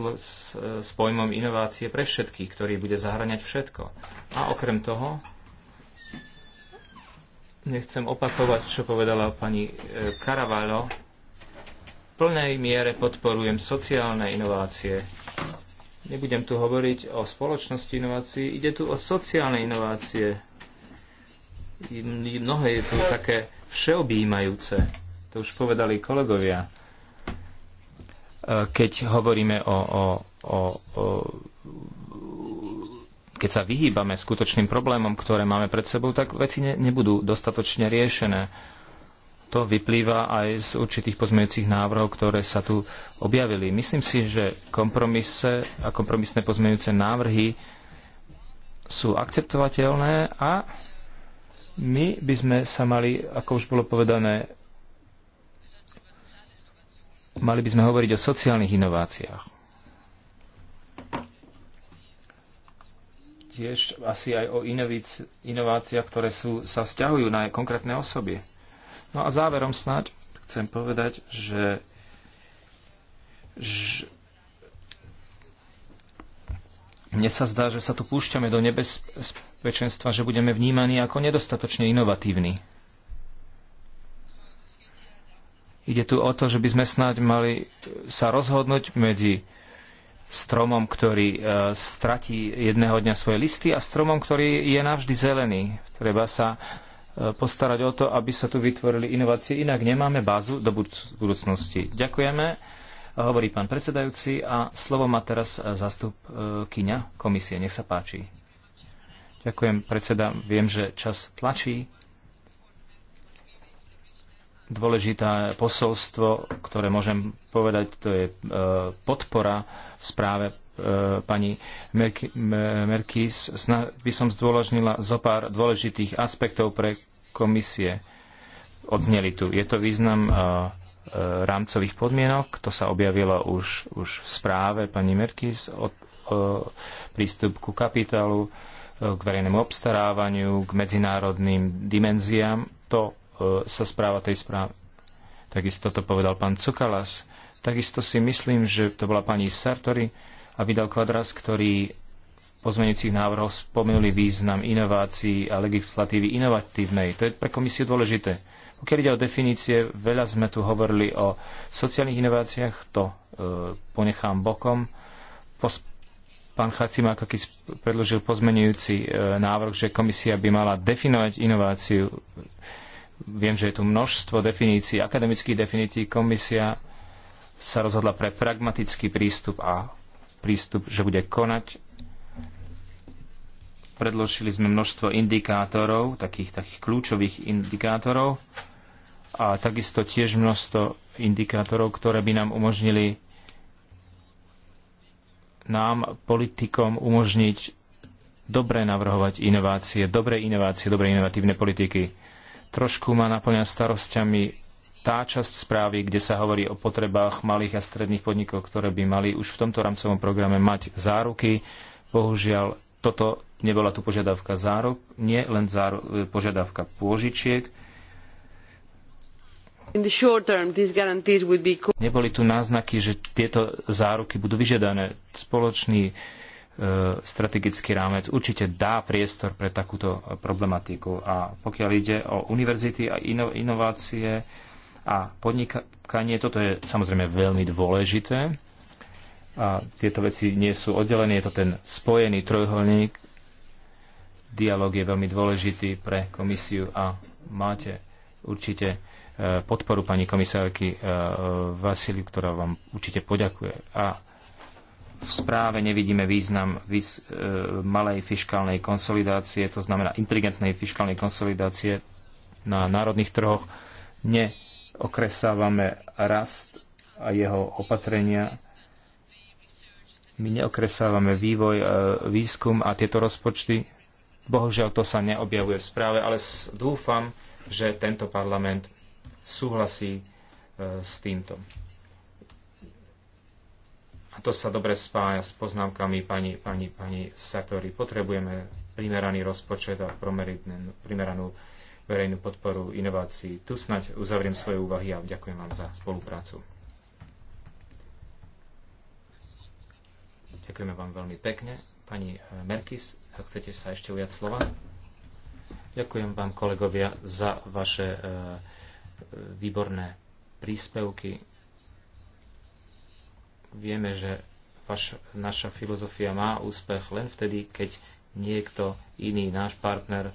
s pojmom inovácie pre všetkých, ktorý bude zahraňať všetko. A okrem toho, nechcem opakovať, čo povedala pani e, Caravalo, v plnej miere podporujem sociálne inovácie, Nebudem tu hovoriť o spoločnosti inovácií, ide tu o sociálne inovácie. Mnohé je tu také všeobjímajúce. To už povedali kolegovia. E, keď hovoríme o, o, o, o keď sa vyhýbame skutočným problémom, ktoré máme pred sebou, tak veci ne, nebudú dostatočne riešené to vyplýva aj z určitých pozmeňujúcich návrhov, ktoré sa tu objavili. Myslím si, že kompromise a kompromisné pozmeňujúce návrhy sú akceptovateľné a my by sme sa mali, ako už bolo povedané, mali by sme hovoriť o sociálnych inováciách. Tiež asi aj o inováciách, ktoré sú, sa vzťahujú na konkrétne osoby. No a záverom snáď chcem povedať, že, že mne sa zdá, že sa tu púšťame do nebezpečenstva, že budeme vnímaní ako nedostatočne inovatívni. Ide tu o to, že by sme snáď mali sa rozhodnúť medzi stromom, ktorý e, stratí jedného dňa svoje listy a stromom, ktorý je navždy zelený. Treba sa E, postarať o to, aby sa tu vytvorili inovácie, inak nemáme bázu do budúcnosti. Ďakujeme, hovorí pán predsedajúci a slovo má teraz e, zástup Kyňa komisie. Nech sa páči. Ďakujem, predseda. Viem, že čas tlačí. Dôležité posolstvo, ktoré môžem povedať, to je e, podpora správe E, pani Merkis, by som zdôložnila zo pár dôležitých aspektov pre komisie. Odzneli tu. Je to význam e, e, rámcových podmienok, to sa objavilo už, už v správe pani Merkis od prístup ku kapitálu, k verejnému obstarávaniu, k medzinárodným dimenziám. To sa správa tej správy Takisto to povedal pán Cukalas. Takisto si myslím, že to bola pani Sartori, a vydal kvadras, ktorý v pozmeňujúcich návrhoch spomenuli význam inovácií a legislatívy inovatívnej. To je pre komisiu dôležité. Pokiaľ ide o definície, veľa sme tu hovorili o sociálnych inováciách, to e, ponechám bokom. Pos- pán Chacimákakis predložil pozmenujúci e, návrh, že komisia by mala definovať inováciu. Viem, že je tu množstvo definícií, akademických definícií. Komisia sa rozhodla pre pragmatický prístup a prístup, že bude konať. Predložili sme množstvo indikátorov, takých, takých kľúčových indikátorov a takisto tiež množstvo indikátorov, ktoré by nám umožnili nám, politikom, umožniť dobre navrhovať inovácie, dobre inovácie, dobre inovatívne politiky. Trošku ma naplňa starostiami tá časť správy, kde sa hovorí o potrebách malých a stredných podnikov, ktoré by mali už v tomto rámcovom programe mať záruky. Bohužiaľ, toto nebola tu požiadavka zárok, nie len záru, e, požiadavka pôžičiek. Be... Neboli tu náznaky, že tieto záruky budú vyžiadané. Spoločný e, strategický rámec určite dá priestor pre takúto problematiku. A pokiaľ ide o univerzity a ino, inovácie, a podnikanie. Toto je samozrejme veľmi dôležité. A tieto veci nie sú oddelené, je to ten spojený trojholník. Dialóg je veľmi dôležitý pre komisiu a máte určite e, podporu pani komisárky e, Vasiliu, ktorá vám určite poďakuje. A v správe nevidíme význam výz, e, malej fiskálnej konsolidácie, to znamená inteligentnej fiskálnej konsolidácie na národných trhoch. Ne, okresávame rast a jeho opatrenia. My neokresávame vývoj, e, výskum a tieto rozpočty. Bohužiaľ, to sa neobjavuje v správe, ale dúfam, že tento parlament súhlasí e, s týmto. A to sa dobre spája s poznámkami pani, pani, pani Satori. Potrebujeme primeraný rozpočet a primeranú verejnú podporu inovácií. Tu snaď uzavriem svoje úvahy a ďakujem vám za spoluprácu. Ďakujeme vám veľmi pekne. Pani eh, Merkis, ak chcete sa ešte ujať slova. Ďakujem vám, kolegovia, za vaše eh, eh, výborné príspevky. Vieme, že vaš, naša filozofia má úspech len vtedy, keď niekto iný, náš partner,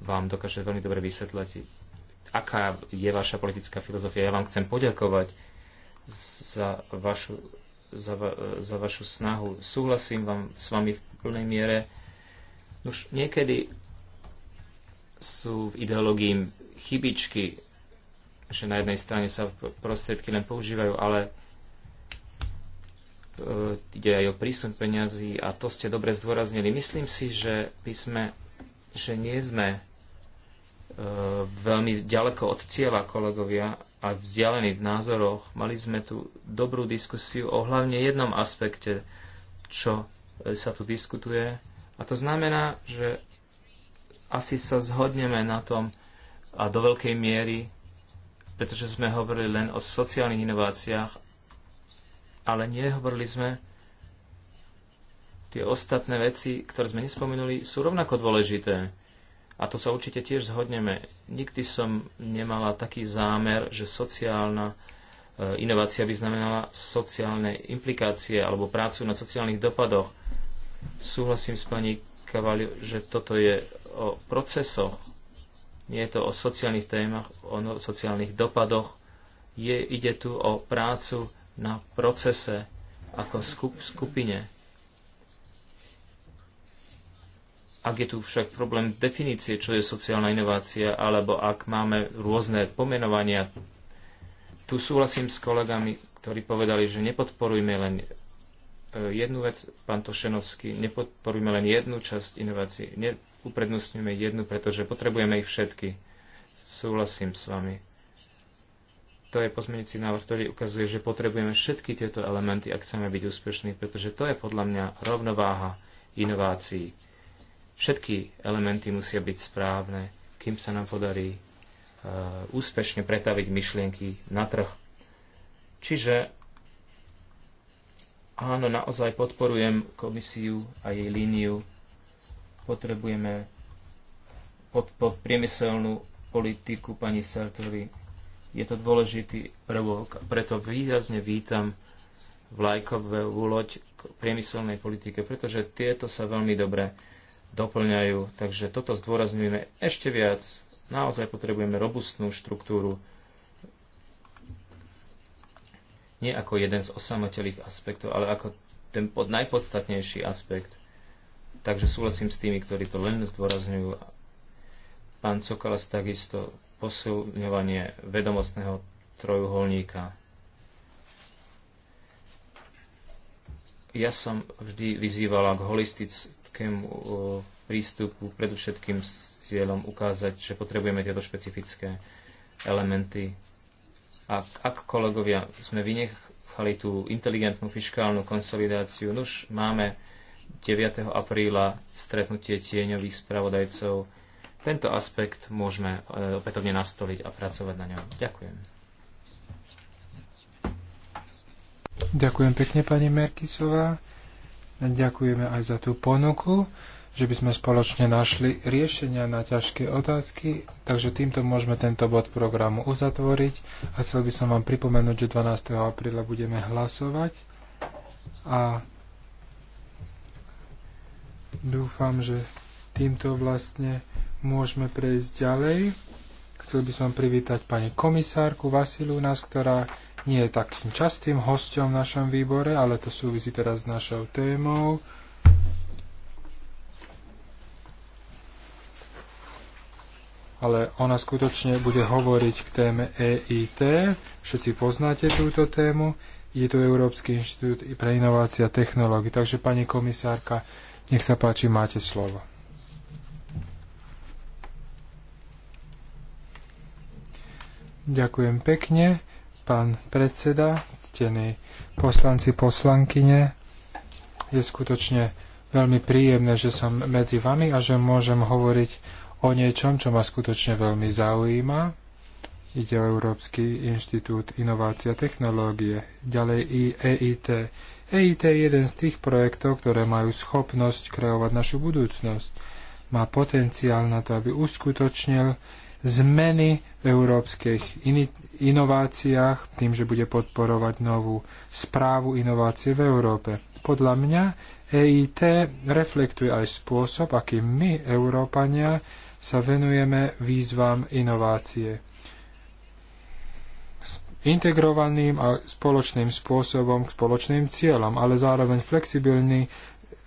vám dokáže veľmi dobre vysvetľať, aká je vaša politická filozofia. Ja vám chcem poďakovať za vašu, za, va, za vašu snahu. Súhlasím vám, s vami v plnej miere. Už niekedy sú v ideológii chybičky, že na jednej strane sa prostriedky len používajú, ale e, ide aj o prísun peňazí a to ste dobre zdôraznili. Myslím si, že by sme, že nie sme E, veľmi ďaleko od cieľa, kolegovia, a vzdialení v názoroch. Mali sme tu dobrú diskusiu o hlavne jednom aspekte, čo e, sa tu diskutuje. A to znamená, že asi sa zhodneme na tom a do veľkej miery, pretože sme hovorili len o sociálnych inováciách, ale nehovorili sme tie ostatné veci, ktoré sme nespomenuli, sú rovnako dôležité a to sa určite tiež zhodneme. Nikdy som nemala taký zámer, že sociálna e, inovácia by znamenala sociálne implikácie alebo prácu na sociálnych dopadoch. Súhlasím s pani Kavali, že toto je o procesoch, nie je to o sociálnych témach, o no, sociálnych dopadoch. Je, ide tu o prácu na procese ako skup, skupine. Ak je tu však problém definície, čo je sociálna inovácia, alebo ak máme rôzne pomenovania, tu súhlasím s kolegami, ktorí povedali, že nepodporujme len e, jednu vec, pán Tošenovský, nepodporujme len jednu časť inovácií, neuprednostňujme jednu, pretože potrebujeme ich všetky. Súhlasím s vami. To je pozmenici návrh, ktorý ukazuje, že potrebujeme všetky tieto elementy, ak chceme byť úspešní, pretože to je podľa mňa rovnováha inovácií Všetky elementy musia byť správne, kým sa nám podarí e, úspešne pretaviť myšlienky na trh. Čiže áno, naozaj podporujem komisiu a jej líniu. Potrebujeme pod, pod priemyselnú politiku pani Sartori. Je to dôležitý prvok, preto výrazne vítam vlajkovú loď k priemyselnej politike, pretože tieto sa veľmi dobre doplňajú. Takže toto zdôrazňujeme ešte viac. Naozaj potrebujeme robustnú štruktúru, nie ako jeden z osamotelých aspektov, ale ako ten pod najpodstatnejší aspekt. Takže súhlasím s tými, ktorí to len zdôrazňujú. Pán Cokalas takisto posilňovanie vedomostného trojuholníka. Ja som vždy vyzývala k holistic, takému e, prístupu, predovšetkým s cieľom ukázať, že potrebujeme tieto špecifické elementy. A ak kolegovia sme vynechali tú inteligentnú fiskálnu konsolidáciu, už máme 9. apríla stretnutie tieňových spravodajcov. Tento aspekt môžeme e, opätovne nastoliť a pracovať na ňom. Ďakujem. Ďakujem pekne, pani Merkisová. Ďakujeme aj za tú ponuku, že by sme spoločne našli riešenia na ťažké otázky, takže týmto môžeme tento bod programu uzatvoriť a chcel by som vám pripomenúť, že 12. apríla budeme hlasovať a dúfam, že týmto vlastne môžeme prejsť ďalej. Chcel by som privítať pani komisárku Vasilu nás, ktorá nie je takým častým hostom v našom výbore, ale to súvisí teraz s našou témou. Ale ona skutočne bude hovoriť k téme EIT. Všetci poznáte túto tému. Je to Európsky inštitút pre inovácia a technológie. Takže, pani komisárka, nech sa páči, máte slovo. Ďakujem pekne. Pán predseda, ctení poslanci, poslankyne, je skutočne veľmi príjemné, že som medzi vami a že môžem hovoriť o niečom, čo ma skutočne veľmi zaujíma. Ide o Európsky inštitút inovácia a technológie, ďalej i EIT. EIT je jeden z tých projektov, ktoré majú schopnosť kreovať našu budúcnosť. Má potenciál na to, aby uskutočnil zmeny v európskych inováciách, tým, že bude podporovať novú správu inovácie v Európe. Podľa mňa EIT reflektuje aj spôsob, akým my, Európania, sa venujeme výzvam inovácie. S integrovaným a spoločným spôsobom k spoločným cieľom, ale zároveň flexibilný,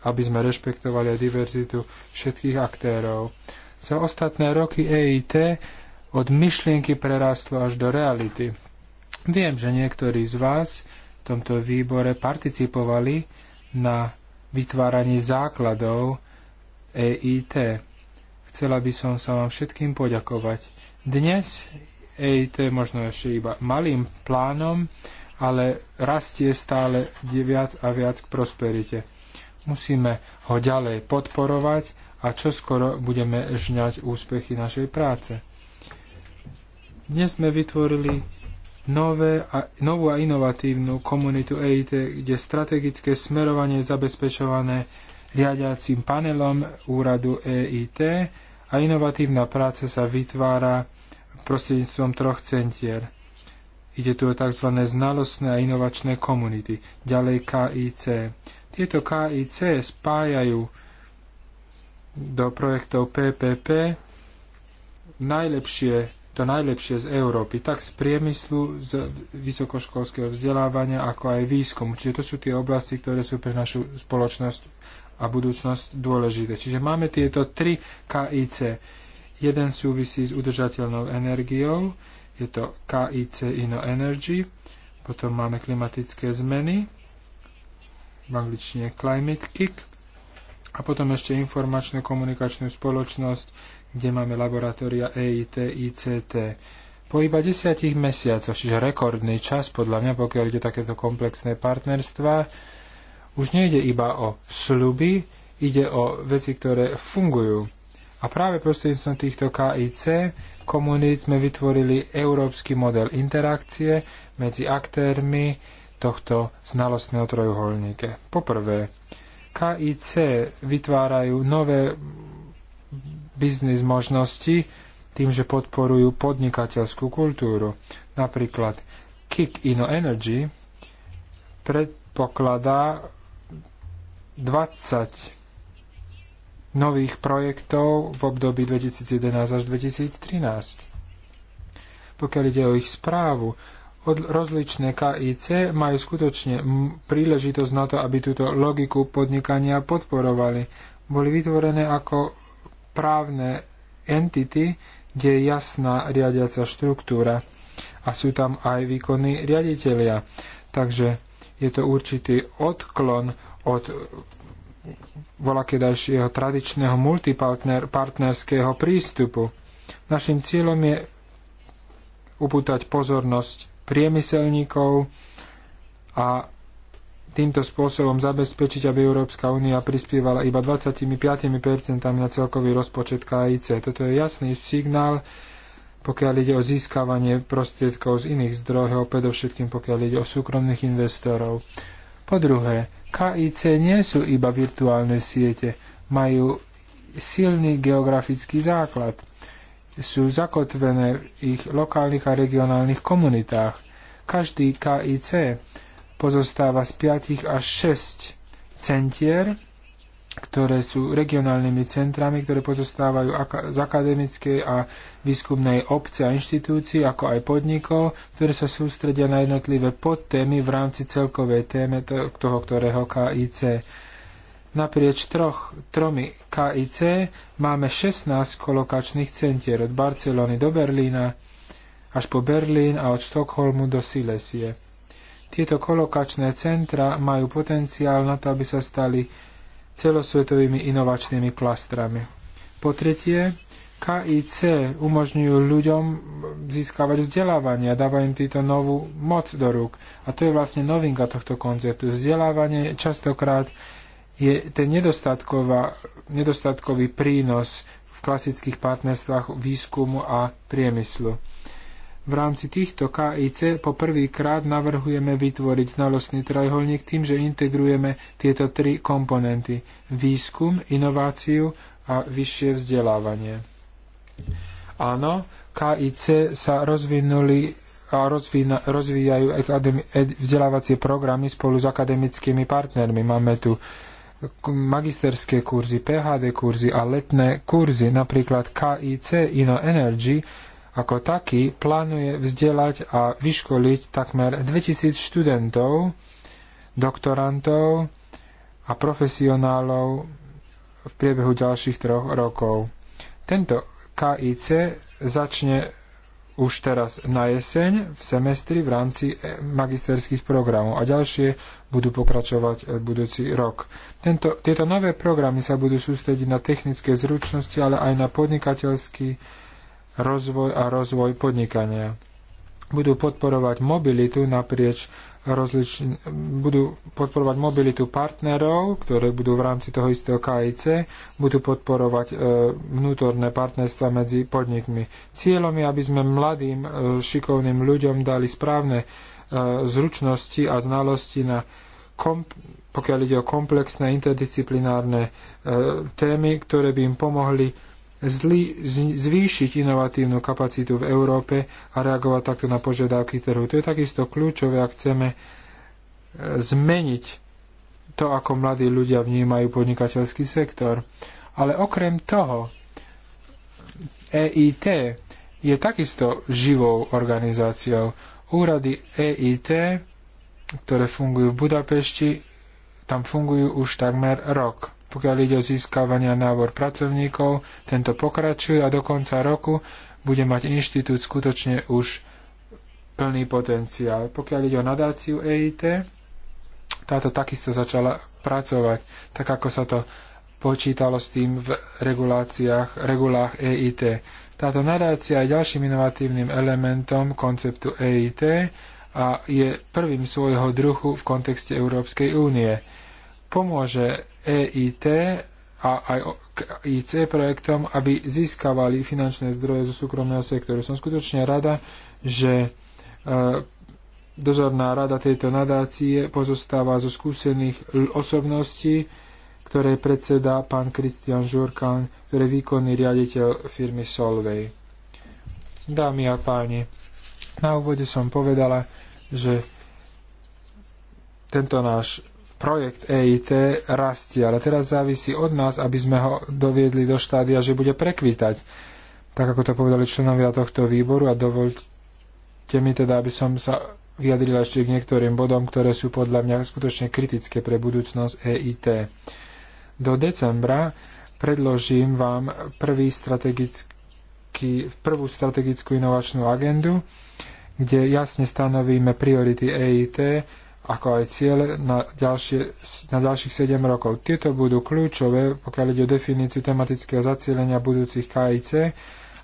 aby sme rešpektovali aj diverzitu všetkých aktérov. Za ostatné roky EIT od myšlienky prerastlo až do reality. Viem, že niektorí z vás v tomto výbore participovali na vytváraní základov EIT. Chcela by som sa vám všetkým poďakovať. Dnes EIT možno ešte iba malým plánom, ale rastie stále viac a viac k prosperite. Musíme ho ďalej podporovať a čo skoro budeme žňať úspechy našej práce. Dnes sme vytvorili nové a, novú a inovatívnu komunitu EIT, kde strategické smerovanie je zabezpečované riadiacím panelom úradu EIT a inovatívna práca sa vytvára prostredníctvom troch centier. Ide tu o tzv. znalostné a inovačné komunity, ďalej KIC. Tieto KIC spájajú do projektov PPP najlepšie, to najlepšie z Európy, tak z priemyslu, z vysokoškolského vzdelávania, ako aj výskumu. Čiže to sú tie oblasti, ktoré sú pre našu spoločnosť a budúcnosť dôležité. Čiže máme tieto tri KIC. Jeden súvisí s udržateľnou energiou, je to KIC Ino Energy, potom máme klimatické zmeny, v angličtine Climate Kick, a potom ešte informačnú komunikačnú spoločnosť, kde máme laboratória EIT, ICT. Po iba desiatich mesiacoch, čiže rekordný čas, podľa mňa, pokiaľ ide takéto komplexné partnerstva, už nejde iba o sluby, ide o veci, ktoré fungujú. A práve prostredníctvom týchto KIC komunít sme vytvorili európsky model interakcie medzi aktérmi tohto znalostného trojuholníka. Poprvé, KIC vytvárajú nové biznis možnosti tým, že podporujú podnikateľskú kultúru. Napríklad Kick Ino Energy predpokladá 20 nových projektov v období 2011 až 2013. Pokiaľ ide o ich správu, rozličné KIC majú skutočne príležitosť na to, aby túto logiku podnikania podporovali. Boli vytvorené ako právne entity, kde je jasná riadiaca štruktúra a sú tam aj výkonní riaditeľia. Takže je to určitý odklon od volakedajšieho tradičného multipartnerského prístupu. Našim cieľom je upútať pozornosť priemyselníkov a týmto spôsobom zabezpečiť, aby Európska únia prispievala iba 25% na celkový rozpočet KIC. Toto je jasný signál, pokiaľ ide o získavanie prostriedkov z iných zdrojov, predovšetkým pokiaľ ide o súkromných investorov. Po druhé, KIC nie sú iba virtuálne siete, majú silný geografický základ – sú zakotvené v ich lokálnych a regionálnych komunitách. Každý KIC pozostáva z 5 až 6 centier, ktoré sú regionálnymi centrami, ktoré pozostávajú z akademickej a výskumnej obce a inštitúcií, ako aj podnikov, ktoré sa sústredia na jednotlivé podtémy v rámci celkovej téme toho, ktorého KIC. Naprieč troch, tromi KIC máme 16 kolokačných centier od Barcelony do Berlína až po Berlín a od Štokholmu do Silesie. Tieto kolokačné centra majú potenciál na to, aby sa stali celosvetovými inovačnými klastrami. Po tretie, KIC umožňujú ľuďom získavať vzdelávanie a dávajú im týto novú moc do rúk. A to je vlastne novinka tohto konceptu. Vzdelávanie častokrát je ten nedostatkový prínos v klasických partnerstvách výskumu a priemyslu. V rámci týchto KIC poprvýkrát navrhujeme vytvoriť znalostný trojholník tým, že integrujeme tieto tri komponenty výskum, inováciu a vyššie vzdelávanie. Áno, KIC sa rozvinuli a rozvína, rozvíjajú akademi, e, vzdelávacie programy spolu s akademickými partnermi. Máme tu magisterské kurzy, PHD kurzy a letné kurzy, napríklad KIC Ino Energy, ako taký plánuje vzdelať a vyškoliť takmer 2000 študentov, doktorantov a profesionálov v priebehu ďalších troch rokov. Tento KIC začne už teraz na jeseň v semestri v rámci e, magisterských programov a ďalšie budú pokračovať e, budúci rok. Tento, tieto nové programy sa budú sústrediť na technické zručnosti, ale aj na podnikateľský rozvoj a rozvoj podnikania. Budú podporovať mobilitu naprieč rozličn- budú podporovať mobilitu partnerov, ktoré budú v rámci toho istého KIC, budú podporovať e, vnútorné partnerstva medzi podnikmi. Cieľom je, aby sme mladým, e, šikovným ľuďom dali správne e, zručnosti a znalosti na komp- pokiaľ ide o komplexné interdisciplinárne e, témy, ktoré by im pomohli zli, z, zvýšiť inovatívnu kapacitu v Európe a reagovať takto na požiadavky trhu. To je takisto kľúčové, ak chceme e, zmeniť to, ako mladí ľudia vnímajú podnikateľský sektor. Ale okrem toho, EIT je takisto živou organizáciou. Úrady EIT, ktoré fungujú v Budapešti, tam fungujú už takmer rok pokiaľ ide o získavania a návor pracovníkov. Tento pokračuje a do konca roku bude mať inštitút skutočne už plný potenciál. Pokiaľ ide o nadáciu EIT, táto takisto začala pracovať, tak ako sa to počítalo s tým v reguláciách, regulách EIT. Táto nadácia je ďalším inovatívnym elementom konceptu EIT a je prvým svojho druhu v kontexte Európskej únie pomôže EIT a aj IC projektom, aby získavali finančné zdroje zo súkromného sektoru. Som skutočne rada, že e, dozorná rada tejto nadácie pozostáva zo skúsených osobností, ktoré predseda pán Kristian Žurkan, ktorý je výkonný riaditeľ firmy Solvay. Dámy a páni, na úvode som povedala, že tento náš projekt EIT rastie, ale teraz závisí od nás, aby sme ho doviedli do štádia, že bude prekvítať, Tak ako to povedali členovia tohto výboru a dovolte mi teda, aby som sa vyjadrila ešte k niektorým bodom, ktoré sú podľa mňa skutočne kritické pre budúcnosť EIT. Do decembra predložím vám prvý strategický, prvú strategickú inovačnú agendu, kde jasne stanovíme priority EIT ako aj ciele na, ďalšie, na ďalších 7 rokov. Tieto budú kľúčové, pokiaľ ide o definíciu tematického zacielenia budúcich KIC,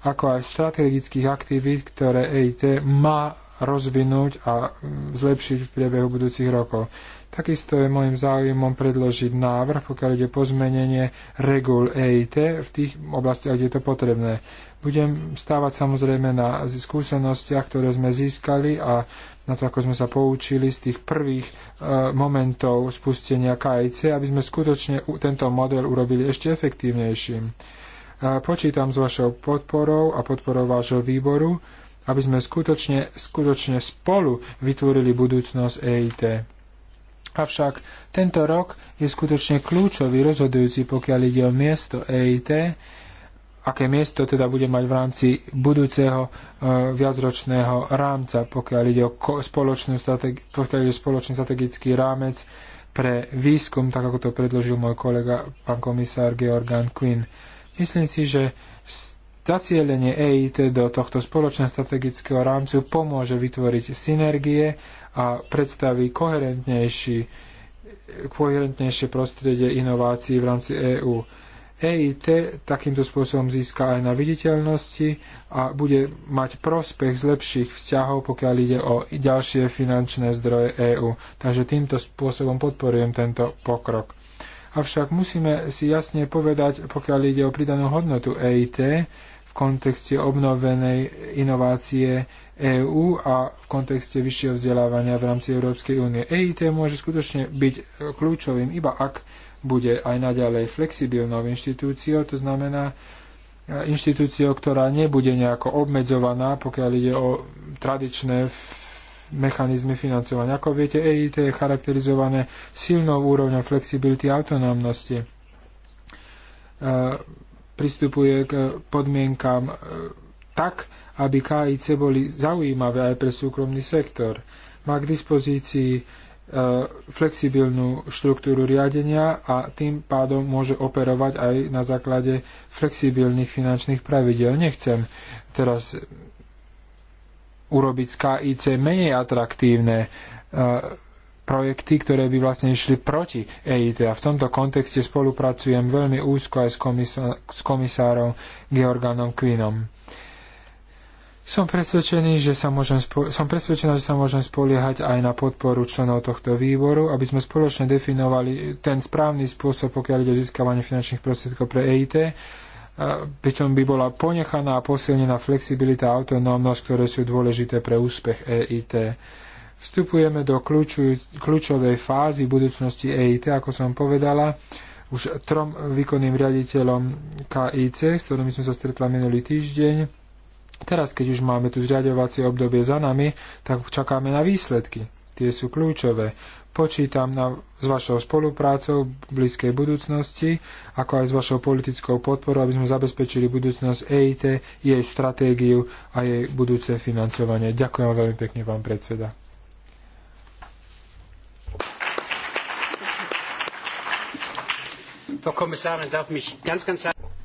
ako aj strategických aktivít, ktoré EIT má rozvinúť a zlepšiť v priebehu budúcich rokov. Takisto je môjim záujmom predložiť návrh, pokiaľ ide pozmenenie regul EIT v tých oblastiach, kde je to potrebné. Budem stávať samozrejme na skúsenostiach, ktoré sme získali a na to, ako sme sa poučili z tých prvých e, momentov spustenia KIC, aby sme skutočne tento model urobili ešte efektívnejším. E, počítam s vašou podporou a podporou vášho výboru, aby sme skutočne, skutočne spolu vytvorili budúcnosť EIT. Avšak tento rok je skutočne kľúčový, rozhodujúci, pokiaľ ide o miesto EIT, aké miesto teda bude mať v rámci budúceho e, viacročného rámca, pokiaľ ide o spoločnú strategi- pokiaľ ide spoločný strategický rámec pre výskum, tak ako to predložil môj kolega, pán komisár Georgan Quinn. Myslím si, že zacielenie EIT do tohto spoločného strategického rámcu pomôže vytvoriť synergie a predstaví koherentnejší, koherentnejšie prostredie inovácií v rámci EÚ. EIT takýmto spôsobom získa aj na viditeľnosti a bude mať prospech z lepších vzťahov, pokiaľ ide o ďalšie finančné zdroje EÚ. Takže týmto spôsobom podporujem tento pokrok. Avšak musíme si jasne povedať, pokiaľ ide o pridanú hodnotu EIT, kontexte obnovenej inovácie EÚ a v kontexte vyššieho vzdelávania v rámci Európskej únie. EIT môže skutočne byť e, kľúčovým, iba ak bude aj naďalej flexibilnou inštitúciou, to znamená e, inštitúciou, ktorá nebude nejako obmedzovaná, pokiaľ ide o tradičné mechanizmy financovania. Ako viete, EIT je charakterizované silnou úrovňou flexibility a autonómnosti e, pristupuje k podmienkám e, tak, aby KIC boli zaujímavé aj pre súkromný sektor. Má k dispozícii e, flexibilnú štruktúru riadenia a tým pádom môže operovať aj na základe flexibilných finančných pravidel. Nechcem teraz urobiť z KIC menej atraktívne e, projekty, ktoré by vlastne išli proti EIT. A v tomto kontexte spolupracujem veľmi úzko aj s, s komisárom Georganom Quinom. Som presvedčený, že sa môžem spo- som presvedčená, že sa môžem spoliehať aj na podporu členov tohto výboru, aby sme spoločne definovali ten správny spôsob, pokiaľ ide o získavanie finančných prostriedkov pre EIT, pričom by bola ponechaná a posilnená flexibilita a autonómnosť, ktoré sú dôležité pre úspech EIT. Vstupujeme do kľúčovej fázy budúcnosti EIT, ako som povedala, už trom výkonným riaditeľom KIC, s ktorými som sa stretla minulý týždeň. Teraz, keď už máme tu zriadovacie obdobie za nami, tak čakáme na výsledky. Tie sú kľúčové. Počítam na, s vašou spoluprácou v blízkej budúcnosti, ako aj s vašou politickou podporou, aby sme zabezpečili budúcnosť EIT, jej stratégiu a jej budúce financovanie. Ďakujem veľmi pekne, pán predseda.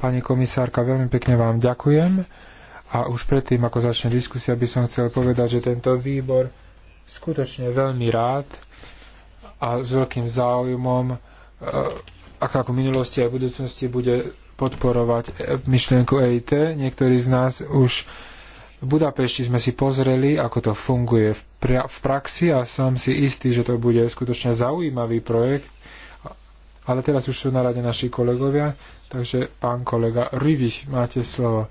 Pani komisárka, veľmi pekne vám ďakujem. A už predtým, ako začne diskusia, by som chcel povedať, že tento výbor skutočne veľmi rád a s veľkým záujmom, e, ako, ako v minulosti aj v budúcnosti, bude podporovať e, myšlienku EIT. Niektorí z nás už v Budapešti sme si pozreli, ako to funguje v, pra- v praxi a som si istý, že to bude skutočne zaujímavý projekt, ale teraz už sú na rade naši kolegovia, takže pán kolega Rivich, máte slovo.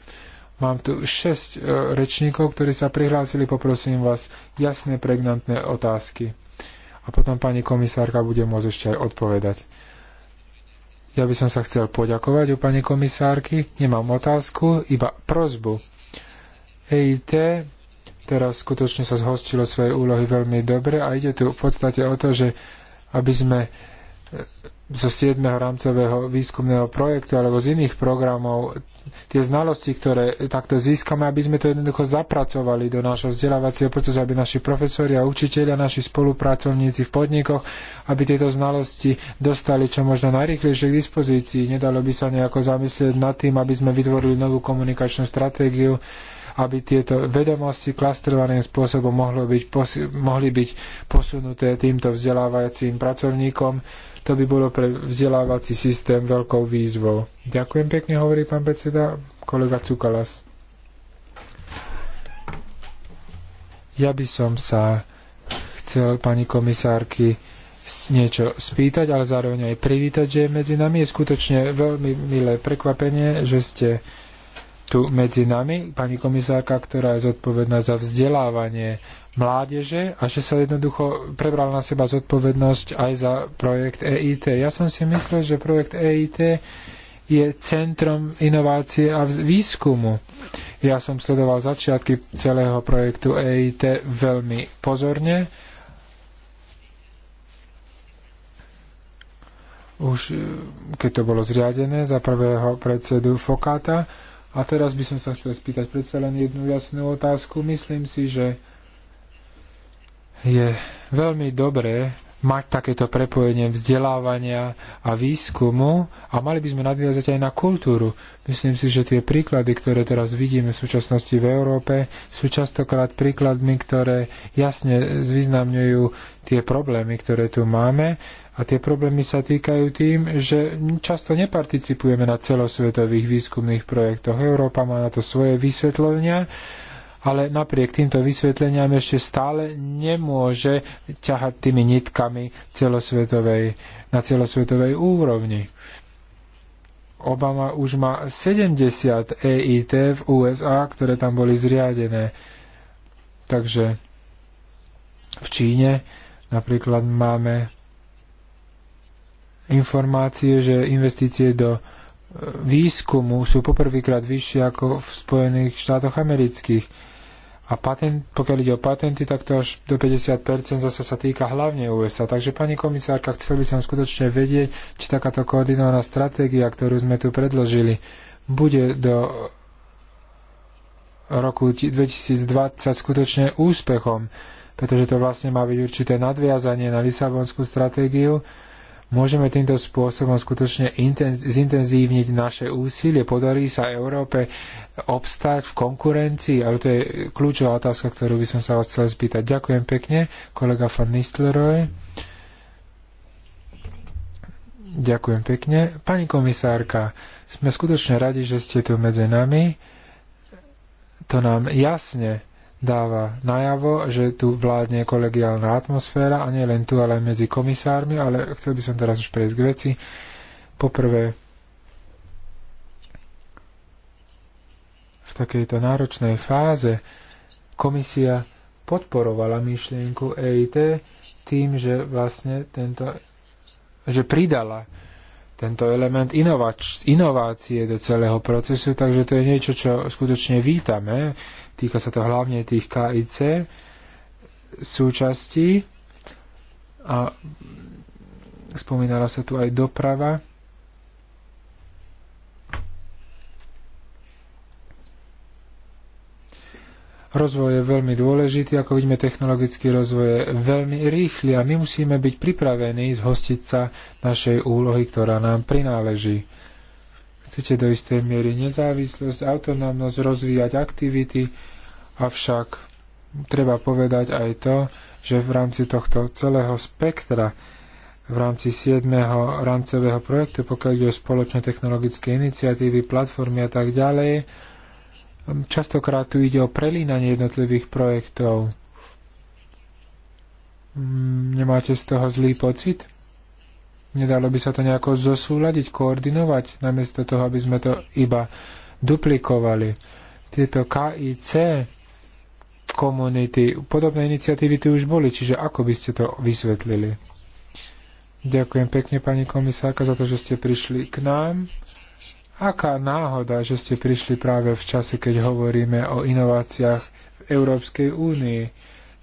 Mám tu šesť e, rečníkov, ktorí sa prihlásili, poprosím vás, jasné, pregnantné otázky. A potom pani komisárka bude môcť ešte aj odpovedať. Ja by som sa chcel poďakovať u pani komisárky. Nemám otázku, iba prozbu. EIT teraz skutočne sa zhostilo svojej úlohy veľmi dobre a ide tu v podstate o to, že aby sme e, zo 7. rámcového výskumného projektu alebo z iných programov tie znalosti, ktoré takto získame, aby sme to jednoducho zapracovali do nášho vzdelávacieho procesu, aby naši profesori a učiteľia, naši spolupracovníci v podnikoch, aby tieto znalosti dostali čo možno najrychlejšie k dispozícii. Nedalo by sa nejako zamyslieť nad tým, aby sme vytvorili novú komunikačnú stratégiu, aby tieto vedomosti klastrovaným spôsobom mohlo byť mohli byť posunuté týmto vzdelávajúcim pracovníkom. To by bolo pre vzdelávací systém veľkou výzvou. Ďakujem pekne, hovorí pán predseda, kolega Cukalas. Ja by som sa chcel pani komisárky niečo spýtať, ale zároveň aj privítať, že medzi nami je skutočne veľmi milé prekvapenie, že ste tu medzi nami pani komisárka, ktorá je zodpovedná za vzdelávanie mládeže a že sa jednoducho prebral na seba zodpovednosť aj za projekt EIT. Ja som si myslel, že projekt EIT je centrom inovácie a výskumu. Ja som sledoval začiatky celého projektu EIT veľmi pozorne. Už eh, keď to bolo zriadené za prvého predsedu Fokáta, a teraz by som sa chcel spýtať predsa len jednu jasnú otázku. Myslím si, že je veľmi dobré mať takéto prepojenie vzdelávania a výskumu a mali by sme nadviazať aj na kultúru. Myslím si, že tie príklady, ktoré teraz vidíme v súčasnosti v Európe, sú častokrát príkladmi, ktoré jasne zvýznamňujú tie problémy, ktoré tu máme a tie problémy sa týkajú tým, že často neparticipujeme na celosvetových výskumných projektoch. Európa má na to svoje vysvetlenia, ale napriek týmto vysvetleniam ešte stále nemôže ťahať tými nitkami celosvetovej, na celosvetovej úrovni. Obama už má 70 EIT v USA, ktoré tam boli zriadené. Takže v Číne napríklad máme informácie, že investície do e, výskumu sú poprvýkrát vyššie ako v Spojených štátoch amerických. A patent, pokiaľ ide o patenty, tak to až do 50% zase sa týka hlavne USA. Takže, pani komisárka, chcel by som skutočne vedieť, či takáto koordinovaná stratégia, ktorú sme tu predložili, bude do roku 2020 skutočne úspechom, pretože to vlastne má byť určité nadviazanie na Lisabonskú stratégiu Môžeme týmto spôsobom skutočne zintenzívniť naše úsilie. Podarí sa Európe obstať v konkurencii, ale to je kľúčová otázka, ktorú by som sa vás chcel spýtať. Ďakujem pekne, kolega van Nistleroy. Ďakujem pekne. Pani komisárka, sme skutočne radi, že ste tu medzi nami. To nám jasne dáva najavo, že tu vládne kolegiálna atmosféra a nie len tu, ale aj medzi komisármi, ale chcel by som teraz už prejsť k veci. Poprvé, v takejto náročnej fáze komisia podporovala myšlienku EIT tým, že vlastne tento, že pridala tento element inovač, inovácie do celého procesu, takže to je niečo, čo skutočne vítame. Týka sa to hlavne tých KIC súčastí a spomínala sa tu aj doprava. Rozvoj je veľmi dôležitý, ako vidíme, technologický rozvoj je veľmi rýchly a my musíme byť pripravení zhostiť sa našej úlohy, ktorá nám prináleží. Chcete do istej miery nezávislosť, autonómnosť, rozvíjať aktivity, avšak treba povedať aj to, že v rámci tohto celého spektra v rámci 7. rámcového projektu, pokiaľ ide o spoločné technologické iniciatívy, platformy a tak ďalej, Hm, častokrát tu ide o prelínanie jednotlivých projektov. Hm, nemáte z toho zlý pocit? Nedalo by sa to nejako zosúľadiť, koordinovať, namiesto toho, aby sme to iba duplikovali. Tieto KIC komunity, podobné iniciatívy tu už boli, čiže ako by ste to vysvetlili? Ďakujem pekne, pani komisárka, za to, že ste prišli k nám. Aká náhoda, že ste prišli práve v čase, keď hovoríme o inováciách v Európskej únii.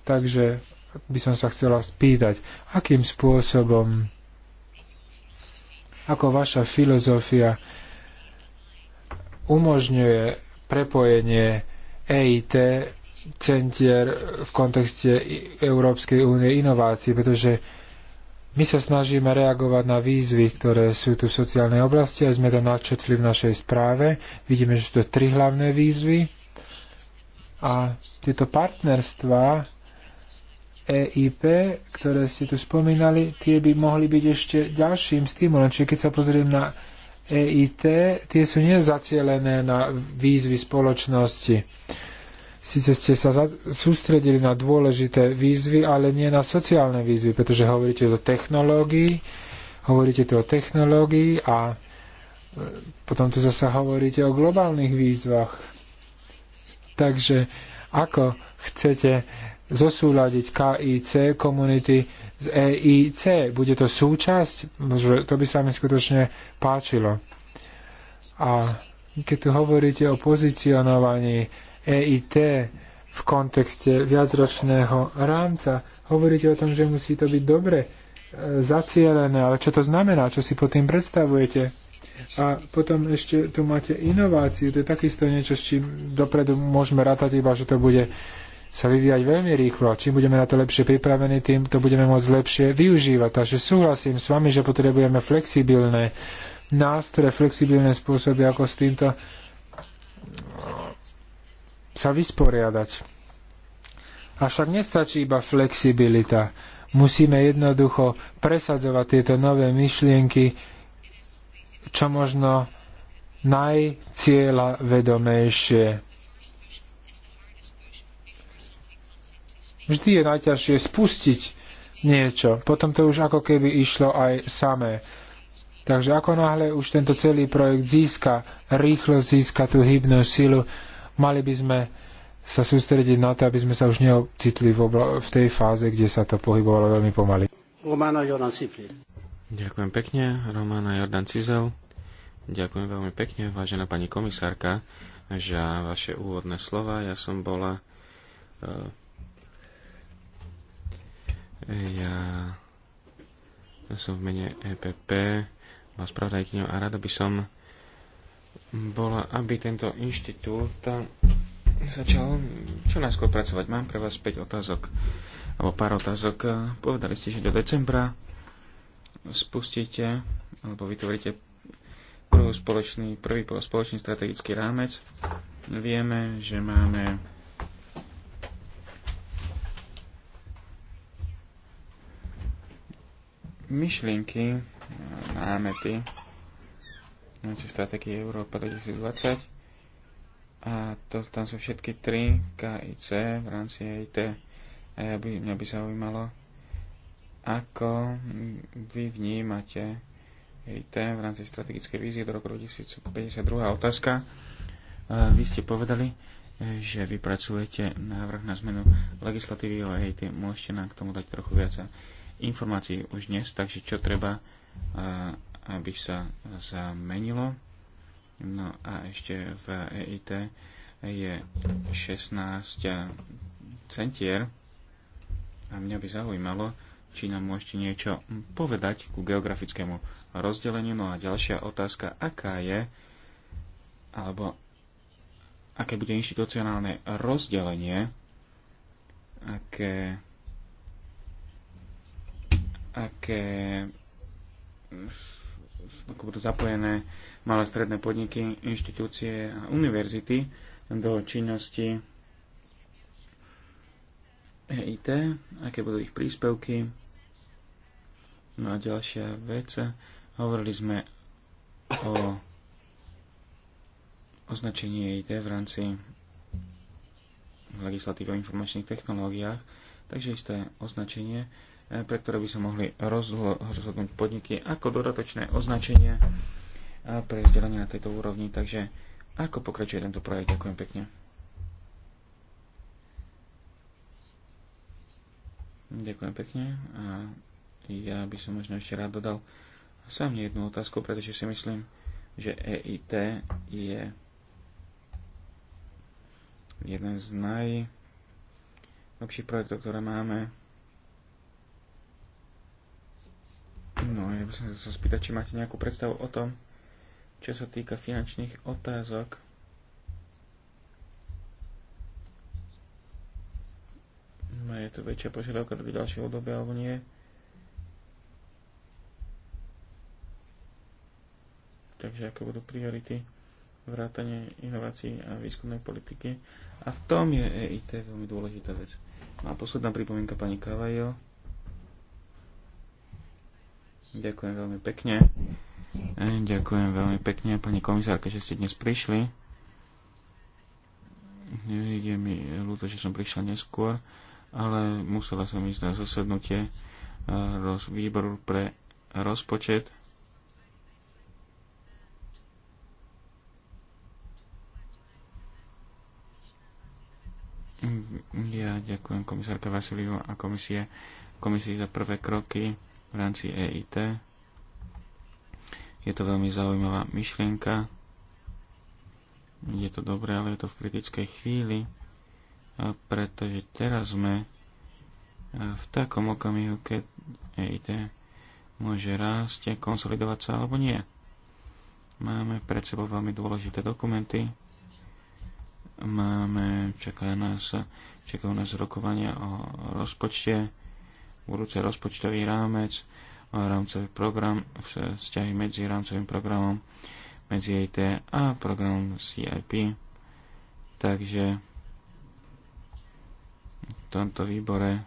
Takže by som sa chcela spýtať, akým spôsobom, ako vaša filozofia umožňuje prepojenie EIT centier v kontexte Európskej únie inovácií, pretože my sa snažíme reagovať na výzvy, ktoré sú tu v sociálnej oblasti a sme to načetli v našej správe. Vidíme, že sú to tri hlavné výzvy a tieto partnerstvá EIP, ktoré ste tu spomínali, tie by mohli byť ešte ďalším stimulom. Čiže keď sa pozriem na EIT, tie sú nezacielené na výzvy spoločnosti Sice ste sa sústredili na dôležité výzvy, ale nie na sociálne výzvy, pretože hovoríte o technológii, hovoríte tu o technológii a e, potom tu zase hovoríte o globálnych výzvach. Takže ako chcete zosúľadiť KIC komunity z EIC. Bude to súčasť? To by sa mi skutočne páčilo. A keď tu hovoríte o pozicionovaní EIT v kontexte viacročného rámca. Hovoríte o tom, že musí to byť dobre e, zacielené, ale čo to znamená, čo si pod tým predstavujete? A potom ešte tu máte inováciu, to je takisto niečo, s čím dopredu môžeme rátať iba, že to bude sa vyvíjať veľmi rýchlo čím budeme na to lepšie pripravení, tým to budeme môcť lepšie využívať. Takže súhlasím s vami, že potrebujeme flexibilné nástroje, flexibilné spôsoby, ako s týmto sa vysporiadať. Avšak nestačí iba flexibilita. Musíme jednoducho presadzovať tieto nové myšlienky čo možno najcieľa vedomejšie. Vždy je najťažšie spustiť niečo, potom to už ako keby išlo aj samé. Takže ako náhle už tento celý projekt získa, rýchlo získa tú hybnú silu, Mali by sme sa sústrediť na to, aby sme sa už neocitli v, v tej fáze, kde sa to pohybovalo veľmi pomaly. Romano Jordan Cizel. Ďakujem pekne, Romana Jordan Cizel. Ďakujem veľmi pekne, vážená pani komisárka, za vaše úvodné slova. Ja som bola... Uh, eh, ja, ja som v mene EPP, vás pravda a rada by som bola, aby tento inštitút eh, začal čo najskôr pracovať. Mám pre vás 5 otázok, alebo pár otázok. Povedali ste, že do decembra spustíte, alebo vytvoríte prvý spoločný, prvý spoločný strategický rámec. Vieme, že máme myšlienky, eh, námety, v rámci stratégie Európa 2020. A to, tam sú všetky tri KIC v rámci EIT. A ja by, mňa by zaujímalo, ako vy vnímate e IT v rámci strategickej vízie do roku 2052. Otázka. Vy ste povedali, že vypracujete návrh na zmenu legislatívy o EIT. Môžete nám k tomu dať trochu viac informácií už dnes, takže čo treba aby sa zmenilo. No a ešte v EIT je 16 centier a mňa by zaujímalo, či nám môžete niečo povedať ku geografickému rozdeleniu. No a ďalšia otázka, aká je, alebo aké bude inštitucionálne rozdelenie, aké, aké ako budú zapojené malé stredné podniky, inštitúcie a univerzity do činnosti EIT, aké budú ich príspevky. No a ďalšia vec, hovorili sme o označení EIT v rámci legislatívy o informačných technológiách, takže isté označenie pre ktoré by sa mohli rozhodnúť podniky ako dodatočné označenie pre vzdelanie na tejto úrovni. Takže ako pokračuje tento projekt? Ďakujem pekne. Ďakujem pekne. A ja by som možno ešte rád dodal sám jednu otázku, pretože si myslím, že EIT je jeden z najlepších projektov, ktoré máme No, ja by som sa spýtať, či máte nejakú predstavu o tom, čo sa týka finančných otázok. No, je to väčšia požiadavka do ďalšieho obdobia alebo nie. Takže aké budú priority vrátanie inovácií a výskumnej politiky. A v tom je EIT veľmi dôležitá vec. A posledná pripomienka pani Kavajo Ďakujem veľmi pekne. E, ďakujem veľmi pekne, pani komisárka, že ste dnes prišli. Je mi ľúto, že som prišla neskôr, ale musela som ísť na zasadnutie e, roz výboru pre rozpočet. Ja ďakujem komisárka Vasiliu a komisie, komisii za prvé kroky v rámci EIT. Je to veľmi zaujímavá myšlienka. Je to dobré, ale je to v kritickej chvíli, pretože teraz sme v takom okamihu, keď EIT môže rásť, konsolidovať sa alebo nie. Máme pred sebou veľmi dôležité dokumenty. Máme, čaká nás, čakajú nás rokovania o rozpočte budúci rozpočtový rámec, rámcový program, vzťahy medzi rámcovým programom, medzi e IT a programom CIP. Takže v tomto výbore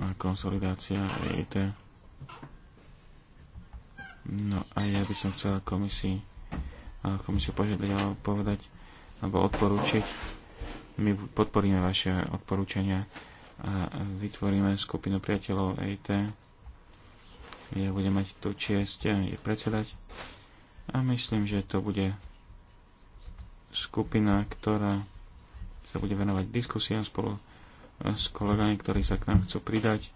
a konsolidácia EIT. No a ja by som chcel komisii, komisiu požiadať alebo povedať, alebo odporúčiť, my podporíme vaše odporúčania a vytvoríme skupinu priateľov EIT. Ja budem mať tú čest eh, je predsedať. A myslím, že to bude skupina, ktorá sa bude venovať diskusiám spolu eh, s kolegami, ktorí sa k nám chcú pridať.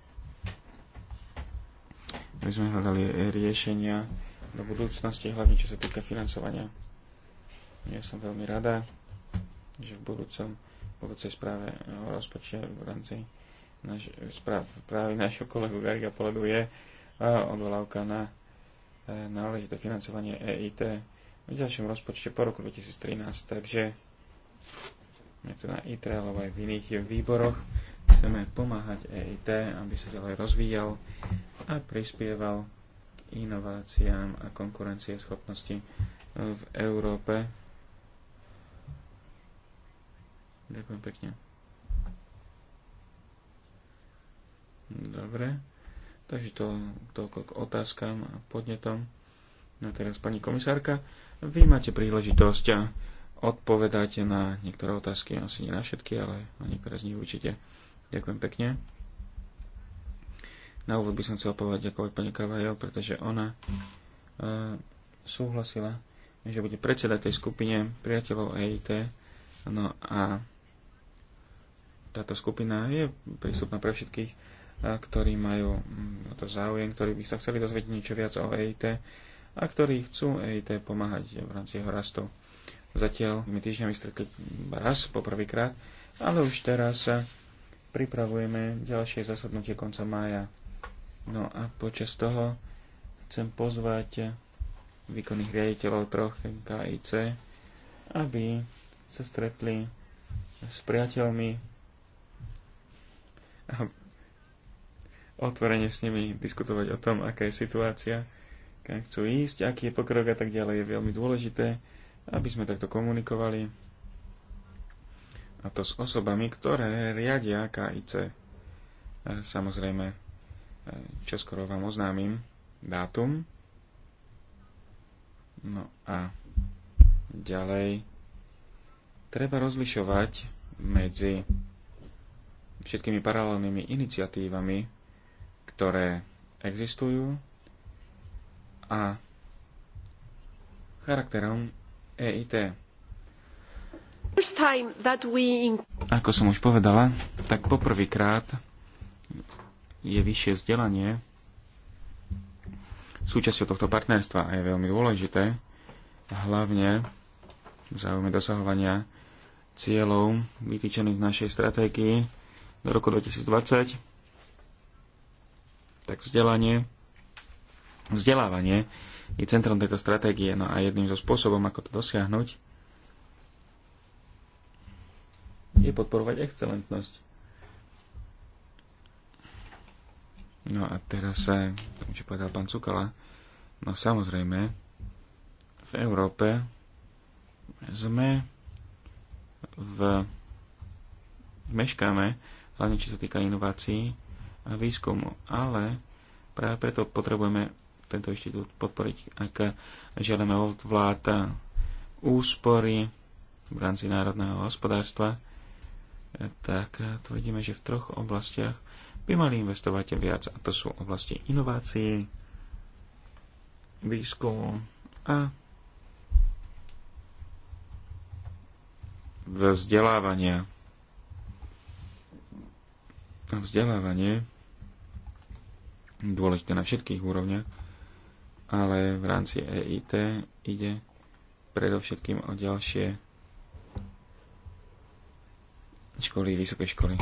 Aby sme hľadali eh, riešenia do budúcnosti, hlavne čo sa týka financovania. Ja som veľmi rada, že v budúcom budúcej správe o rozpočte v rámci naš, správ, správy našho kolegu Gariga Poledu je e, odvolávka na e, náležité financovanie EIT v ďalšom rozpočte po roku 2013, takže je to na ITRE alebo aj v iných výboroch. Chceme pomáhať EIT, aby sa ďalej rozvíjal a prispieval k inováciám a konkurencieschopnosti v Európe Ďakujem pekne. Dobre. Takže to, toľko k otázkam a podnetom. No teraz pani komisárka, vy máte príležitosť odpovedať na niektoré otázky, asi nie na všetky, ale na niektoré z nich určite. Ďakujem pekne. Na úvod by som chcel povedať ďakovať pani Kavajo, pretože ona e, súhlasila, že bude predsedať tej skupine priateľov EIT. No a táto skupina je prístupná pre všetkých, ktorí majú mm, to záujem, ktorí by sa chceli dozvedieť niečo viac o EIT a ktorí chcú EIT pomáhať v rámci jeho rastu. Zatiaľ my týždňami stretli raz poprvýkrát, ale už teraz sa pripravujeme ďalšie zasadnutie konca mája. No a počas toho chcem pozvať výkonných riaditeľov troch KIC, aby sa stretli s priateľmi a otvorene s nimi diskutovať o tom, aká je situácia, kam chcú ísť, aký je pokrok a tak ďalej, je veľmi dôležité, aby sme takto komunikovali. A to s osobami, ktoré riadia KIC. Samozrejme, e, čoskoro vám oznámim dátum. No a ďalej treba rozlišovať medzi všetkými paralelnými iniciatívami, ktoré existujú a charakterom EIT. Ako som už povedala, tak poprvýkrát je vyššie vzdelanie súčasťou tohto partnerstva a je veľmi dôležité, hlavne v záujme dosahovania cieľov vytýčených v našej stratégii do roku 2020, tak vzdelanie, vzdelávanie je centrom tejto stratégie. No a jedným zo spôsobom, ako to dosiahnuť, je podporovať excelentnosť. No a teraz sa, tomu, čo povedal pán Cukala, no samozrejme, v Európe sme v meškáme hlavne čo sa týka inovácií a výskumu. Ale práve preto potrebujeme tento inštitút podporiť, ak žiadame od vláda úspory v rámci národného hospodárstva, tak to vidíme, že v troch oblastiach by mali investovať viac, a to sú oblasti inovácií, výskumu a vzdelávania vzdelávanie dôležité na všetkých úrovniach, ale v rámci EIT ide predovšetkým o ďalšie školy, vysoké školy.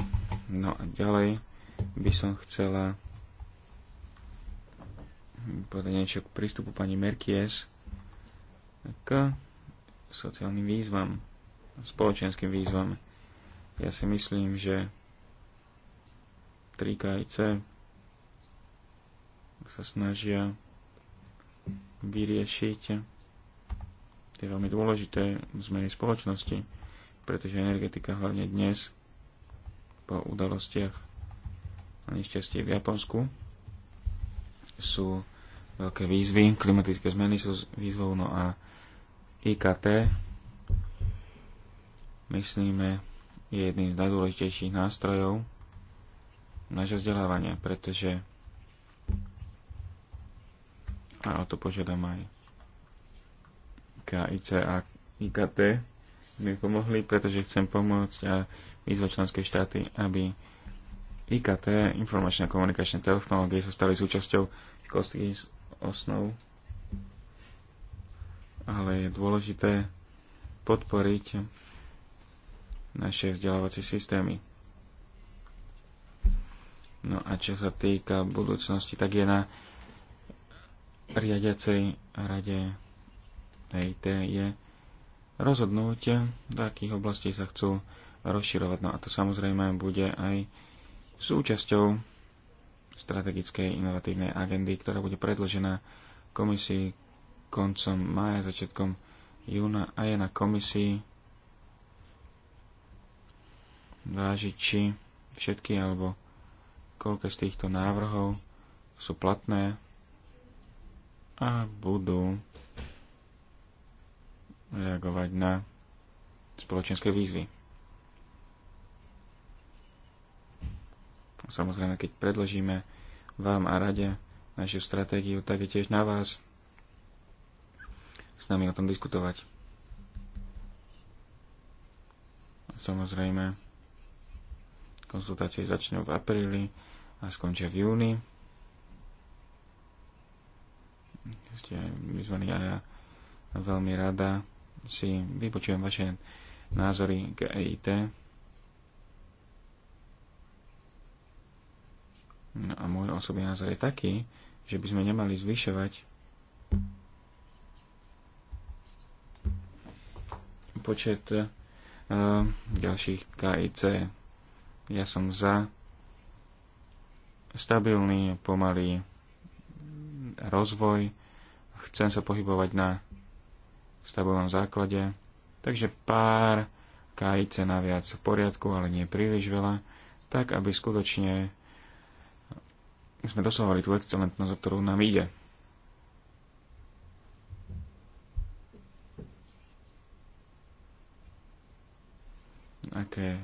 No a ďalej by som chcela povedať niečo k prístupu pani Merkies k sociálnym výzvam, spoločenským výzvam. Ja si myslím, že elektrika aj C sa snažia vyriešiť tie veľmi dôležité zmeny spoločnosti, pretože energetika hlavne dnes po udalostiach a nešťastie v Japonsku sú veľké výzvy, klimatické zmeny sú výzvou, no a IKT myslíme je jedným z najdôležitejších nástrojov naše vzdelávania, pretože a o to požiadam aj KIC a IKT mi pomohli, pretože chcem pomôcť a výzvať členské štáty, aby IKT, informačné a komunikačné technológie, sa stali súčasťou školských osnov. Ale je dôležité podporiť naše vzdelávacie systémy. No a čo sa týka budúcnosti, tak je na riadiacej rade EIT je rozhodnúť, do akých oblastí sa chcú rozširovať. No a to samozrejme bude aj súčasťou strategickej inovatívnej agendy, ktorá bude predložená komisii koncom mája, začiatkom júna a je na komisii vážiť, či všetky alebo koľko z týchto návrhov sú platné a budú reagovať na spoločenské výzvy. Samozrejme, keď predložíme vám a rade našu stratégiu, tak je tiež na vás s nami o tom diskutovať. Samozrejme, konzultácie začnú v apríli a skončia v júni. Ste vyzvaní a ja veľmi rada si vypočujem vaše názory k EIT. No a môj osobný názor je taký, že by sme nemali zvyšovať počet uh, ďalších KIC. Ja som za stabilný, pomalý rozvoj. Chcem sa pohybovať na stabilnom základe. Takže pár KIC naviac v poriadku, ale nie príliš veľa, tak aby skutočne sme dosahovali tú excelentnosť, o ktorú nám ide. Aké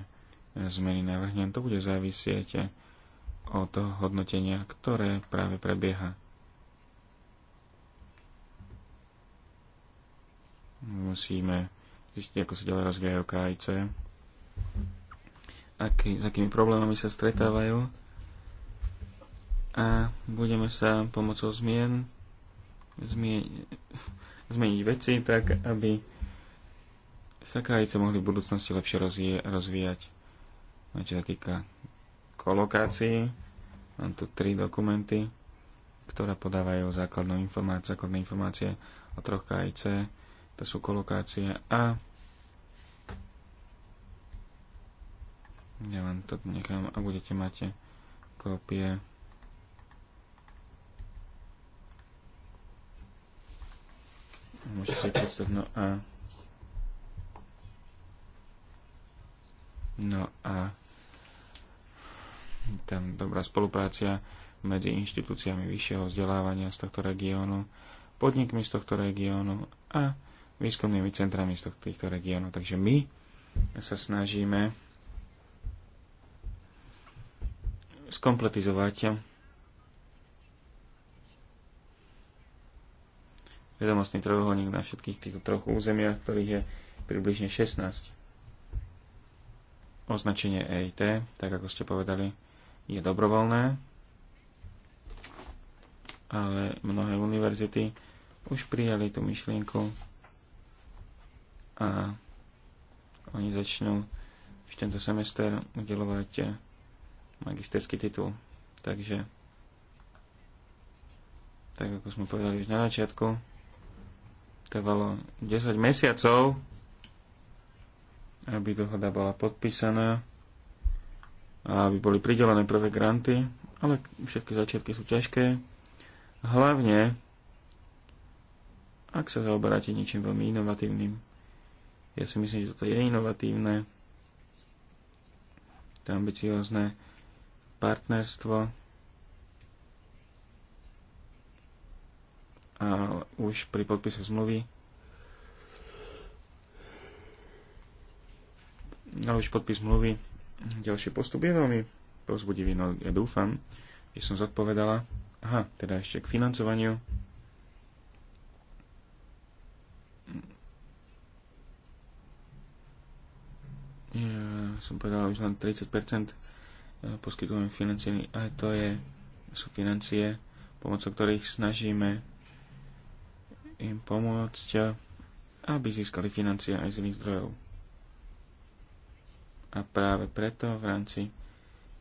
zmeny navrhnem, to bude závisieť od hodnotenia, ktoré práve prebieha. Musíme zistiť, ako sa ďalej rozvíjajú KIC, aký, s akými problémami sa stretávajú a budeme sa pomocou zmien zmien, zmeniť veci tak, aby sa krajice mohli v budúcnosti lepšie rozvíjať, čo sa týka kolokácii. Mám tu tri dokumenty, ktoré podávajú základnú informáciu, základné informácie o troch KIC. To sú kolokácie a ja vám to nechám a budete mať kópie Môžete si prečítať, no a no a ten dobrá spolupráca medzi inštitúciami vyššieho vzdelávania z tohto regiónu, podnikmi z tohto regiónu a výskumnými centrami z týchto regiónov. Takže my sa snažíme skompletizovať vedomostný trojuholník na všetkých týchto troch územiach, ktorých je približne 16. Označenie EIT, tak ako ste povedali, je dobrovoľné, ale mnohé univerzity už prijali tú myšlienku a oni začnú už tento semester udelovať magisterský titul. Takže, tak ako sme povedali už na začiatku, trvalo 10 mesiacov, aby dohoda bola podpísaná aby boli pridelené prvé granty, ale všetky začiatky sú ťažké. Hlavne, ak sa zaoberáte niečím veľmi inovatívnym. Ja si myslím, že toto je inovatívne, to ambiciozne partnerstvo a už pri podpise zmluvy a už podpis zmluvy ďalší postup je veľmi pozbudivý, no ja dúfam, že som zodpovedala. Aha, teda ešte k financovaniu. Ja som povedal, že len 30% eh, poskytujeme financie, ale to je, sú financie, pomocou ktorých snažíme im pomôcť, aby získali financie aj z iných zdrojov a práve preto v rámci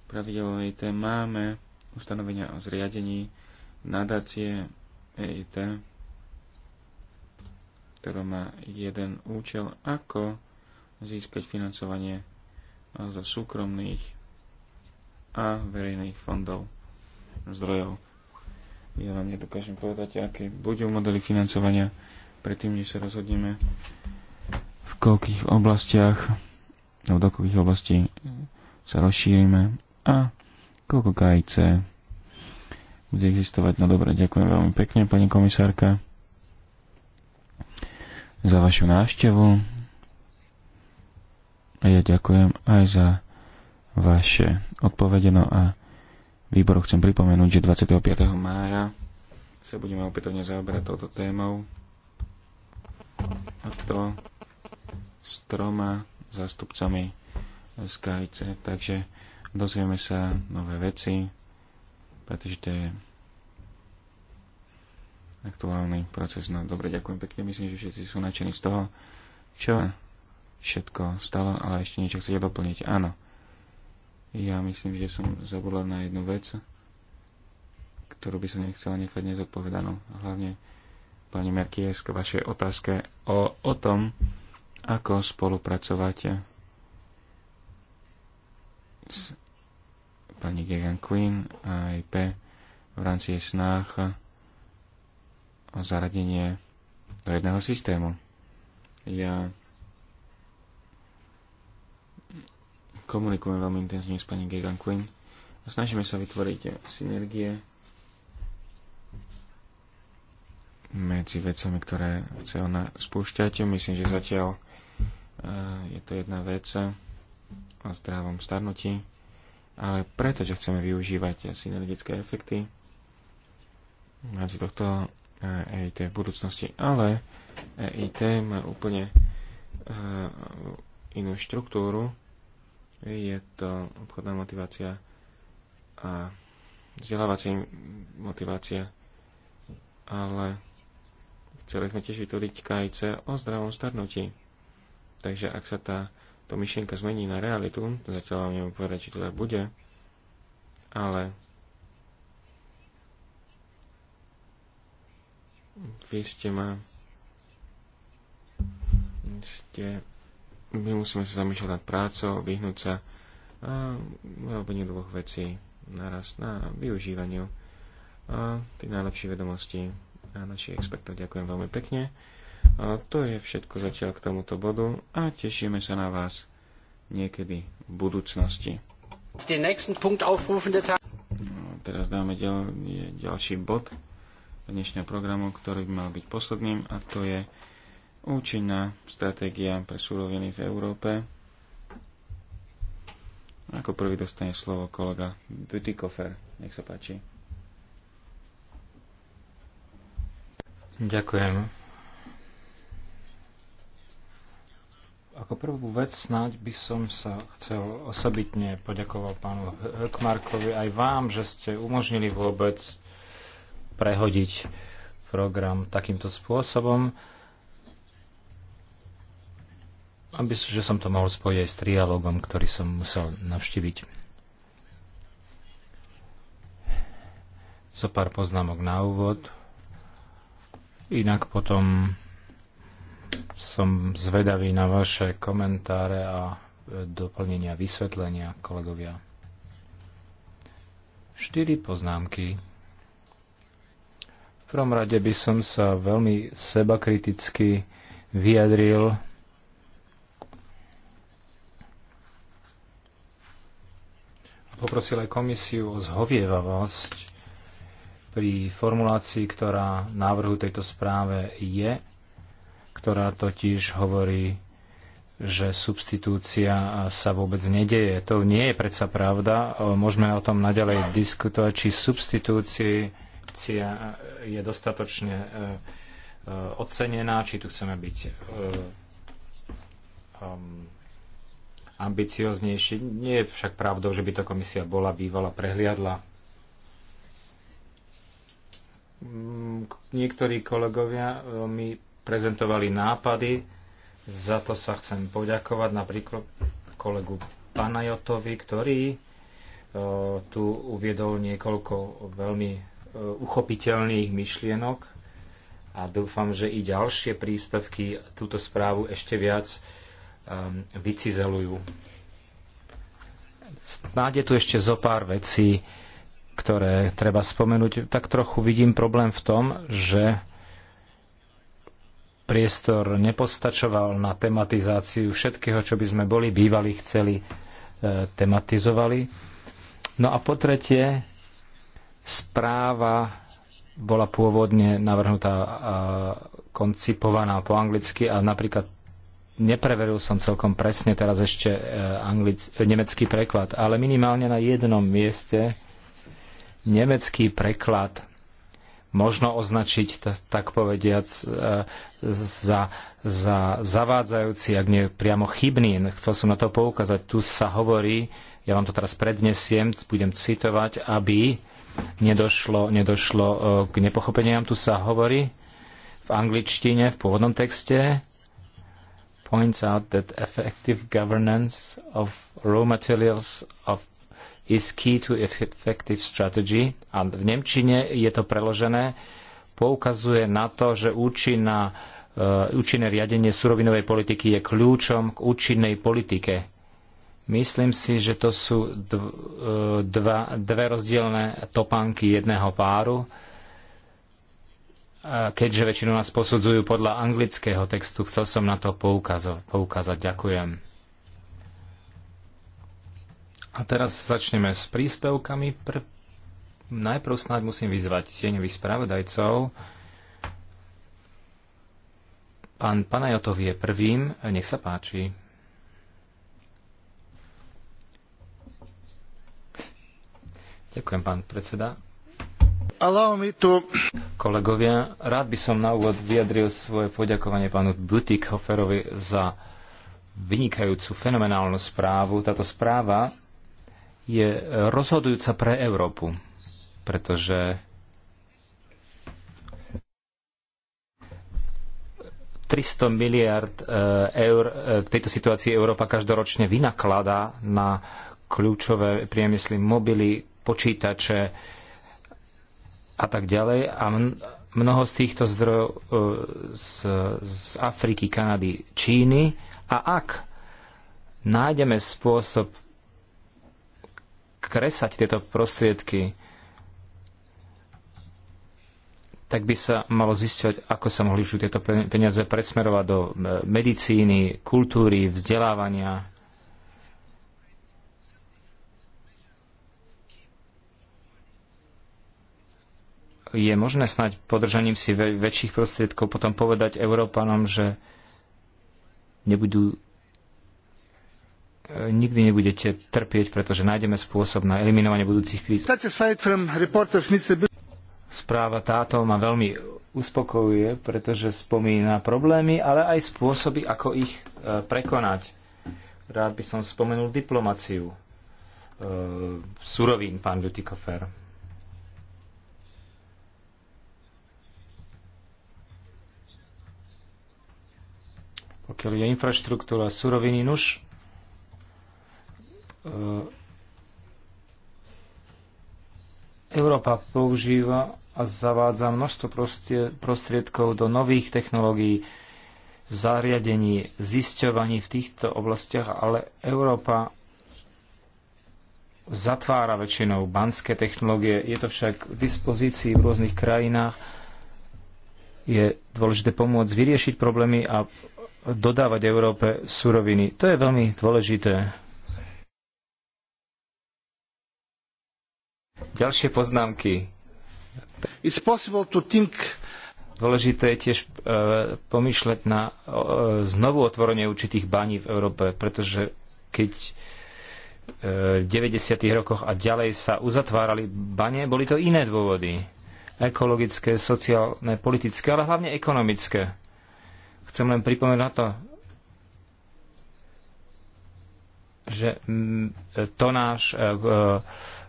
pravidel EIT máme ustanovenia o zriadení nadácie EIT, ktorá má jeden účel, ako získať financovanie zo súkromných a verejných fondov zdrojov. Ja vám nedokážem povedať, aké budú modely financovania predtým, než sa rozhodneme v koľkých oblastiach do koľkých oblastí sa rozšírime a koľko KIC bude existovať. No dobre, ďakujem veľmi pekne, pani komisárka, za vašu návštevu. A ja ďakujem aj za vaše odpovede. No a výboru chcem pripomenúť, že 25. mája sa budeme opätovne zaoberať touto témou. A to stroma zástupcami z KIC, takže dozvieme sa nové veci, pretože to je aktuálny proces. No dobre, ďakujem pekne. Myslím, že všetci sú nadšení z toho, čo všetko stalo, ale ešte niečo chcete doplniť. Áno. Ja myslím, že som zabudol na jednu vec, ktorú by som nechcela nechať nezodpovedanú. Hlavne pani Merkiesk, vaše otázke o, o tom, ako spolupracovať s pani Gegan Queen a IP v rámci jej snách o zaradenie do jedného systému. Ja komunikujem veľmi intenzívne s pani Gegan Queen a snažíme sa vytvoriť synergie medzi vecami, ktoré chce ona spúšťať. Myslím, že zatiaľ Eh, je to jedna vec o eh, zdravom starnutí, ale pretože chceme využívať synergické efekty v rámci tohto EIT eh, e v budúcnosti, ale EIT má úplne inú štruktúru, je to obchodná motivácia a vzdelávacia motivácia, ale chceli sme tiež vytvoriť KIC o zdravom starnutí Takže ak sa tá to myšlienka zmení na realitu, zatiaľ vám neviem povedať, či to tak bude, ale vy ste ma ste my musíme sa zamýšľať nad prácou, vyhnúť sa a, alebo dvoch vecí naraz na využívaniu a, tých najlepších vedomostí a našich expertov. Ďakujem veľmi pekne. A to je všetko zatiaľ k tomuto bodu a tešíme sa na vás niekedy v budúcnosti. No, teraz dáme ďal, ďalší bod dnešného programu, ktorý by mal byť posledným a to je účinná stratégia pre súroviny v Európe. Ako prvý dostane slovo kolega Butikofer. Nech sa páči. Ďakujem Ako prvú vec snáď by som sa chcel osobitne poďakoval pánu Hökmarkovi aj vám, že ste umožnili vôbec prehodiť program takýmto spôsobom, aby že som to mohol spojiť aj s trialogom, ktorý som musel navštíviť. Zo so pár poznámok na úvod. Inak potom som zvedavý na vaše komentáre a e, doplnenia, vysvetlenia, kolegovia. Štyri poznámky. V prvom rade by som sa veľmi sebakriticky vyjadril a poprosil aj komisiu o zhovievavosť pri formulácii, ktorá návrhu tejto správe je ktorá totiž hovorí, že substitúcia sa vôbec nedeje. To nie je predsa pravda. Môžeme o tom naďalej diskutovať, či substitúcia je dostatočne e, e, ocenená, či tu chceme byť e, ambicioznejší. Nie je však pravdou, že by to komisia bola bývala prehliadla. Mm, niektorí kolegovia mi prezentovali nápady. Za to sa chcem poďakovať napríklad kolegu Panajotovi, ktorý e, tu uviedol niekoľko veľmi e, uchopiteľných myšlienok a dúfam, že i ďalšie príspevky túto správu ešte viac ehm, vycizelujú. Snáď je tu ešte zo pár vecí, ktoré treba spomenúť. Tak trochu vidím problém v tom, že priestor nepostačoval na tematizáciu všetkého, čo by sme boli bývali chceli, e, tematizovali. No a po tretie, správa bola pôvodne navrhnutá a koncipovaná po anglicky a napríklad nepreveril som celkom presne teraz ešte e, anglic, e, nemecký preklad, ale minimálne na jednom mieste nemecký preklad možno označiť, tak povediac, e, za, za zavádzajúci, ak nie priamo chybný. Chcel som na to poukázať. Tu sa hovorí, ja vám to teraz prednesiem, budem citovať, aby nedošlo, nedošlo e, k nepochopeniam. Tu sa hovorí v angličtine, v pôvodnom texte, points out that effective governance of raw materials of is key to effective strategy a v Nemčine je to preložené, poukazuje na to, že účinná, uh, účinné riadenie surovinovej politiky je kľúčom k účinnej politike. Myslím si, že to sú dv, e, dva, dve rozdielne topánky jedného páru, e, keďže väčšinu nás posudzujú podľa anglického textu, chcel som na to poukázať. Ďakujem. A teraz začneme s príspevkami. Pr- najprv snáď musím vyzvať tieňových spravodajcov. Pán Panajotov je prvým. Nech sa páči. Ďakujem, pán predseda. Kolegovia, rád by som na úvod vyjadril svoje poďakovanie pánu Butikhoferovi za vynikajúcu fenomenálnu správu. Táto správa je rozhodujúca pre Európu, pretože 300 miliard e, eur e, v tejto situácii Európa každoročne vynakladá na kľúčové priemysly, mobily, počítače a tak ďalej. A mnoho z týchto zdrojov e, z, z Afriky, Kanady, Číny. A ak nájdeme spôsob kresať tieto prostriedky, tak by sa malo zisťovať, ako sa mohli už tieto peniaze presmerovať do e, medicíny, kultúry, vzdelávania. Je možné snať podržaním si väčších prostriedkov potom povedať Európanom, že nebudú E, nikdy nebudete trpieť, pretože nájdeme spôsob na eliminovanie budúcich kríz. Správa táto ma veľmi uspokojuje, pretože spomína problémy, ale aj spôsoby, ako ich e, prekonať. Rád by som spomenul diplomáciu. E, surovín, pán Lutikofer. Pokiaľ je infraštruktúra suroviny, nuž, E, Európa používa a zavádza množstvo prostriedkov do nových technológií, zariadení, zisťovaní v týchto oblastiach, ale Európa zatvára väčšinou banské technológie. Je to však k dispozícii v rôznych krajinách. Je dôležité pomôcť vyriešiť problémy a dodávať Európe suroviny. To je veľmi dôležité Ďalšie poznámky. It's possible to think Dôležité je tiež e, pomýšľať na e, znovu otvorenie určitých baní v Európe, pretože keď e, v 90. rokoch a ďalej sa uzatvárali bane, boli to iné dôvody. Ekologické, sociálne, politické, ale hlavne ekonomické. Chcem len pripomenúť to, že tonáž e, e, e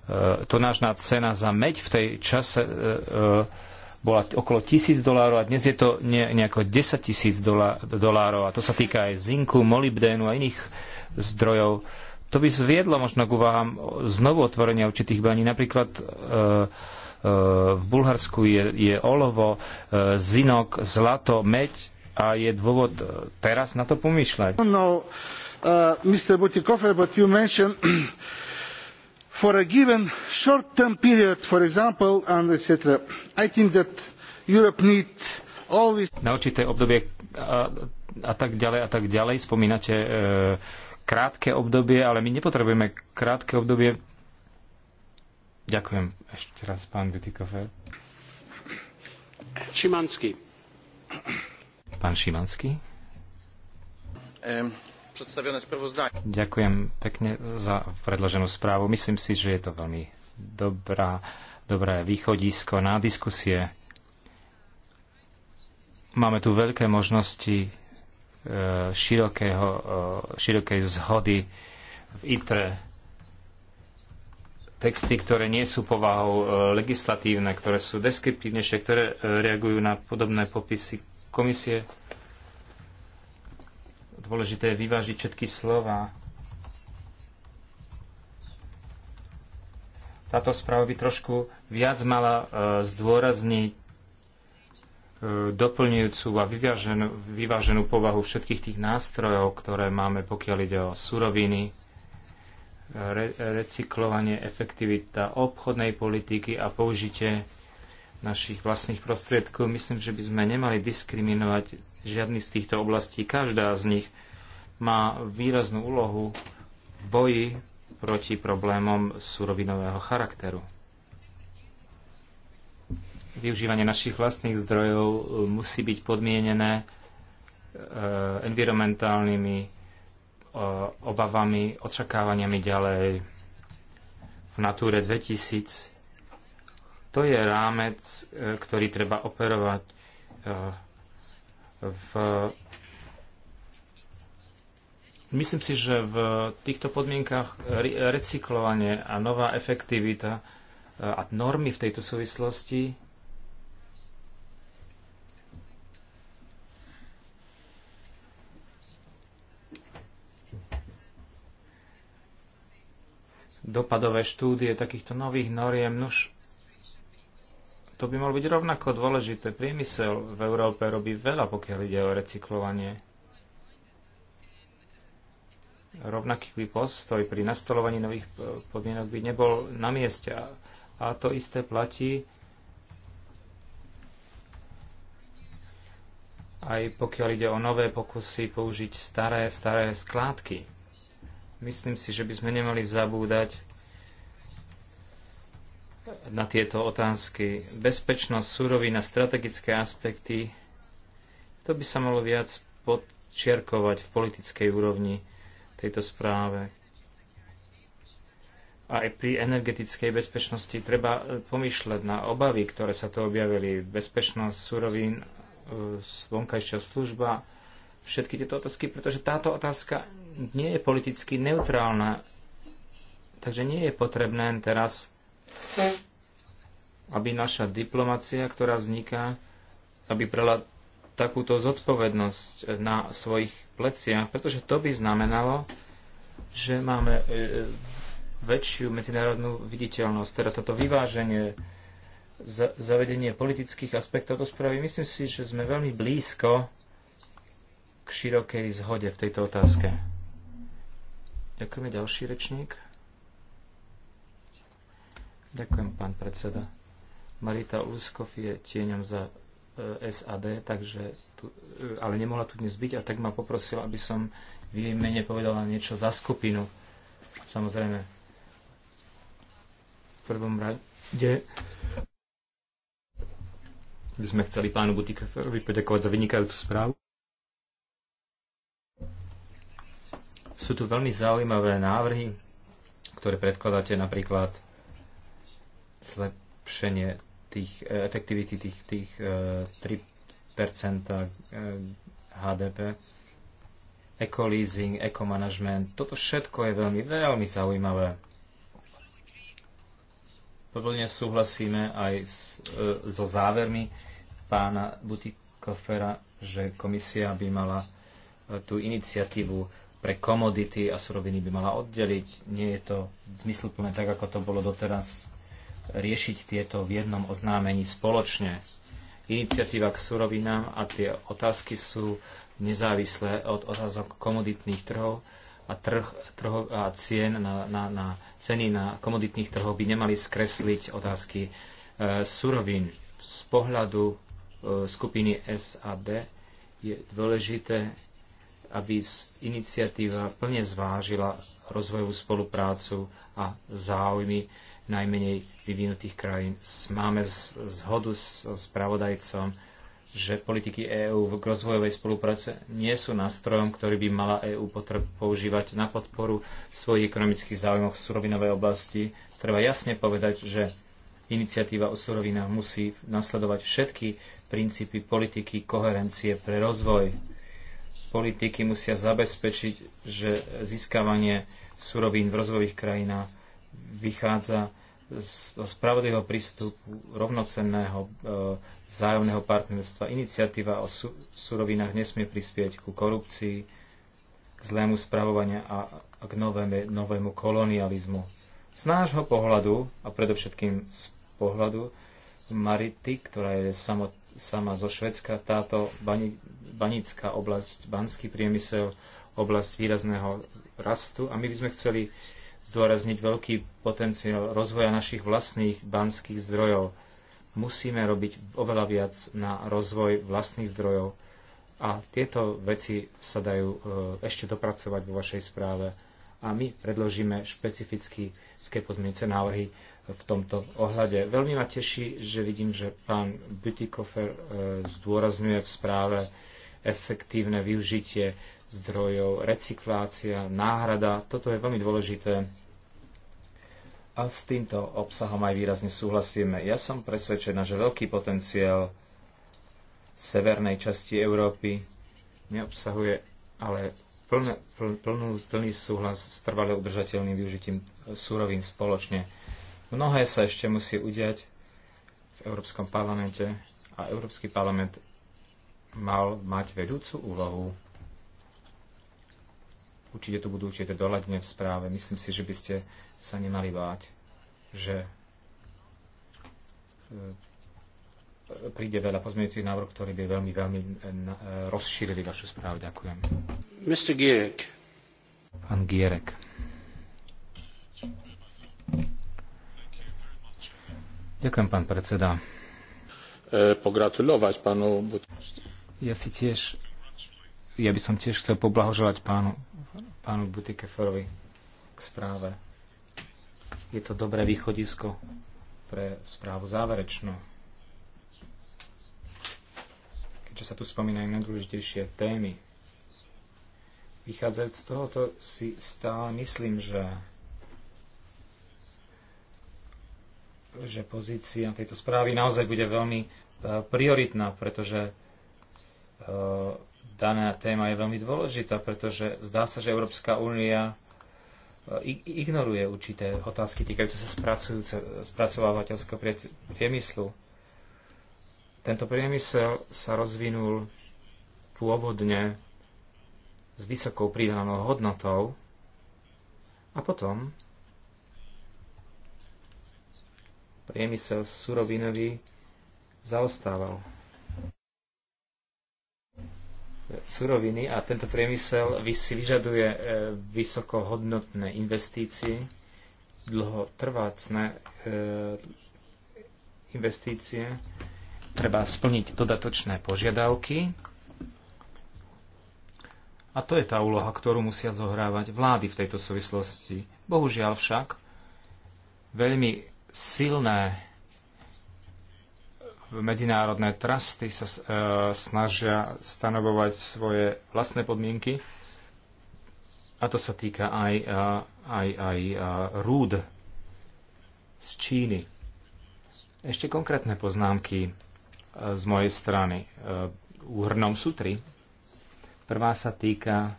E, tonážná cena za meď v tej čase e, e, bola okolo tisíc dolárov a dnes je to nejako 10 tisíc dolárov a to sa týka aj zinku, molybdénu a iných zdrojov. To by zviedlo možno k úvahám znovu otvorenia určitých baní. Napríklad v Bulharsku je, je olovo, zinok, zlato, meď a je dôvod teraz na to pomýšľať. No, uh, Mr. Butikofer, but you mentioned for a given short term period, for example, and etc. I think that Europe needs always... Na určité obdobie a, a tak ďalej a tak ďalej spomínate e, krátke obdobie, ale my nepotrebujeme krátke obdobie. Ďakujem ešte raz, pán Bütikofer. Šimanský. Pán Šimanský. Um predstavené sprawozdanie. Ďakujem pekne za predloženú správu. Myslím si, že je to veľmi dobrá, dobré východisko na diskusie. Máme tu veľké možnosti e, širokého, e, širokej zhody v ITRE. Texty, ktoré nie sú povahou e, legislatívne, ktoré sú deskriptívnejšie, ktoré reagujú na podobné popisy komisie, Dôležité je vyvážiť všetky slova. Táto správa by trošku viac mala e, zdôrazniť e, doplňujúcu a vyváženú, vyváženú povahu všetkých tých nástrojov, ktoré máme, pokiaľ ide o suroviny, re, recyklovanie, efektivita obchodnej politiky a použitie našich vlastných prostriedkov. Myslím, že by sme nemali diskriminovať žiadny z týchto oblastí. Každá z nich má výraznú úlohu v boji proti problémom surovinového charakteru. Využívanie našich vlastných zdrojov e, musí byť podmienené e, environmentálnymi e, obavami, očakávaniami ďalej. V Natúre 2000 to je rámec, e, ktorý treba operovať e, v Myslím si, že v týchto podmienkach recyklovanie a nová efektivita e, a normy v tejto súvislosti dopadové štúdie takýchto nových noriem, nož to by malo byť rovnako dôležité. Priemysel v Európe robí veľa, pokiaľ ide o recyklovanie. Rovnaký postoj pri nastolovaní nových eh, podmienok by nebol na mieste. A to isté platí aj pokiaľ ide o nové pokusy použiť staré, staré skládky. Myslím si, že by sme nemali zabúdať na tieto otázky. Bezpečnosť, a strategické aspekty, to by sa malo viac podčiarkovať v politickej úrovni tejto správe. Aj pri energetickej bezpečnosti treba e, pomýšľať na obavy, ktoré sa tu objavili. Bezpečnosť surovín, e, vonkajšia služba, všetky tieto otázky, pretože táto otázka nie je politicky neutrálna. Takže nie je potrebné teraz aby naša diplomacia, ktorá vzniká, aby brala takúto zodpovednosť na svojich pleciach, pretože to by znamenalo, že máme e, e, väčšiu medzinárodnú viditeľnosť, teda toto vyváženie, zavedenie politických aspektov do správy. Myslím si, že sme veľmi blízko k širokej zhode v tejto otázke. Ďakujeme ďalší rečník. Ďakujem, pán predseda. Marita Úskov je tieňom za e, SAD, takže tu, e, ale nemohla tu dnes byť a tak ma poprosila, aby som v jej mene povedala niečo za skupinu. Samozrejme, v prvom rade by sme chceli pánu Butikeferovi poďakovať za vynikajúcu správu. Sú tu veľmi zaujímavé návrhy, ktoré predkladáte napríklad zlepšenie tých e, efektivity tých, tých 3% e, e, HDP, eco-leasing, eco-management, toto všetko je veľmi, veľmi zaujímavé. Podľa súhlasíme aj s, e, so závermi pána Butikofera, že komisia by mala tú iniciatívu pre komodity a suroviny by mala oddeliť. Nie je to zmysluplné tak, ako to bolo doteraz riešiť tieto v jednom oznámení spoločne. Iniciatíva k surovinám a tie otázky sú nezávislé od otázok komoditných trhov a, trh, a cien na, na, na ceny na komoditných trhoch by nemali skresliť otázky e, surovín. Z pohľadu e, skupiny SAD je dôležité, aby iniciatíva plne zvážila rozvojovú spoluprácu a záujmy najmenej vyvinutých krajín. Máme zhodu s spravodajcom, že politiky EÚ k rozvojovej spolupráce nie sú nástrojom, ktorý by mala EÚ používať na podporu svojich ekonomických záujmov v surovinovej oblasti. Treba jasne povedať, že iniciatíva o surovinách musí nasledovať všetky princípy politiky koherencie pre rozvoj. Politiky musia zabezpečiť, že získavanie surovín v rozvojových krajinách vychádza spravodlivého prístupu, rovnocenného e, vzájomného partnerstva. Iniciatíva o surovinách nesmie prispieť ku korupcii, k zlému spravovania a, a k novému, novému kolonializmu. Z nášho pohľadu, a predovšetkým z pohľadu Marity, ktorá je samo, sama zo Švedska, táto bani, banická oblasť, banský priemysel, oblasť výrazného rastu a my by sme chceli zdôrazniť veľký potenciál rozvoja našich vlastných banských zdrojov. Musíme robiť oveľa viac na rozvoj vlastných zdrojov a tieto veci sa dajú e, ešte dopracovať vo vašej správe a my predložíme špecifické pozmienice návrhy v tomto ohľade. Veľmi ma teší, že vidím, že pán Butikofer e, zdôrazňuje v správe efektívne využitie zdrojov, recyklácia, náhrada. Toto je veľmi dôležité a s týmto obsahom aj výrazne súhlasíme. Ja som presvedčená, že veľký potenciál severnej časti Európy neobsahuje ale plne, pl, plnú, plný súhlas s trvale udržateľným využitím súrovín spoločne. Mnohé sa ešte musí udiať v Európskom parlamente a Európsky parlament mal mať vedúcu úlohu. Určite tu budú určite doľadne v správe. Myslím si, že by ste sa nemali báť, že e, príde veľa pozmeňujúcich návrhov, ktorí by veľmi, veľmi e, e, rozšírili vašu správu. Ďakujem. Mr. Gierek. Pán Gierek. Ďakujem, pán predseda. E, pogratulovať pánu... Ja si tiež... Ja by som tiež chcel poblahoželať pánu, pánu Butikeferovi k správe je to dobré východisko pre správu záverečnú. Keďže sa tu spomínajú najdôležitejšie témy, vychádzajúc z tohoto si stále myslím, že že pozícia tejto správy naozaj bude veľmi e, prioritná, pretože e, daná téma je veľmi dôležitá, pretože zdá sa, že Európska únia ignoruje určité otázky týkajúce sa spracovávateľského priemyslu. Tento priemysel sa rozvinul pôvodne s vysokou pridanou hodnotou a potom priemysel surovinový zaostával suroviny a tento priemysel si vyžaduje e, vysokohodnotné investície, dlhotrvácne e, investície. Treba splniť dodatočné požiadavky. A to je tá úloha, ktorú musia zohrávať vlády v tejto súvislosti. Bohužiaľ však veľmi silné medzinárodné trusty sa e, snažia stanovovať svoje vlastné podmienky a to sa týka aj, e, aj, aj e, rúd z Číny. Ešte konkrétne poznámky e, z mojej strany. Úhrnom sú tri. Prvá sa týka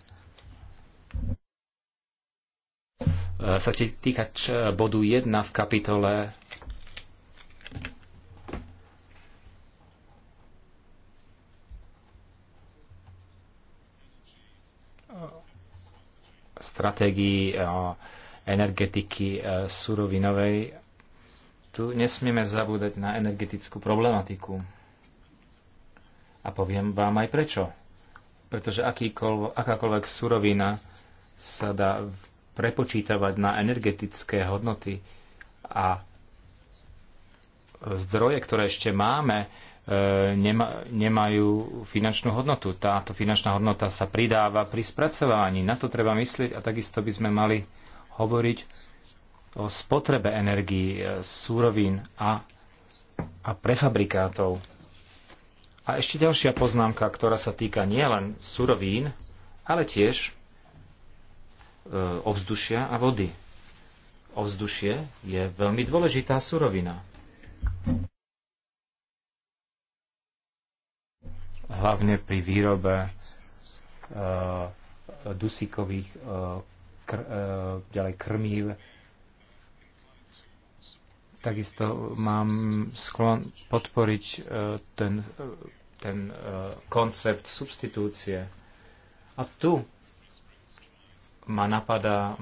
sa týka bodu 1 v kapitole stratégii eh, energetiky eh, surovinovej, tu nesmieme zabúdať na energetickú problematiku. A poviem vám aj prečo. Pretože akákoľvek surovina sa dá prepočítavať na energetické hodnoty a zdroje, ktoré ešte máme, E, nema, nemajú finančnú hodnotu. Táto finančná hodnota sa pridáva pri spracovaní. Na to treba myslieť a takisto by sme mali hovoriť o spotrebe energií, e, súrovín a, a prefabrikátov. A ešte ďalšia poznámka, ktorá sa týka nielen surovín, ale tiež e, ovzdušia a vody. Ovzdušie je veľmi dôležitá surovina. hlavne pri výrobe eh, dusíkových eh, kr, eh, ďalej krmív. Takisto mám sklon podporiť ten, ten koncept substitúcie. A tu ma napadá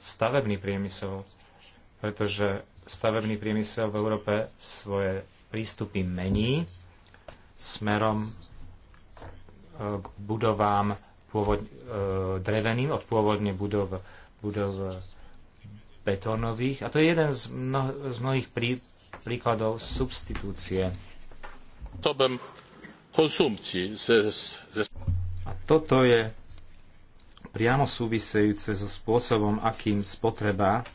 stavebný priemysel, pretože stavebný priemysel v Európe svoje prístupy mení smerom e, k budovám pôvod, e, dreveným od pôvodne budov, budov e, betónových. A to je jeden z, mno, z mnohých prí, príkladov substitúcie. A toto je priamo súvisejúce so spôsobom, akým spotreba,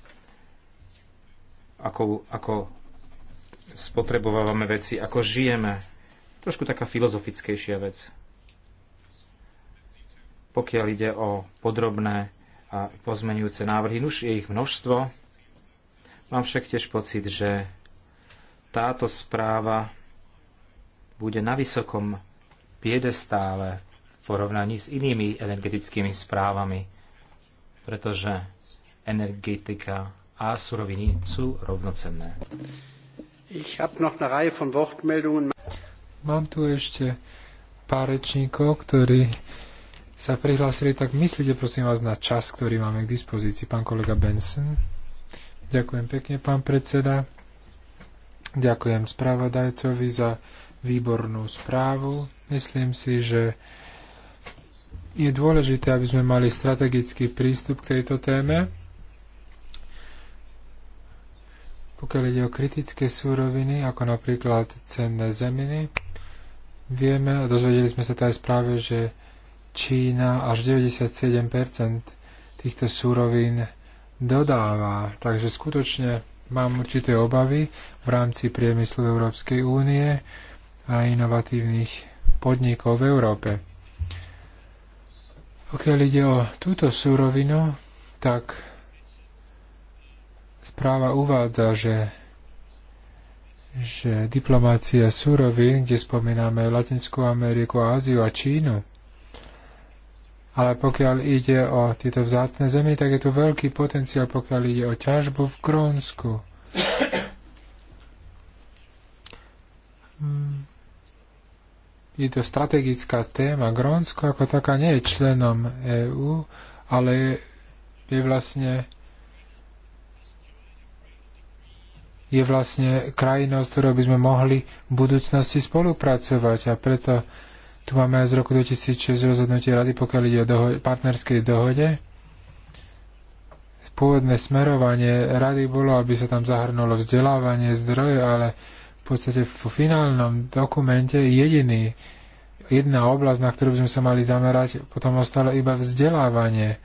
ako, ako spotrebovávame veci, ako žijeme trošku taká filozofickejšia vec. Pokiaľ ide o podrobné a pozmenujúce návrhy, už je ich množstvo. Mám však tiež pocit, že táto správa bude na vysokom piedestále v porovnaní s inými energetickými správami, pretože energetika a suroviny sú rovnocenné. Ich hab noch eine Reihe von Wortmeldungen. Mám tu ešte pár rečníkov, ktorí sa prihlásili, tak myslíte prosím vás na čas, ktorý máme k dispozícii. Pán kolega Benson. Ďakujem pekne, pán predseda. Ďakujem spravodajcovi za výbornú správu. Myslím si, že je dôležité, aby sme mali strategický prístup k tejto téme. Pokiaľ ide o kritické súroviny, ako napríklad cenné zeminy, Vieme a dozvedeli sme sa aj správe, že Čína až 97% týchto súrovín dodáva. Takže skutočne mám určité obavy v rámci priemyslu Európskej únie a inovatívnych podnikov v Európe. Pokiaľ ide o túto súrovinu, tak správa uvádza, že že diplomácia surovy, kde spomíname Latinskú Ameriku, Áziu a Čínu, ale pokiaľ ide o tieto vzácne zemi, tak je tu veľký potenciál, pokiaľ ide o ťažbu v Grónsku. Mm. Je to strategická téma. Grónsko ako taká nie je členom EÚ, ale je, je vlastne je vlastne krajinou, s ktorou by sme mohli v budúcnosti spolupracovať. A preto tu máme aj z roku 2006 rozhodnutie rady, pokiaľ ide o doho- partnerskej dohode. Pôvodné smerovanie rady bolo, aby sa tam zahrnulo vzdelávanie, zdroje, ale v podstate v finálnom dokumente jediný, jedna oblasť, na ktorú by sme sa mali zamerať, potom ostalo iba vzdelávanie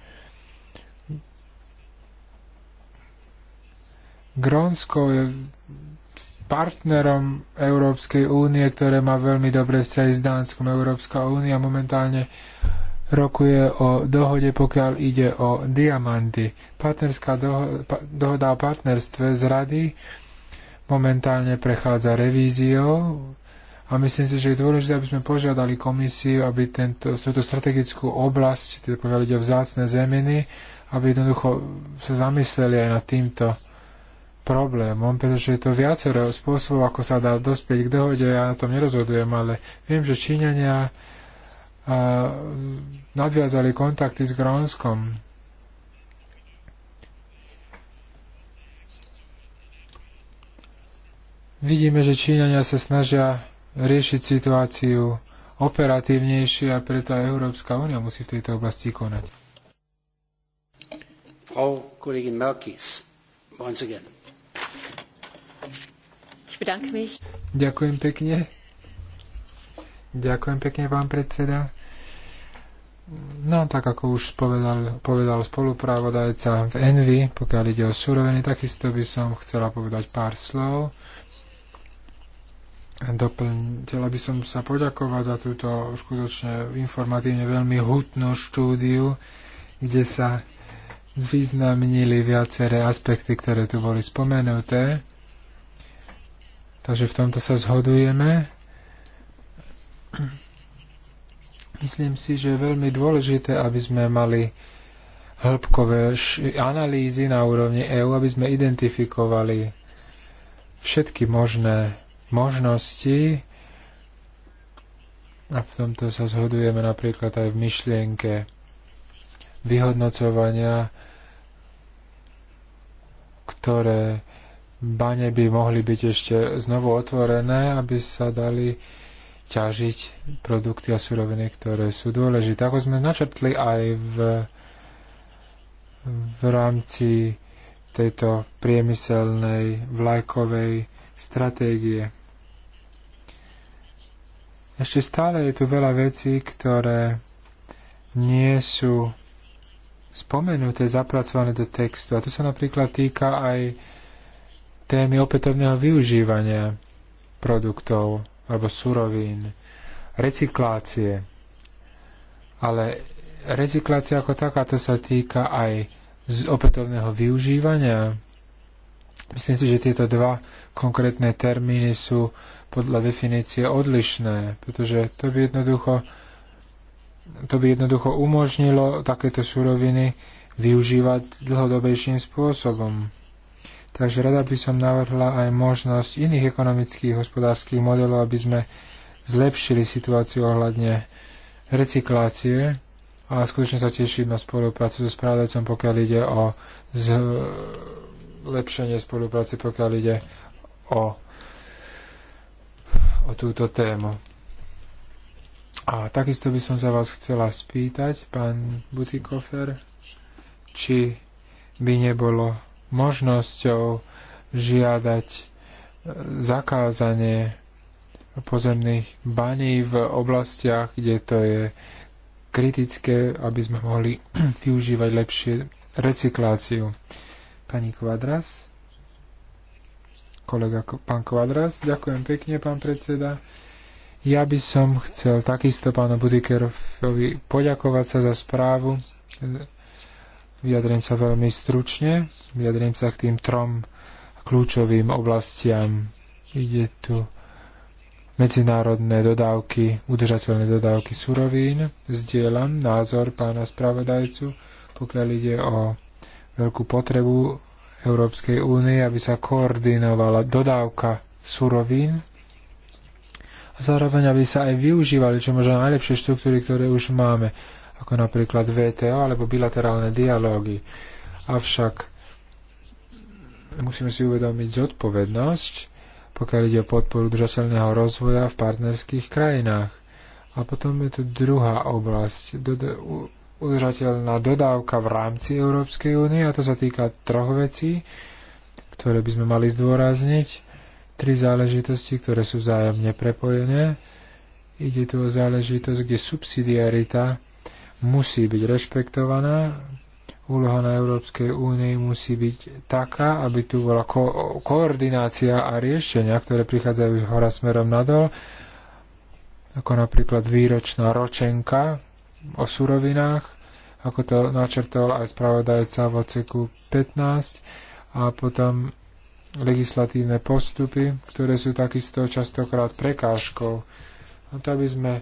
Grónsko je partnerom Európskej únie, ktoré má veľmi dobré vzťahy s Dánskom. Európska únia momentálne rokuje o dohode, pokiaľ ide o diamanty. Partnerská doho- pa- dohoda o partnerstve z rady momentálne prechádza revíziou a myslím si, že je dôležité, aby sme požiadali komisiu, aby tento, túto strategickú oblasť, teda povedali o vzácne zeminy, aby jednoducho sa zamysleli aj nad týmto problémom, pretože je to viacero spôsobov, ako sa dá dospieť k dohode. Ja na tom nerozhodujem, ale viem, že Číňania nadviazali kontakty s Grónskom. Vidíme, že Číňania sa snažia riešiť situáciu operatívnejšie a preto aj Európska únia musí v tejto oblasti konať. Frau Kollegin Merkis, once again. Ďakujem pekne. Ďakujem pekne pán predseda. No, tak ako už povedal, povedal spoluprávodajca v Envy, pokiaľ ide o suroviny, takisto by som chcela povedať pár slov. chcela by som sa poďakovať za túto skutočne informatívne veľmi hutnú štúdiu, kde sa zvýznamnili viaceré aspekty, ktoré tu boli spomenuté. Takže v tomto sa zhodujeme. Myslím si, že je veľmi dôležité, aby sme mali hĺbkové analýzy na úrovni EÚ, aby sme identifikovali všetky možné možnosti. A v tomto sa zhodujeme napríklad aj v myšlienke vyhodnocovania ktoré bane by mohli byť ešte znovu otvorené, aby sa dali ťažiť produkty a suroviny, ktoré sú dôležité. Ako sme načrtli aj v, v rámci tejto priemyselnej vlajkovej stratégie. Ešte stále je tu veľa vecí, ktoré nie sú spomenuté, zapracované do textu. A to sa napríklad týka aj témy opätovného využívania produktov alebo surovín, recyklácie. Ale recyklácia ako taká, to sa týka aj z opätovného využívania. Myslím si, že tieto dva konkrétne termíny sú podľa definície odlišné, pretože to by jednoducho to by jednoducho umožnilo takéto suroviny využívať dlhodobejším spôsobom. Takže rada by som navrhla aj možnosť iných ekonomických hospodárskych modelov, aby sme zlepšili situáciu ohľadne recyklácie a skutočne sa teším na spoluprácu so správdajcom, pokiaľ ide o zlepšenie spolupráce, pokiaľ ide o, o túto tému. A takisto by som sa vás chcela spýtať, pán Butikofer, či by nebolo možnosťou žiadať e, zakázanie pozemných baní v oblastiach, kde to je kritické, aby sme mohli využívať lepšie recykláciu. Pani Kvadras, kolega pán Kvadras, ďakujem pekne, pán predseda. Ja by som chcel takisto pánu Budikerovi poďakovať sa za správu. Vyjadrím sa veľmi stručne. Vyjadrím sa k tým trom kľúčovým oblastiam. Ide tu medzinárodné dodávky, udržateľné dodávky surovín. Zdieľam názor pána spravodajcu, pokiaľ ide o veľkú potrebu Európskej únie, aby sa koordinovala dodávka surovín a zároveň, aby sa aj využívali čo možno najlepšie štruktúry, ktoré už máme, ako napríklad VTO alebo bilaterálne dialógy. Avšak musíme si uvedomiť zodpovednosť, pokiaľ ide o podporu držateľného rozvoja v partnerských krajinách. A potom je tu druhá oblasť, udržateľná dodávka v rámci Európskej únie a to sa týka troch vecí, ktoré by sme mali zdôrazniť tri záležitosti, ktoré sú vzájomne prepojené. Ide tu o záležitosť, kde subsidiarita musí byť rešpektovaná, úloha na Európskej únii musí byť taká, aby tu bola ko- koordinácia a riešenia, ktoré prichádzajú z hora smerom nadol, ako napríklad výročná ročenka o surovinách, ako to načrtol aj spravodajca v oceku 15 a potom legislatívne postupy, ktoré sú takisto častokrát prekážkou. A to, aby sme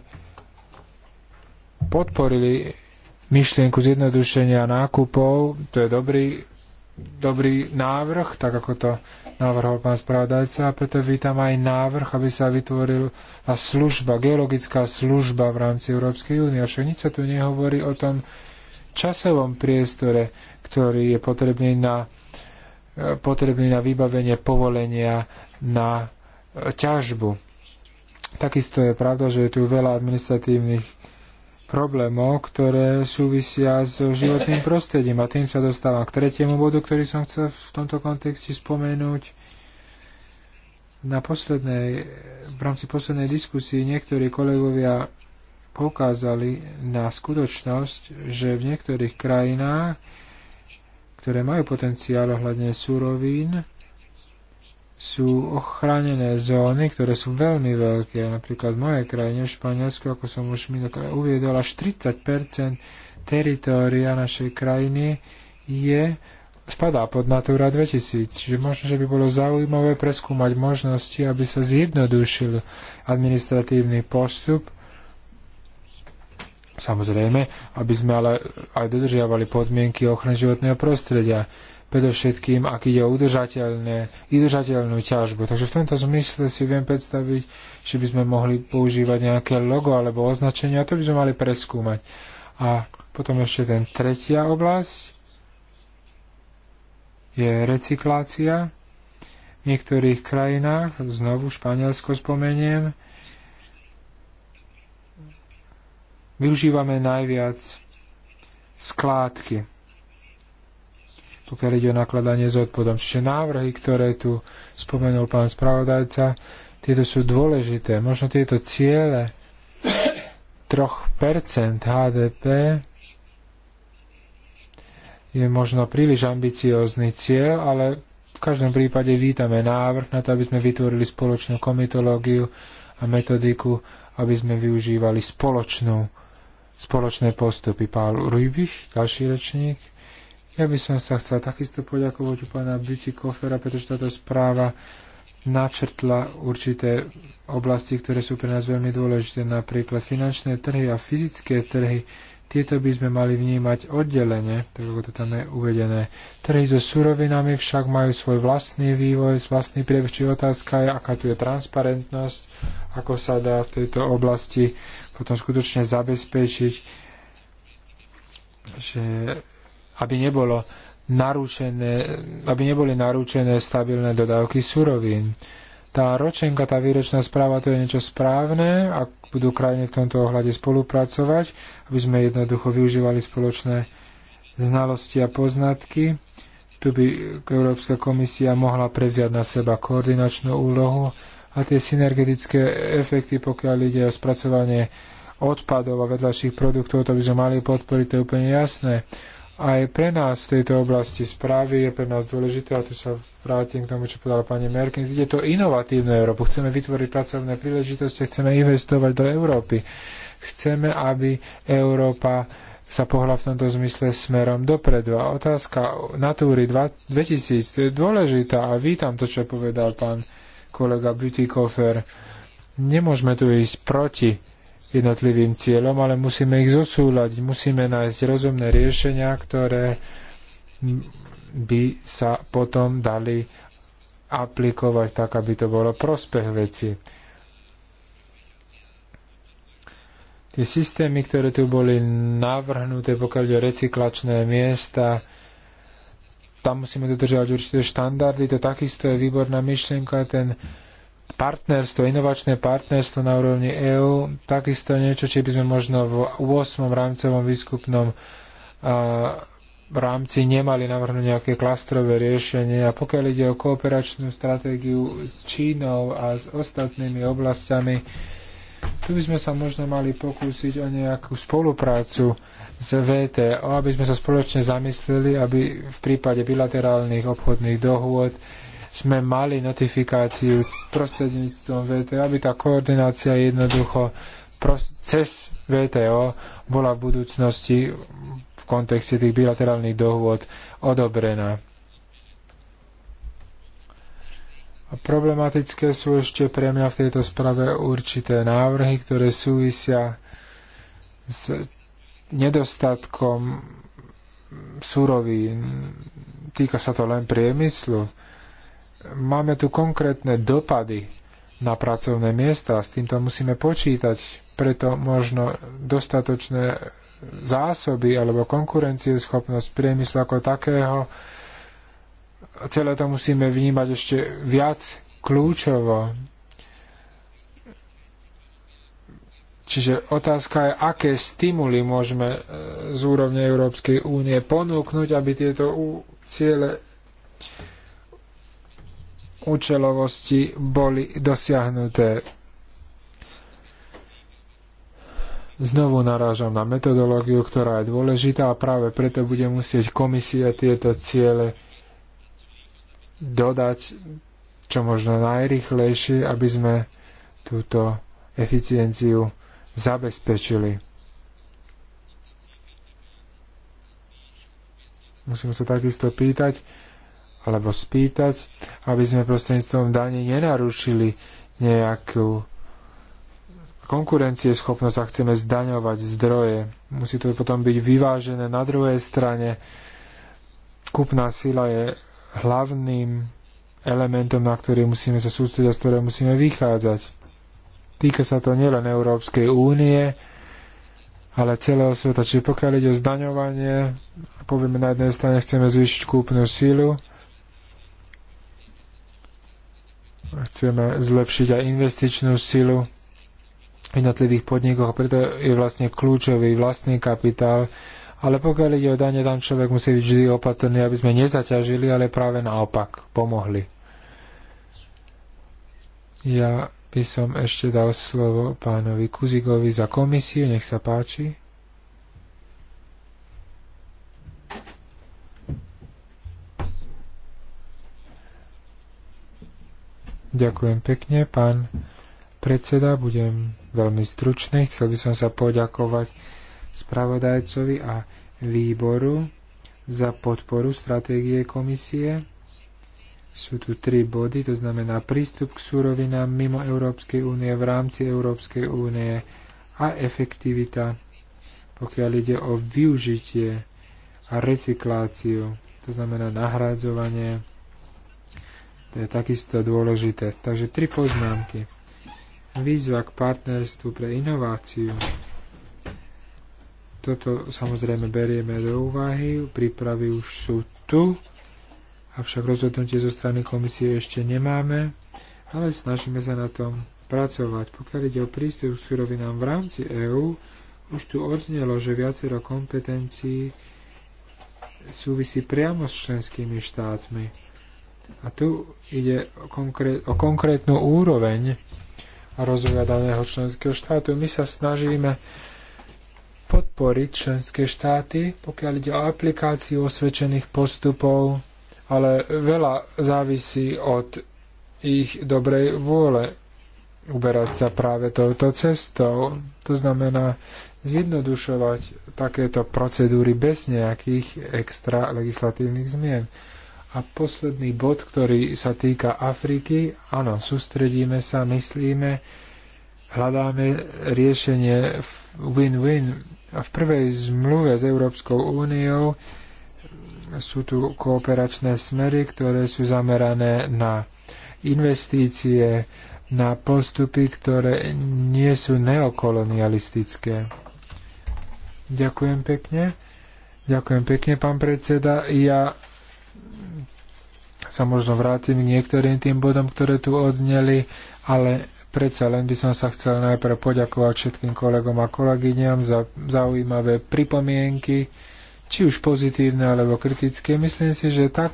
podporili myšlienku zjednodušenia nákupov, to je dobrý, dobrý návrh, tak ako to navrhol pán spravodajca, a preto vítam aj návrh, aby sa vytvorila služba, geologická služba v rámci Európskej únie. Však nič sa tu nehovorí o tom časovom priestore, ktorý je potrebný na potrebný na vybavenie povolenia na e, ťažbu. Takisto je pravda, že je tu veľa administratívnych problémov, ktoré súvisia s životným prostredím. A tým sa dostávam k tretiemu bodu, ktorý som chcel v tomto kontexte spomenúť. Na poslednej, v rámci poslednej diskusie niektorí kolegovia poukázali na skutočnosť, že v niektorých krajinách ktoré majú potenciál ohľadne súrovín, sú ochránené zóny, ktoré sú veľmi veľké. Napríklad v mojej krajine, v Španielsku, ako som už mi uviedol, až 30 teritória našej krajiny je, spadá pod Natura 2000. Čiže možno, že by bolo zaujímavé preskúmať možnosti, aby sa zjednodušil administratívny postup Samozrejme, aby sme ale aj dodržiavali podmienky ochrany životného prostredia, predovšetkým, ak ide o udržateľné, udržateľnú ťažbu. Takže v tomto zmysle si viem predstaviť, že by sme mohli používať nejaké logo alebo označenie a to by sme mali preskúmať. A potom ešte ten tretia oblasť je recyklácia. V niektorých krajinách, znovu Španielsko spomeniem, využívame najviac skládky, pokiaľ ide o nakladanie s odpadom. Čiže návrhy, ktoré tu spomenul pán spravodajca, tieto sú dôležité. Možno tieto ciele 3% HDP je možno príliš ambiciózny cieľ, ale v každom prípade vítame návrh na to, aby sme vytvorili spoločnú komitológiu a metodiku, aby sme využívali spoločnú spoločné postupy. Pán Rujbich, ďalší rečník. Ja by som sa chcel takisto poďakovať u pána Beauty Kofera, pretože táto správa načrtla určité oblasti, ktoré sú pre nás veľmi dôležité, napríklad finančné trhy a fyzické trhy tieto by sme mali vnímať oddelenie, tak ako to tam je uvedené. Trhy so surovinami však majú svoj vlastný vývoj, vlastný priebeh, či otázka je, aká tu je transparentnosť, ako sa dá v tejto oblasti potom skutočne zabezpečiť, že aby nebolo narušené, aby neboli naručené stabilné dodávky surovín tá ročenka, tá výročná správa, to je niečo správne, ak budú krajiny v tomto ohľade spolupracovať, aby sme jednoducho využívali spoločné znalosti a poznatky. Tu by Európska komisia mohla prevziať na seba koordinačnú úlohu a tie synergetické efekty, pokiaľ ide o spracovanie odpadov a vedľajších produktov, to by sme mali podporiť, to je úplne jasné aj pre nás v tejto oblasti správy je pre nás dôležité, a tu sa vrátim k tomu, čo povedala pani Merkins, ide to inovatívnu Európu. Chceme vytvoriť pracovné príležitosti, chceme investovať do Európy. Chceme, aby Európa sa pohla v tomto zmysle smerom dopredu. A otázka Natúry 2000 je dôležitá a vítam to, čo povedal pán kolega Beautykofer. Nemôžeme tu ísť proti jednotlivým cieľom, ale musíme ich zosúľať, musíme nájsť rozumné riešenia, ktoré by sa potom dali aplikovať tak, aby to bolo prospech veci. Tie systémy, ktoré tu boli navrhnuté, pokiaľ ide o recyklačné miesta, tam musíme dodržiavať určité štandardy, to takisto je výborná myšlienka, ten uh, partnerstvo, inovačné partnerstvo na úrovni EÚ, takisto niečo, či by sme možno v 8. rámcovom výskupnom rámci nemali navrhnúť nejaké klastrové riešenie. A pokiaľ ide o kooperačnú stratégiu s Čínou a s ostatnými oblastiami, tu by sme sa možno mali pokúsiť o nejakú spoluprácu s VTO, aby sme sa spoločne zamysleli, aby v prípade bilaterálnych obchodných dohôd sme mali notifikáciu s prostredníctvom VTO, aby tá koordinácia jednoducho cez VTO bola v budúcnosti v kontexte tých bilaterálnych dohôd odobrená. A problematické sú ešte pre mňa v tejto sprave určité návrhy, ktoré súvisia s nedostatkom surovín. Týka sa to len priemyslu máme tu konkrétne dopady na pracovné miesta. S týmto musíme počítať. Preto možno dostatočné zásoby alebo konkurencieschopnosť priemyslu ako takého. Celé to musíme vnímať ešte viac kľúčovo. Čiže otázka je, aké stimuly môžeme e, z úrovne Európskej únie ponúknuť, aby tieto ciele účelovosti boli dosiahnuté. Znovu narážam na metodológiu, ktorá je dôležitá a práve preto bude musieť komisia tieto ciele dodať čo možno najrychlejšie, aby sme túto eficienciu zabezpečili. Musím sa takisto pýtať, alebo spýtať, aby sme prostredníctvom dane nenarušili nejakú schopnosť a chceme zdaňovať zdroje. Musí to potom byť vyvážené. Na druhej strane kupná sila je hlavným elementom, na ktorý musíme sa sústrediť a z ktorého musíme vychádzať. Týka sa to nielen Európskej únie, ale celého sveta. Čiže pokiaľ ide o zdaňovanie, povieme na jednej strane chceme zvýšiť kúpnu silu. Chceme zlepšiť aj investičnú silu v jednotlivých podnikoch, preto je vlastne kľúčový vlastný kapitál. Ale pokiaľ ide o dane, tam človek musí byť vždy opatrný, aby sme nezaťažili, ale práve naopak pomohli. Ja by som ešte dal slovo pánovi Kuzigovi za komisiu, nech sa páči. Ďakujem pekne, pán predseda. Budem veľmi stručný. Chcel by som sa poďakovať spravodajcovi a výboru za podporu stratégie komisie. Sú tu tri body, to znamená prístup k súrovinám mimo Európskej únie, v rámci Európskej únie a efektivita, pokiaľ ide o využitie a recykláciu, to znamená nahrádzovanie to je takisto dôležité. Takže tri poznámky. Výzva k partnerstvu pre inováciu. Toto samozrejme berieme do úvahy, prípravy už sú tu, avšak rozhodnutie zo strany komisie ešte nemáme, ale snažíme sa na tom pracovať. Pokiaľ ide o prístup k surovinám v rámci EÚ, už tu odznelo, že viacero kompetencií súvisí priamo s členskými štátmi a tu ide o, konkré- o konkrétnu úroveň rozvoja daného členského štátu. My sa snažíme podporiť členské štáty, pokiaľ ide o aplikáciu osvedčených postupov, ale veľa závisí od ich dobrej vôle uberať sa práve touto cestou. To znamená zjednodušovať takéto procedúry bez nejakých extra legislatívnych zmien. A posledný bod, ktorý sa týka Afriky, áno, sústredíme sa, myslíme, hľadáme riešenie win-win. A v prvej zmluve s Európskou úniou sú tu kooperačné smery, ktoré sú zamerané na investície, na postupy, ktoré nie sú neokolonialistické. Ďakujem pekne. Ďakujem pekne, pán predseda. Ja sa možno vrátim k niektorým tým bodom, ktoré tu odzneli, ale predsa len by som sa chcel najprv poďakovať všetkým kolegom a kolegyňam za zaujímavé pripomienky, či už pozitívne alebo kritické. Myslím si, že tak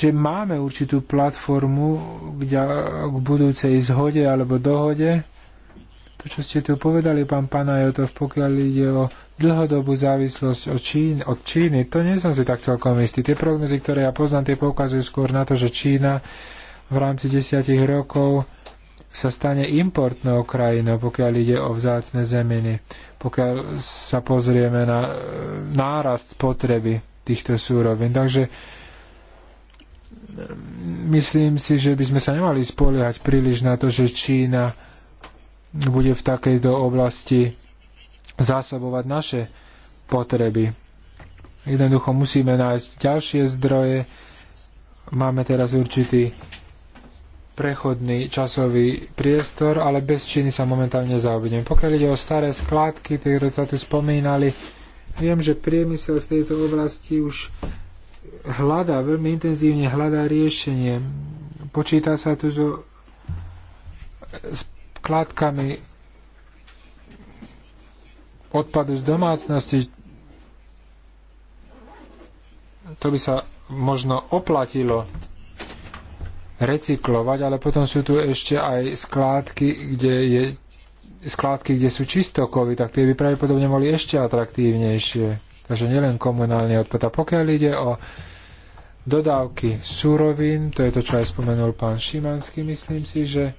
že máme určitú platformu k, k budúcej zhode alebo dohode to, čo ste tu povedali, pán Panajotov, pokiaľ ide o dlhodobú závislosť od, Čín, od Číny, to nie som si tak celkom istý. Tie prognozy, ktoré ja poznám, tie poukazujú skôr na to, že Čína v rámci desiatich rokov sa stane importnou krajinou, pokiaľ ide o vzácne zeminy, pokiaľ sa pozrieme na e, nárast spotreby týchto súrovín. Takže e, myslím si, že by sme sa nemali spoliehať príliš na to, že Čína bude v takejto oblasti zásobovať naše potreby. Jednoducho musíme nájsť ďalšie zdroje. Máme teraz určitý prechodný časový priestor, ale bez Číny sa momentálne zaobidem. Pokiaľ ide o staré skládky, ktoré sa tu spomínali, viem, že priemysel v tejto oblasti už hľadá, veľmi intenzívne hľadá riešenie. Počíta sa tu zo kládkami odpadu z domácnosti, to by sa možno oplatilo recyklovať, ale potom sú tu ešte aj skládky, kde je skládky, kde sú čistokovy, tak tie by pravdepodobne boli ešte atraktívnejšie. Takže nielen komunálny odpad. A pokiaľ ide o dodávky surovín, to je to, čo aj spomenul pán Šimanský, myslím si, že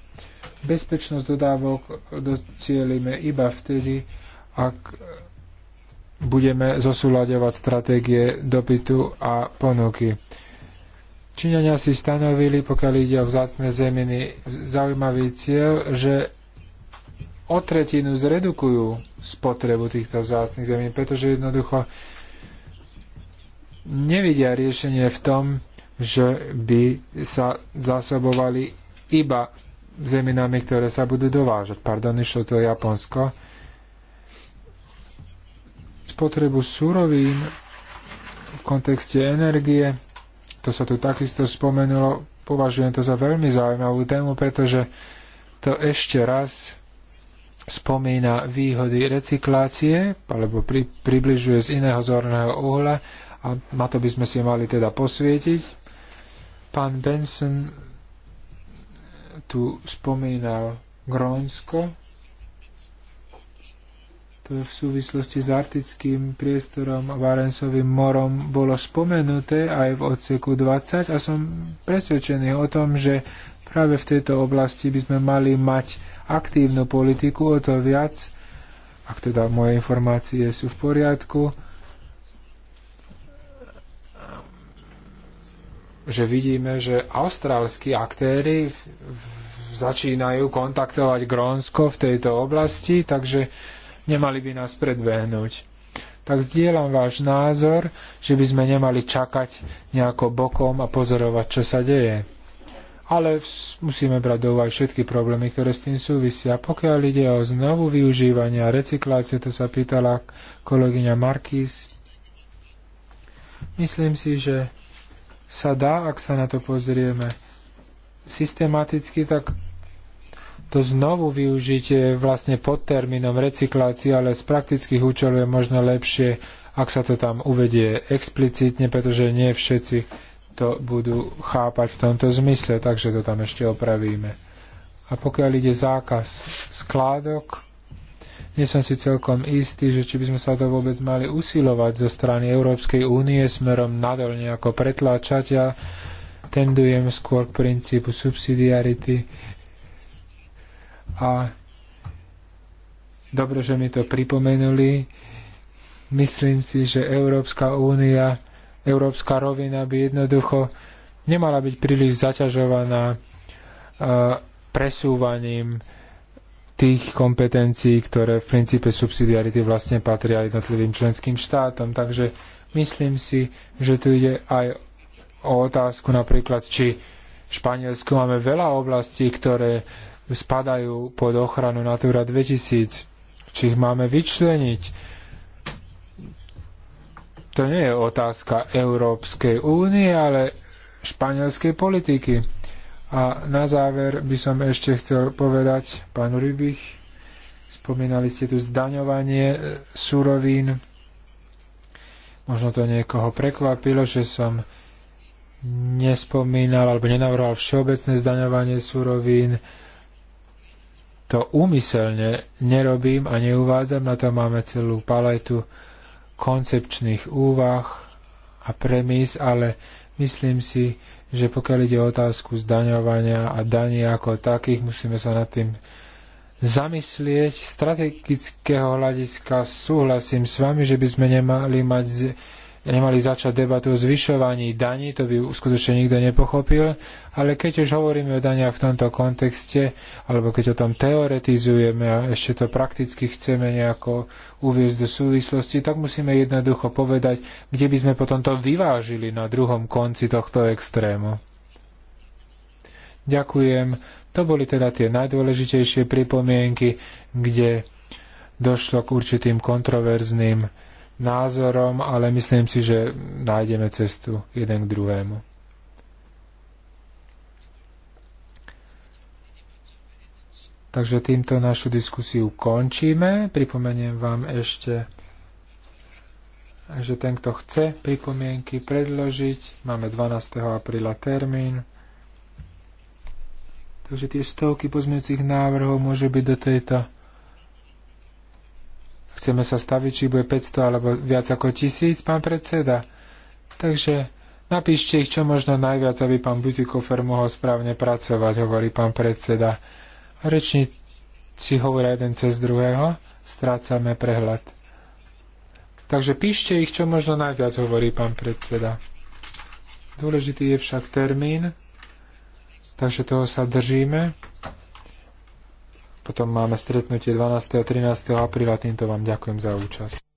Bezpečnosť dodávok docielime iba vtedy, ak budeme zosúľadovať stratégie dopytu a ponuky. Číňania si stanovili, pokiaľ ide o vzácne zeminy, zaujímavý cieľ, že o tretinu zredukujú spotrebu týchto vzácnych zemín, pretože jednoducho nevidia riešenie v tom, že by sa zásobovali iba zeminami, ktoré sa budú dovážať. Pardon, išlo to Japonsko. Spotrebu surovín v kontexte energie, to sa tu takisto spomenulo, považujem to za veľmi zaujímavú tému, pretože to ešte raz spomína výhody recyklácie, alebo pri, približuje z iného zorného uhla a na to by sme si mali teda posvietiť. Pán Benson tu spomínal Grónsko. To v súvislosti s arktickým priestorom a Varensovým morom bolo spomenuté aj v odseku 20 a som presvedčený o tom, že práve v tejto oblasti by sme mali mať aktívnu politiku o to viac, ak teda moje informácie sú v poriadku, že vidíme, že austrálsky aktéry v, v, začínajú kontaktovať Grónsko v tejto oblasti, takže nemali by nás predbehnúť. Tak zdieľam váš názor, že by sme nemali čakať nejako bokom a pozorovať, čo sa deje. Ale musíme brať do úvahy všetky problémy, ktoré s tým súvisia. Pokiaľ ide o znovu využívanie a recyklácie, to sa pýtala kolegyňa Markis. Myslím si, že sa dá, ak sa na to pozrieme systematicky, tak to znovu využitie vlastne pod termínom recyklácie, ale z praktických účelov je možno lepšie, ak sa to tam uvedie explicitne, pretože nie všetci to budú chápať v tomto zmysle, takže to tam ešte opravíme. A pokiaľ ide zákaz skládok, nie som si celkom istý, že či by sme sa to vôbec mali usilovať zo strany Európskej únie smerom nadol nejako pretláčať. Ja tendujem skôr k princípu subsidiarity a dobre, že mi to pripomenuli. Myslím si, že Európska únia, Európska rovina by jednoducho nemala byť príliš zaťažovaná eh, presúvaním tých kompetencií, ktoré v princípe subsidiarity vlastne patria jednotlivým členským štátom. Takže myslím si, že tu ide aj o otázku napríklad, či v Španielsku máme veľa oblastí, ktoré spadajú pod ochranu Natura 2000, či ich máme vyčleniť. To nie je otázka Európskej únie, ale španielskej politiky. A na záver by som ešte chcel povedať pánu Rybich, spomínali ste tu zdaňovanie e, surovín. Možno to niekoho prekvapilo, že som nespomínal alebo nenavrhal všeobecné zdaňovanie surovín. To úmyselne nerobím a neuvádzam, na to máme celú paletu koncepčných úvah a premis, ale myslím si, že pokiaľ ide o otázku zdaňovania a daní ako takých, musíme sa nad tým zamyslieť. Strategického hľadiska súhlasím s vami, že by sme nemali mať nemali začať debatu o zvyšovaní daní, to by skutočne nikto nepochopil, ale keď už hovoríme o daniach v tomto kontexte, alebo keď o tom teoretizujeme a ešte to prakticky chceme nejako uviezť do súvislosti, tak musíme jednoducho povedať, kde by sme potom to vyvážili na druhom konci tohto extrému. Ďakujem. To boli teda tie najdôležitejšie pripomienky, kde došlo k určitým kontroverzným názorom, ale myslím si, že nájdeme cestu jeden k druhému. Takže týmto našu diskusiu končíme. Pripomeniem vám ešte, že ten, kto chce pripomienky predložiť, máme 12. apríla termín. Takže tie stovky pozmeňujúcich návrhov môže byť do tejto Chceme sa staviť, či bude 500 alebo viac ako tisíc, pán predseda. Takže napíšte ich čo možno najviac, aby pán Butikofer mohol správne pracovať, hovorí pán predseda. Rečníci hovoria jeden cez druhého, strácame prehľad. Takže píšte ich čo možno najviac, hovorí pán predseda. Dôležitý je však termín, takže toho sa držíme. Potom máme stretnutie 12. a 13. apríla. Týmto vám ďakujem za účasť.